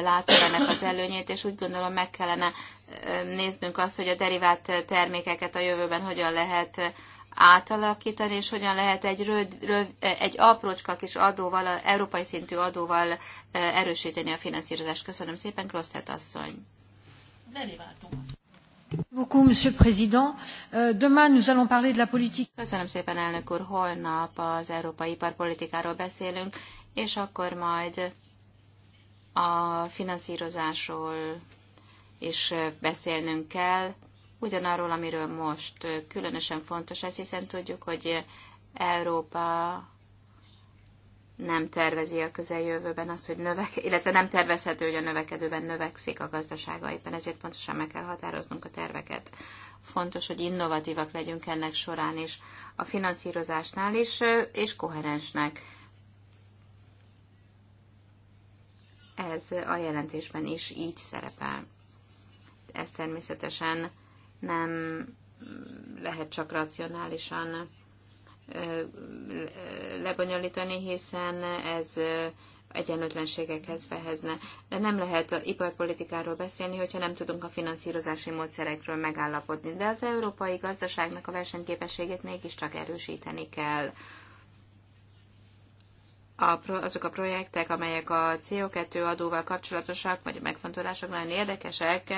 látom ennek az előnyét, és úgy gondolom meg kellene néznünk azt, hogy a derivált termékeket a jövőben hogyan lehet átalakítani, és hogyan lehet egy, röv, röv, egy aprócska kis adóval, európai szintű adóval erősíteni a finanszírozást. Köszönöm szépen, Krosztet asszony. Euh, Köszönöm szépen, elnök úr. Holnap az európai iparpolitikáról beszélünk, és akkor majd a finanszírozásról is beszélnünk kell, ugyanarról, amiről most különösen fontos ez, hiszen tudjuk, hogy Európa nem tervezi a közeljövőben azt, hogy növek, illetve nem tervezhető, hogy a növekedőben növekszik a gazdasága, éppen ezért pontosan meg kell határoznunk a terveket. Fontos, hogy innovatívak legyünk ennek során is, a finanszírozásnál is, és koherensnek. Ez a jelentésben is így szerepel. Ez természetesen nem lehet csak racionálisan lebonyolítani, hiszen ez egyenlőtlenségekhez fehezne. De nem lehet a iparpolitikáról beszélni, hogyha nem tudunk a finanszírozási módszerekről megállapodni. De az európai gazdaságnak a versenyképességét mégiscsak erősíteni kell a, azok a projektek, amelyek a CO2 adóval kapcsolatosak, vagy a megfontolások nagyon érdekesek,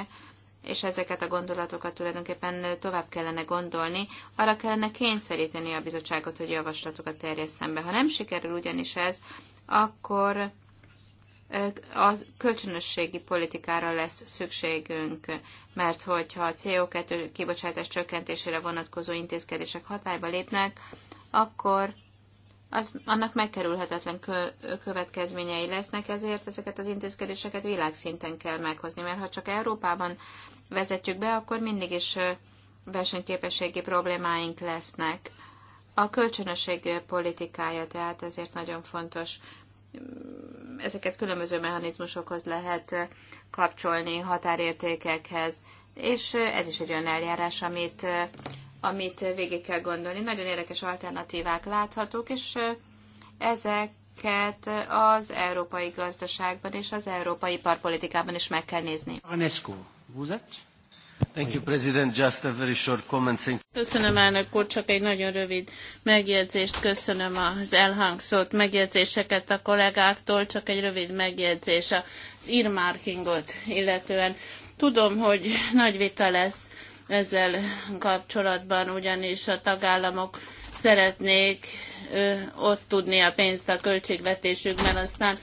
és ezeket a gondolatokat tulajdonképpen tovább kellene gondolni, arra kellene kényszeríteni a bizottságot, hogy javaslatokat terjesszen be. Ha nem sikerül ugyanis ez, akkor a kölcsönösségi politikára lesz szükségünk, mert hogyha a CO2 kibocsátás csökkentésére vonatkozó intézkedések hatályba lépnek, akkor az, annak megkerülhetetlen kö, következményei lesznek, ezért ezeket az intézkedéseket világszinten kell meghozni, mert ha csak Európában vezetjük be, akkor mindig is versenyképességi problémáink lesznek. A kölcsönösség politikája tehát ezért nagyon fontos. Ezeket különböző mechanizmusokhoz lehet kapcsolni, határértékekhez, és ez is egy olyan eljárás, amit amit végig kell gondolni. Nagyon érdekes alternatívák láthatók, és ezeket az európai gazdaságban és az európai iparpolitikában is meg kell nézni. Anesco, vous êtes? Thank you, President. Just a very short comment. Thank you. Köszönöm, elnök úr, csak egy nagyon rövid megjegyzést. Köszönöm az elhangzott megjegyzéseket a kollégáktól, csak egy rövid megjegyzés az earmarkingot illetően. Tudom, hogy nagy vita lesz ezzel kapcsolatban, ugyanis a tagállamok szeretnék ott tudni a pénzt a költségvetésükben, aztán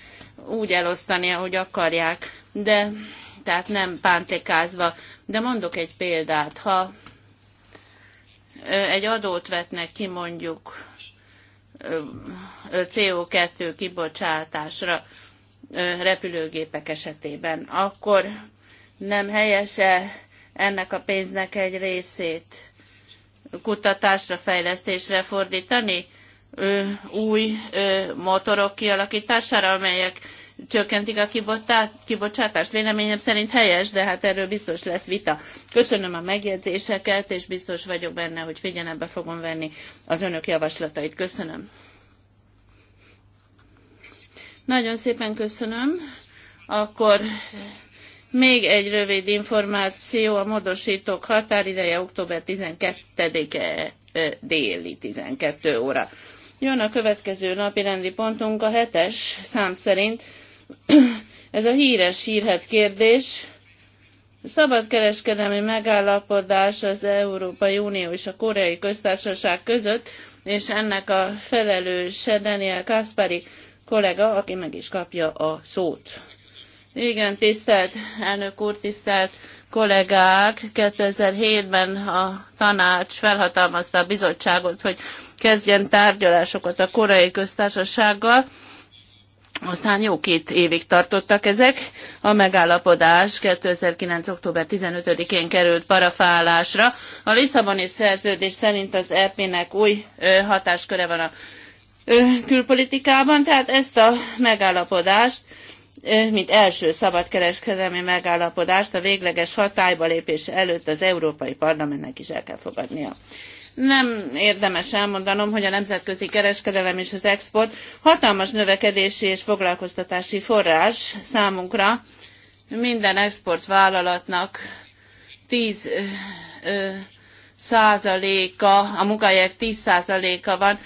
úgy elosztani, ahogy akarják. De tehát nem pántékázva. De mondok egy példát, ha egy adót vetnek ki mondjuk CO2 kibocsátásra repülőgépek esetében, akkor nem helyese ennek a pénznek egy részét kutatásra, fejlesztésre fordítani, új motorok kialakítására, amelyek csökkentik a kibocsátást. Véleményem szerint helyes, de hát erről biztos lesz vita. Köszönöm a megjegyzéseket, és biztos vagyok benne, hogy figyelembe fogom venni az önök javaslatait. Köszönöm. Nagyon szépen köszönöm. Akkor még egy rövid információ, a módosítók határideje október 12-e déli 12 óra. Jön a következő napi rendi pontunk, a hetes szám szerint. Ez a híres hírhet kérdés. A szabadkereskedelmi megállapodás az Európai Unió és a Koreai Köztársaság között, és ennek a felelőse Daniel Kaspari kollega, aki meg is kapja a szót. Igen, tisztelt elnök úr, tisztelt kollégák, 2007-ben a tanács felhatalmazta a bizottságot, hogy kezdjen tárgyalásokat a koreai köztársasággal. Aztán jó két évig tartottak ezek. A megállapodás 2009. október 15-én került parafálásra. A Lisszaboni szerződés szerint az EP-nek új hatásköre van a külpolitikában, tehát ezt a megállapodást mint első szabadkereskedelmi megállapodást a végleges hatályba lépése előtt az Európai Parlamentnek is el kell fogadnia. Nem érdemes elmondanom, hogy a nemzetközi kereskedelem és az export hatalmas növekedési és foglalkoztatási forrás számunkra. Minden exportvállalatnak 10 ö, százaléka, a munkahelyek 10 százaléka van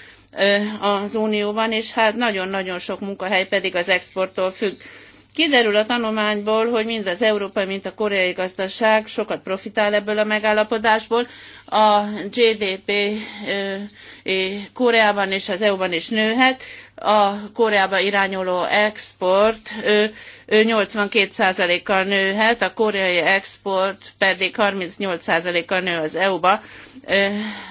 az Unióban, és hát nagyon-nagyon sok munkahely pedig az exporttól függ. Kiderül a tanulmányból, hogy mind az európai, mint a koreai gazdaság sokat profitál ebből a megállapodásból. A GDP Koreában és az EU-ban is nőhet, a Koreába irányuló export 82%-kal nőhet, a koreai export pedig 38%-kal nő az EU-ba,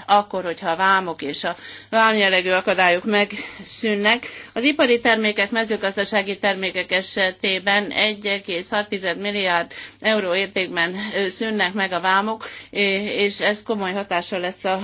akkor, hogyha a vámok és a vámjellegű akadályok megszűnnek. Az ipari termékek, mezőgazdasági termékek esetében 1,6 milliárd euró értékben szűnnek meg a vámok, és ez komoly hatása lesz a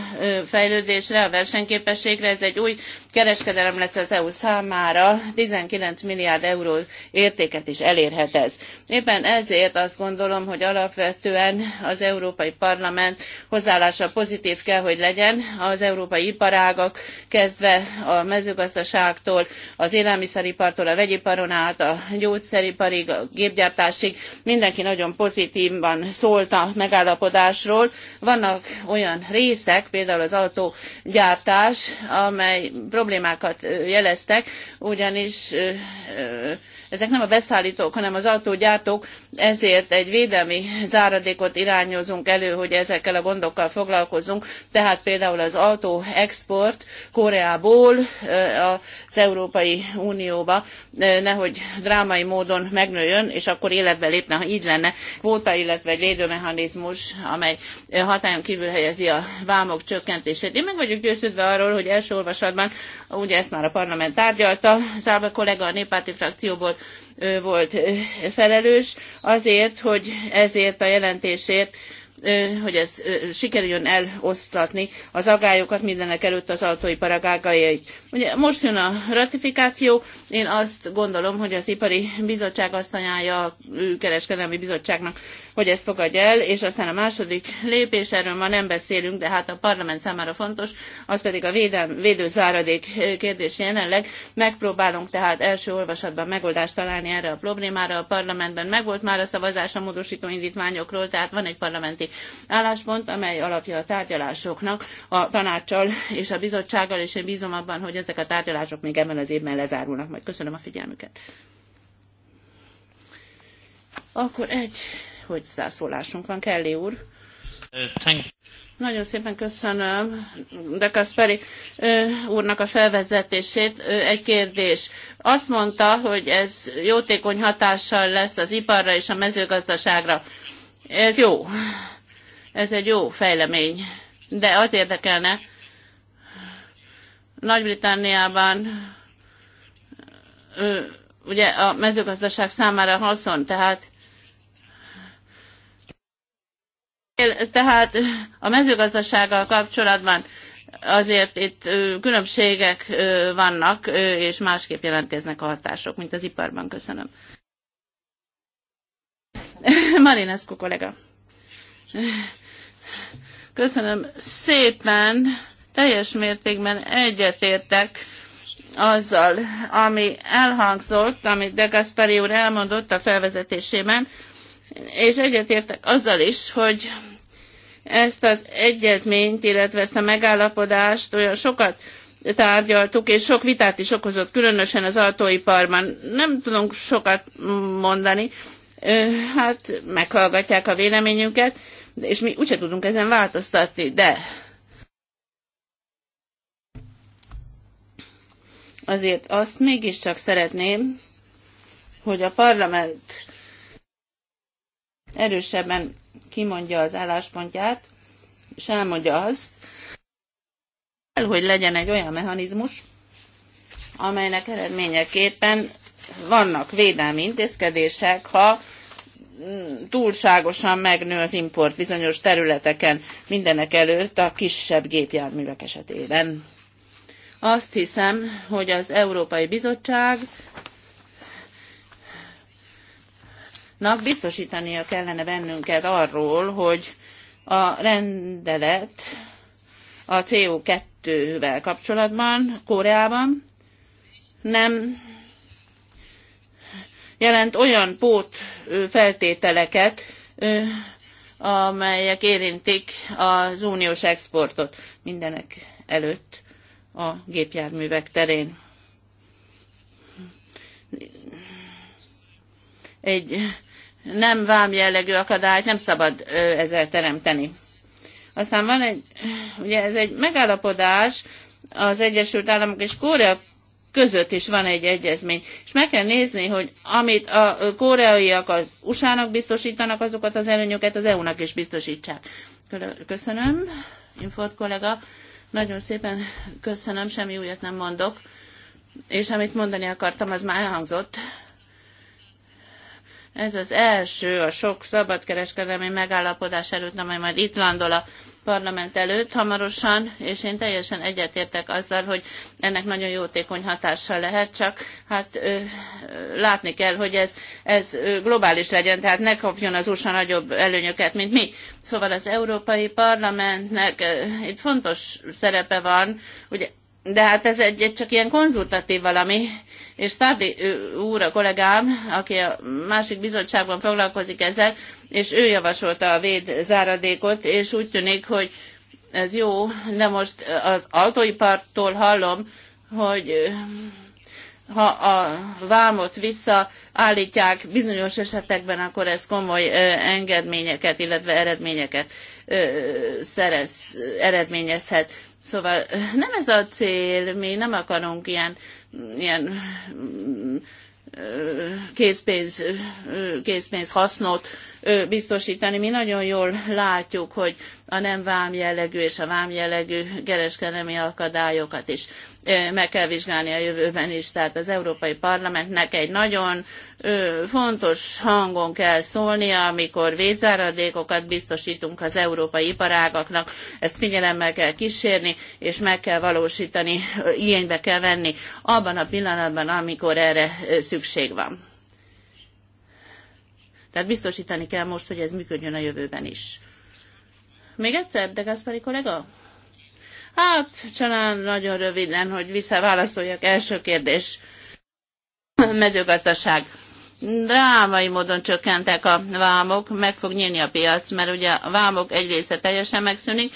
fejlődésre, a versenyképességre. Ez egy új kereskedelem lesz az EU számára 19 milliárd euró értéket is elérhet ez. Éppen ezért azt gondolom, hogy alapvetően az Európai Parlament hozzáállása pozitív kell, hogy legyen az európai iparágak, kezdve a mezőgazdaságtól, az élelmiszeripartól, a vegyiparon át, a gyógyszeriparig, a gépgyártásig. Mindenki nagyon pozitívan szólt a megállapodásról. Vannak olyan részek, például az autógyártás, amely problémákat jelez végeztek, ugyanis ezek nem a beszálltók hanem az autógyártók, ezért egy védelmi záradékot irányozunk elő, hogy ezekkel a gondokkal foglalkozzunk. Tehát például az autó export Koreából az Európai Unióba nehogy drámai módon megnőjön, és akkor életbe lépne, ha így lenne kvóta, illetve egy védőmechanizmus, amely hatályon kívül helyezi a vámok csökkentését. Én meg vagyok győződve arról, hogy első olvasatban, ugye ezt már a parlament tárgyalta, Zába kollega a néppárti frakcióból volt felelős azért, hogy ezért a jelentésért hogy ez sikerüljön elosztatni az agályokat mindenek előtt az autóipar agályait. Ugye most jön a ratifikáció, én azt gondolom, hogy az ipari bizottság azt ajánlja a kereskedelmi bizottságnak, hogy ezt fogadja el, és aztán a második lépés, erről ma nem beszélünk, de hát a parlament számára fontos, az pedig a védem, védőzáradék kérdés jelenleg. Megpróbálunk tehát első olvasatban megoldást találni erre a problémára. A parlamentben megvolt már a szavazás a módosító indítványokról, tehát van egy parlamenti közötti álláspont, amely alapja a tárgyalásoknak a tanácssal és a bizottsággal, és én bízom abban, hogy ezek a tárgyalások még ebben az évben lezárulnak. Majd köszönöm a figyelmüket. Akkor egy, hogy szászólásunk van, Kelly úr. Uh, thank nagyon szépen köszönöm De Kasperi uh, úrnak a felvezetését. Uh, egy kérdés. Azt mondta, hogy ez jótékony hatással lesz az iparra és a mezőgazdaságra. Ez jó. Ez egy jó fejlemény, de az érdekelne, Nagy-Britanniában ugye a mezőgazdaság számára haszon, tehát tehát a mezőgazdasággal kapcsolatban azért itt különbségek vannak, és másképp jelentkeznek a hatások, mint az iparban. Köszönöm. Marinescu kollega. Köszönöm szépen, teljes mértékben egyetértek azzal, ami elhangzott, amit De Gaspari úr elmondott a felvezetésében, és egyetértek azzal is, hogy ezt az egyezményt, illetve ezt a megállapodást olyan sokat tárgyaltuk, és sok vitát is okozott, különösen az autóiparban. Nem tudunk sokat mondani, hát meghallgatják a véleményünket, és mi úgyse tudunk ezen változtatni, de azért azt mégiscsak szeretném, hogy a parlament erősebben kimondja az álláspontját, és elmondja azt, hogy legyen egy olyan mechanizmus, amelynek eredményeképpen vannak védelmi intézkedések, ha túlságosan megnő az import bizonyos területeken, mindenek előtt a kisebb gépjárművek esetében. Azt hiszem, hogy az Európai Bizottság nak biztosítania kellene bennünket arról, hogy a rendelet a CO2-vel kapcsolatban Koreában nem jelent olyan pót feltételeket, amelyek érintik az uniós exportot mindenek előtt a gépjárművek terén. Egy nem vámjellegű akadályt nem szabad ezzel teremteni. Aztán van egy, ugye ez egy megállapodás az Egyesült Államok és Korea között is van egy egyezmény. És meg kell nézni, hogy amit a koreaiak az USA-nak biztosítanak, azokat az előnyöket az EU-nak is biztosítsák. Köszönöm, Infort kollega. Nagyon szépen köszönöm, semmi újat nem mondok. És amit mondani akartam, az már elhangzott. Ez az első, a sok szabadkereskedelmi megállapodás előtt, amely majd itt landol a parlament előtt hamarosan, és én teljesen egyetértek azzal, hogy ennek nagyon jótékony hatással lehet, csak hát látni kell, hogy ez, ez globális legyen, tehát ne kapjon az USA nagyobb előnyöket, mint mi. Szóval az Európai Parlamentnek itt fontos szerepe van, ugye de hát ez egy, egy csak ilyen konzultatív valami, és Stardi úr, a kollégám, aki a másik bizottságban foglalkozik ezzel, és ő javasolta a véd záradékot, és úgy tűnik, hogy ez jó, de most az autóipartól hallom, hogy ha a vámot visszaállítják bizonyos esetekben, akkor ez komoly engedményeket, illetve eredményeket szerez, eredményezhet. Szóval eh, nem ez a cél, mi nem akarunk ilyen, ilyen eh, készpénz, eh, készpénz hasznot biztosítani. Mi nagyon jól látjuk, hogy a nem vámjellegű és a vámjellegű kereskedelmi akadályokat is meg kell vizsgálni a jövőben is. Tehát az Európai Parlamentnek egy nagyon fontos hangon kell szólnia, amikor védzáradékokat biztosítunk az európai iparágaknak, ezt figyelemmel kell kísérni, és meg kell valósítani, igénybe kell venni abban a pillanatban, amikor erre szükség van. Tehát biztosítani kell most, hogy ez működjön a jövőben is. Még egyszer, de Gaspari kollega? Hát, talán nagyon röviden, hogy visszaválaszoljak. Első kérdés, mezőgazdaság. Drámai módon csökkentek a vámok, meg fog nyílni a piac, mert ugye a vámok egy része teljesen megszűnik,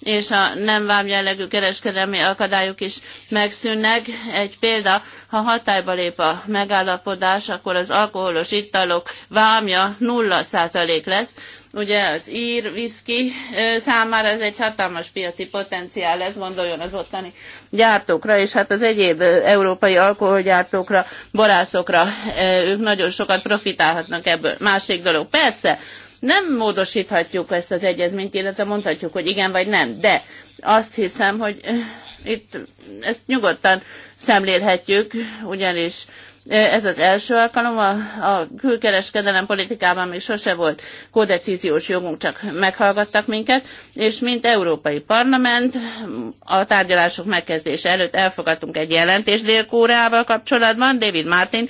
és a nem vámjellegű kereskedelmi akadályok is megszűnnek. Egy példa, ha hatályba lép a megállapodás, akkor az alkoholos italok vámja 0% lesz, Ugye az ír viszki számára ez egy hatalmas piaci potenciál ez gondoljon az ottani gyártókra, és hát az egyéb európai alkoholgyártókra, borászokra, ők nagyon sokat profitálhatnak ebből. Másik dolog, persze, nem módosíthatjuk ezt az egyezményt, illetve mondhatjuk, hogy igen vagy nem, de azt hiszem, hogy itt ezt nyugodtan szemlélhetjük, ugyanis ez az első alkalom, a, a külkereskedelem politikában még sose volt kódecíziós jogunk, csak meghallgattak minket, és mint Európai Parlament a tárgyalások megkezdése előtt elfogadtunk egy jelentést Dél-Kóreával kapcsolatban. David Martin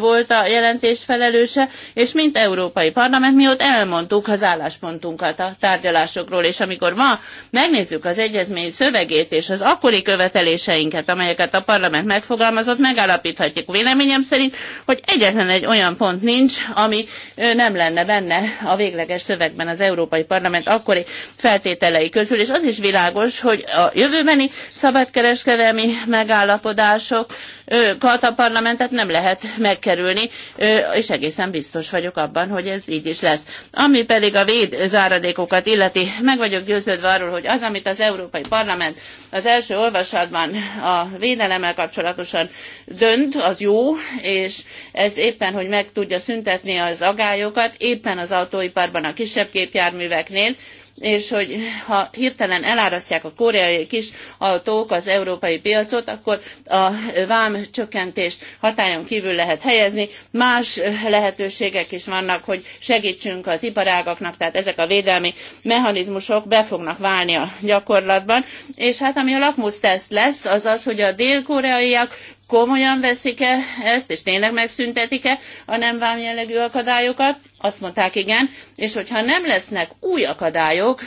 volt a jelentés felelőse, és mint Európai Parlament mi ott elmondtuk az álláspontunkat a tárgyalásokról, és amikor ma megnézzük az egyezmény szövegét és az akkori követeléseinket, amelyeket a parlament megfogalmazott, megállapíthatjuk véleményem szerint, hogy egyetlen egy olyan pont nincs, ami nem lenne benne a végleges szövegben az Európai Parlament akkori feltételei közül, és az is világos, hogy a jövőbeni szabadkereskedelmi megállapodások a parlamentet nem lehet megkerülni, és egészen biztos vagyok abban, hogy ez így is lesz. Ami pedig a véd záradékokat illeti, meg vagyok győződve arról, hogy az, amit az Európai Parlament az első olvasatban a védelemmel kapcsolatosan dönt, az jó, és ez éppen, hogy meg tudja szüntetni az agályokat, éppen az autóiparban a kisebb képjárműveknél, és hogy ha hirtelen elárasztják a koreai kis autók az európai piacot, akkor a vámcsökkentést hatályon kívül lehet helyezni. Más lehetőségek is vannak, hogy segítsünk az iparágaknak, tehát ezek a védelmi mechanizmusok be fognak válni a gyakorlatban. És hát ami a lakmuszteszt lesz, az az, hogy a dél-koreaiak komolyan veszik-e ezt, és tényleg megszüntetik-e a nem jellegű akadályokat? Azt mondták igen, és hogyha nem lesznek új akadályok,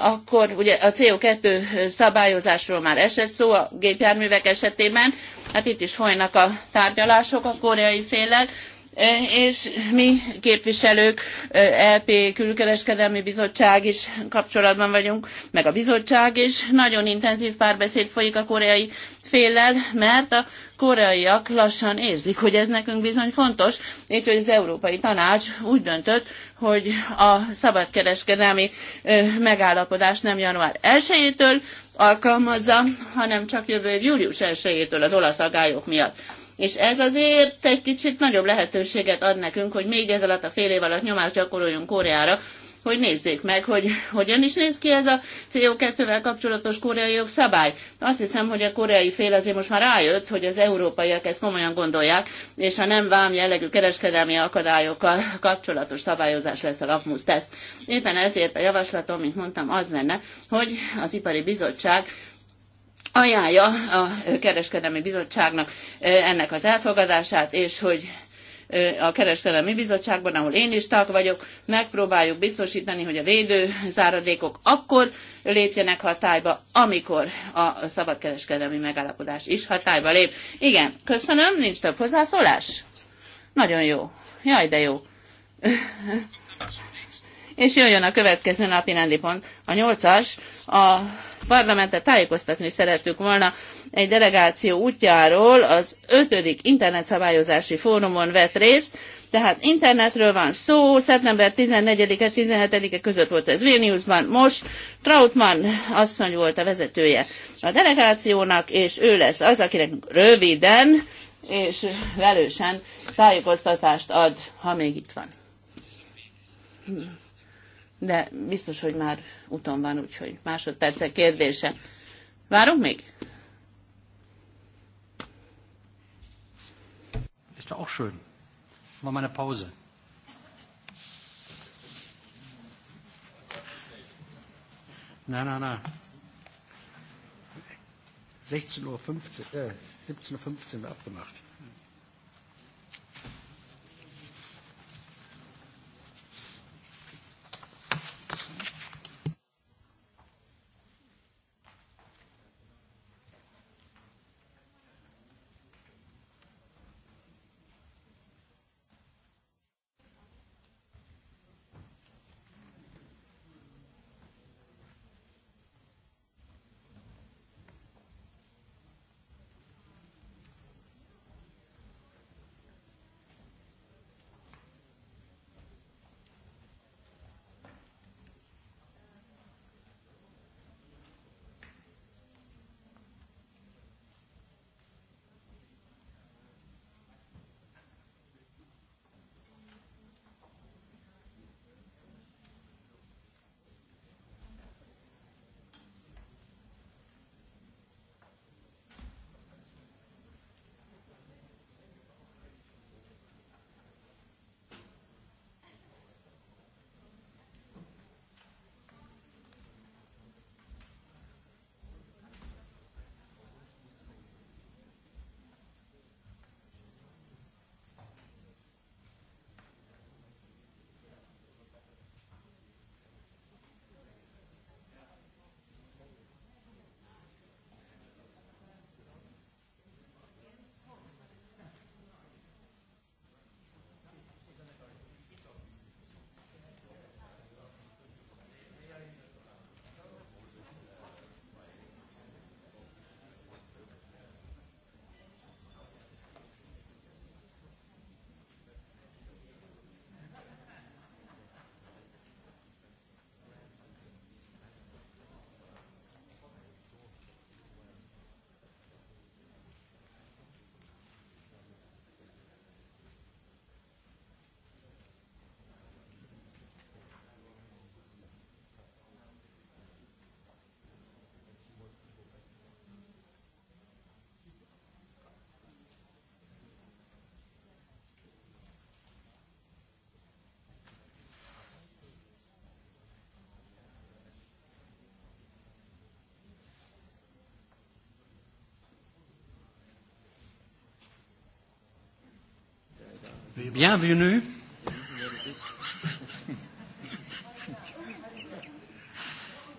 akkor ugye a CO2 szabályozásról már esett szó a gépjárművek esetében, hát itt is folynak a tárgyalások a koreai félel, E, és mi képviselők, e, LP külkereskedelmi bizottság is kapcsolatban vagyunk, meg a bizottság is. Nagyon intenzív párbeszéd folyik a koreai féllel, mert a koreaiak lassan érzik, hogy ez nekünk bizony fontos, így hogy az Európai Tanács úgy döntött, hogy a szabadkereskedelmi e, megállapodást nem január 1-től alkalmazza, hanem csak jövő július 1-től az olasz aggályok miatt. És ez azért egy kicsit nagyobb lehetőséget ad nekünk, hogy még ez alatt a fél év alatt nyomást gyakoroljunk Koreára, hogy nézzék meg, hogy hogyan is néz ki ez a CO2-vel kapcsolatos koreai jogszabály. Azt hiszem, hogy a koreai fél azért most már rájött, hogy az európaiak ezt komolyan gondolják, és a nem vám jellegű kereskedelmi akadályokkal kapcsolatos szabályozás lesz a lakmusz teszt. Éppen ezért a javaslatom, mint mondtam, az lenne, hogy az ipari bizottság ajánlja a kereskedelmi bizottságnak ennek az elfogadását, és hogy a kereskedelmi bizottságban, ahol én is tag vagyok, megpróbáljuk biztosítani, hogy a védőzáradékok akkor lépjenek hatályba, amikor a szabadkereskedelmi megállapodás is hatályba lép. Igen, köszönöm, nincs több hozzászólás? Nagyon jó. Jaj, de jó. És jöjjön a következő napi rendi pont, a nyolcas, a parlamentet tájékoztatni szerettük volna egy delegáció útjáról az 5. internetszabályozási fórumon vett részt, tehát internetről van szó, szeptember 14-e, 17-e között volt ez Vilniusban, most Trautmann asszony volt a vezetője a delegációnak, és ő lesz az, akinek röviden és velősen tájékoztatást ad, ha még itt van de biztos, hogy már uton van, úgyhogy másodperce kérdése. Várunk még? Ist auch schön. Machen wir eine Pause. Nein, nein, nein. 16.15 Uhr, äh, 17.15 Uhr abgemacht. Bienvenue.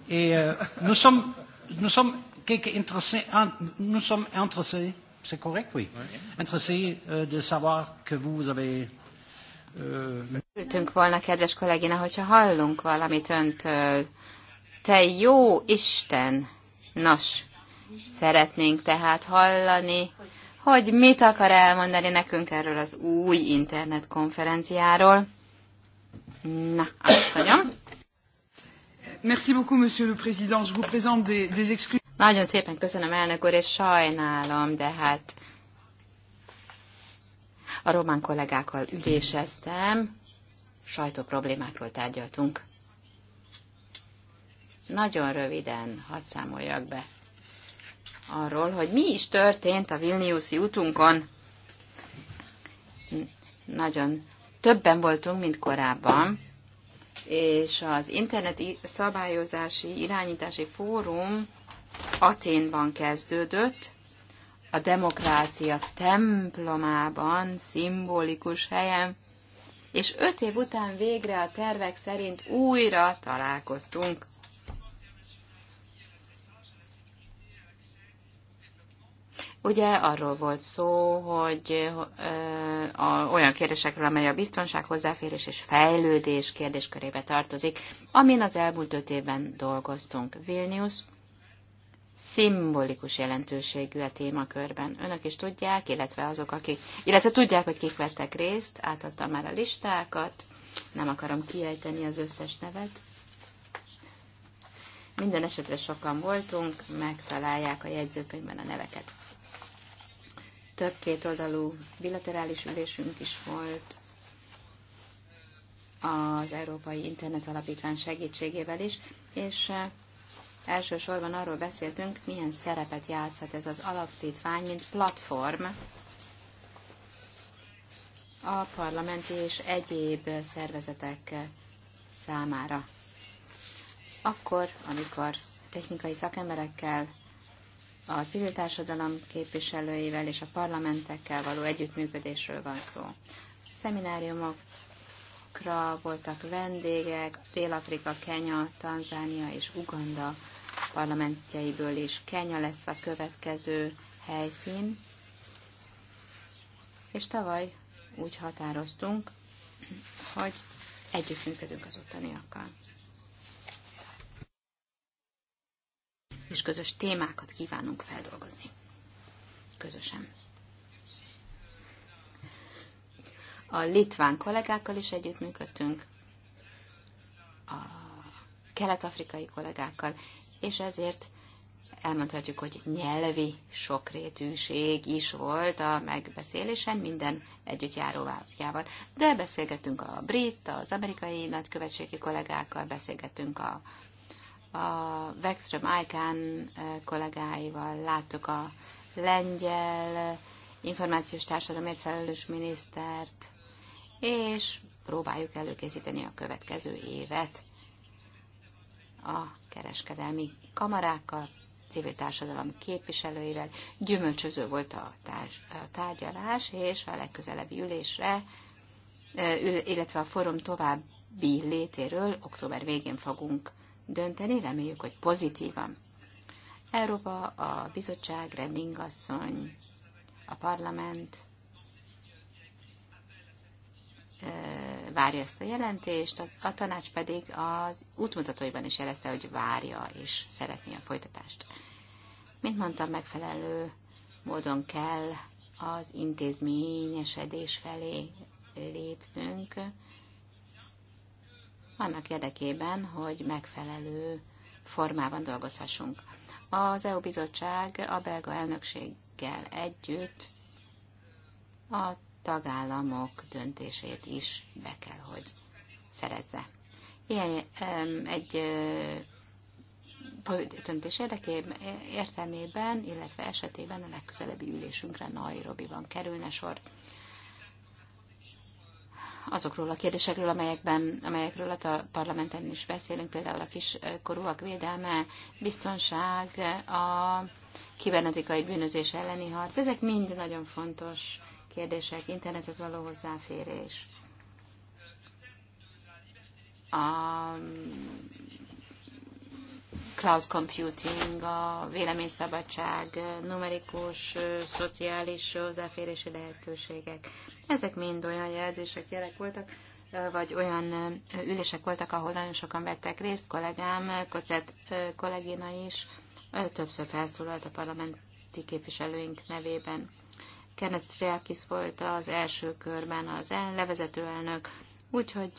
Et euh, nous sommes, nous sommes quelques intéressés, nous sommes intéressés, c'est correct, oui, intéressés euh, de savoir que vous avez. Euh, Örültünk volna, kedves kollégina, hogyha hallunk valamit öntől. Te jó Isten! Nos, szeretnénk tehát hallani, hogy mit akar elmondani nekünk erről az új internetkonferenciáról. Na, asszonyom. Merci beaucoup, monsieur le président. Je vous présente des, des excuses. Nagyon szépen köszönöm, elnök úr, és sajnálom, de hát a román kollégákkal üléseztem, sajtó problémákról tárgyaltunk. Nagyon röviden hadd számoljak be arról, hogy mi is történt a Vilniuszi útunkon. Nagyon többen voltunk, mint korábban, és az internet szabályozási irányítási fórum Aténban kezdődött, a demokrácia templomában, szimbolikus helyen, és öt év után végre a tervek szerint újra találkoztunk. Ugye arról volt szó, hogy ö, a, olyan kérdésekről, amely a biztonság, hozzáférés és fejlődés kérdéskörébe tartozik, amin az elmúlt öt évben dolgoztunk. Vilnius szimbolikus jelentőségű a témakörben. Önök is tudják, illetve azok, akik, illetve tudják, hogy kik vettek részt, átadtam már a listákat, nem akarom kiejteni az összes nevet. Minden esetre sokan voltunk, megtalálják a jegyzőkönyvben a neveket. Több kétoldalú bilaterális ülésünk is volt az Európai Internet Alapítvány segítségével is, és eh, elsősorban arról beszéltünk, milyen szerepet játszhat ez az alapítvány, mint platform a parlamenti és egyéb szervezetek számára. Akkor, amikor technikai szakemberekkel a civil társadalom képviselőivel és a parlamentekkel való együttműködésről van szó. Szemináriumokra voltak vendégek, Dél-Afrika, Kenya, Tanzánia és Uganda parlamentjeiből is. Kenya lesz a következő helyszín, és tavaly úgy határoztunk, hogy együttműködünk az ottaniakkal. és közös témákat kívánunk feldolgozni. Közösen. A litván kollégákkal is együttműködtünk, a kelet-afrikai kollégákkal, és ezért elmondhatjuk, hogy nyelvi sokrétűség is volt a megbeszélésen minden együttjárójával. De beszélgettünk a brit, az amerikai nagykövetségi kollégákkal, beszélgettünk a a Vexrem Icon kollégáival láttuk a lengyel információs társadalomért felelős minisztert, és próbáljuk előkészíteni a következő évet a kereskedelmi kamarákkal, civil társadalom képviselőivel. Gyümölcsöző volt a, a tárgyalás, és a legközelebbi ülésre, illetve a forum további létéről október végén fogunk dönteni, reméljük, hogy pozitívan. Európa, a bizottság, Redding asszony, a parlament várja ezt a jelentést, a tanács pedig az útmutatóiban is jelezte, hogy várja és szeretné a folytatást. Mint mondtam, megfelelő módon kell az intézményesedés felé lépnünk annak érdekében, hogy megfelelő formában dolgozhassunk. Az EU bizottság a belga elnökséggel együtt a tagállamok döntését is be kell, hogy szerezze. Ilyen egy pozitív döntés érdekében, értelmében, illetve esetében a legközelebbi ülésünkre Nairobiban kerülne sor azokról a kérdésekről, amelyekben, amelyekről hát a parlamenten is beszélünk, például a kiskorúak védelme, biztonság, a kibernetikai bűnözés elleni harc. Ezek mind nagyon fontos kérdések, internethez való hozzáférés. A cloud computing, a véleményszabadság, numerikus, szociális hozzáférési lehetőségek. Ezek mind olyan jelzések, jelek voltak, vagy olyan ülések voltak, ahol nagyon sokan vettek részt, kollégám, Kocet kollégina is többször felszólalt a parlamenti képviselőink nevében. Kenneth Triakis volt az első körben az el, levezető elnök, úgyhogy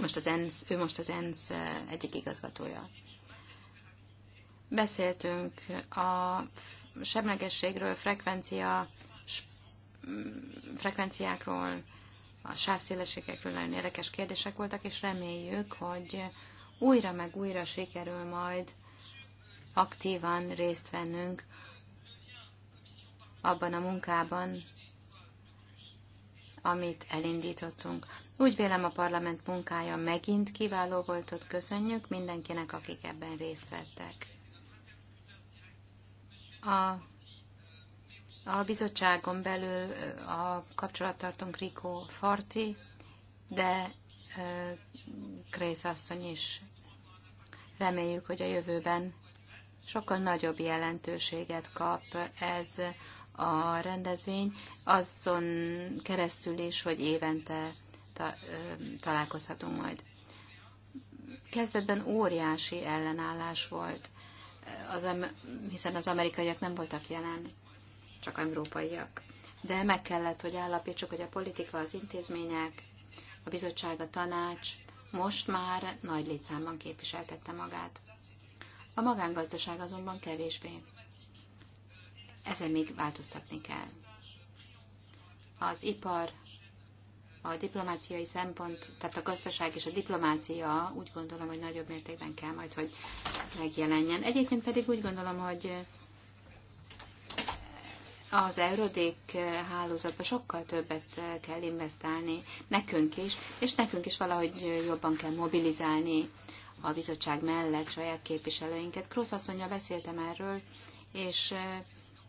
most az ENSZ, ő most az ENSZ egyik igazgatója. Beszéltünk a semlegességről, frekvencia, frekvenciákról, a sávszélességekről nagyon érdekes kérdések voltak, és reméljük, hogy újra meg újra sikerül majd aktívan részt vennünk abban a munkában, amit elindítottunk. Úgy vélem, a parlament munkája megint kiváló volt, ott köszönjük mindenkinek, akik ebben részt vettek. A, a bizottságon belül a kapcsolattartónk Rikó Farti, de Krész asszony is. Reméljük, hogy a jövőben sokkal nagyobb jelentőséget kap ez a rendezvény, azon keresztül is, hogy évente ta, ö, találkozhatunk majd. Kezdetben óriási ellenállás volt az, hiszen az amerikaiak nem voltak jelen, csak európaiak. De meg kellett, hogy állapítsuk, hogy a politika, az intézmények, a bizottság, a tanács most már nagy létszámban képviseltette magát. A magángazdaság azonban kevésbé. Ezen még változtatni kell. Az ipar a diplomáciai szempont, tehát a gazdaság és a diplomácia úgy gondolom, hogy nagyobb mértékben kell majd, hogy megjelenjen. Egyébként pedig úgy gondolom, hogy az eurodék hálózatba sokkal többet kell investálni, nekünk is, és nekünk is valahogy jobban kell mobilizálni a bizottság mellett saját képviselőinket. Krossz asszonya beszéltem erről, és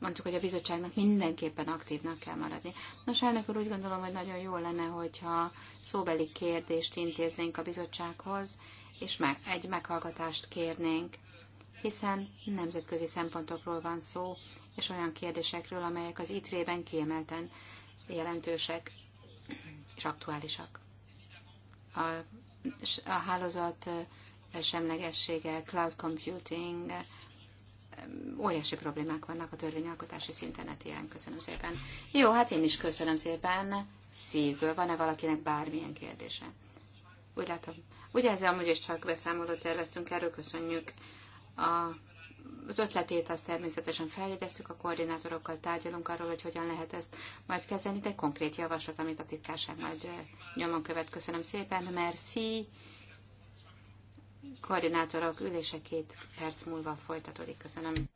mondtuk, hogy a bizottságnak mindenképpen aktívnak kell maradni. Nos, elnök úr, úgy gondolom, hogy nagyon jó lenne, hogyha szóbeli kérdést intéznénk a bizottsághoz, és meg, egy meghallgatást kérnénk, hiszen nemzetközi szempontokról van szó, és olyan kérdésekről, amelyek az ITRE-ben kiemelten jelentősek és aktuálisak. A, a hálózat semlegessége, cloud computing, óriási problémák vannak a törvényalkotási szinten ilyen. E köszönöm szépen. Jó, hát én is köszönöm szépen szívből. Van-e valakinek bármilyen kérdése? Úgy látom. Ugye ezzel amúgy is csak beszámolót terveztünk, erről köszönjük. A, az ötletét azt természetesen feljegyeztük, a koordinátorokkal tárgyalunk arról, hogy hogyan lehet ezt majd kezelni, de egy konkrét javaslat, amit a titkárság majd nyomon követ. Köszönöm szépen, merci koordinátorok ülése két perc múlva folytatódik. Köszönöm.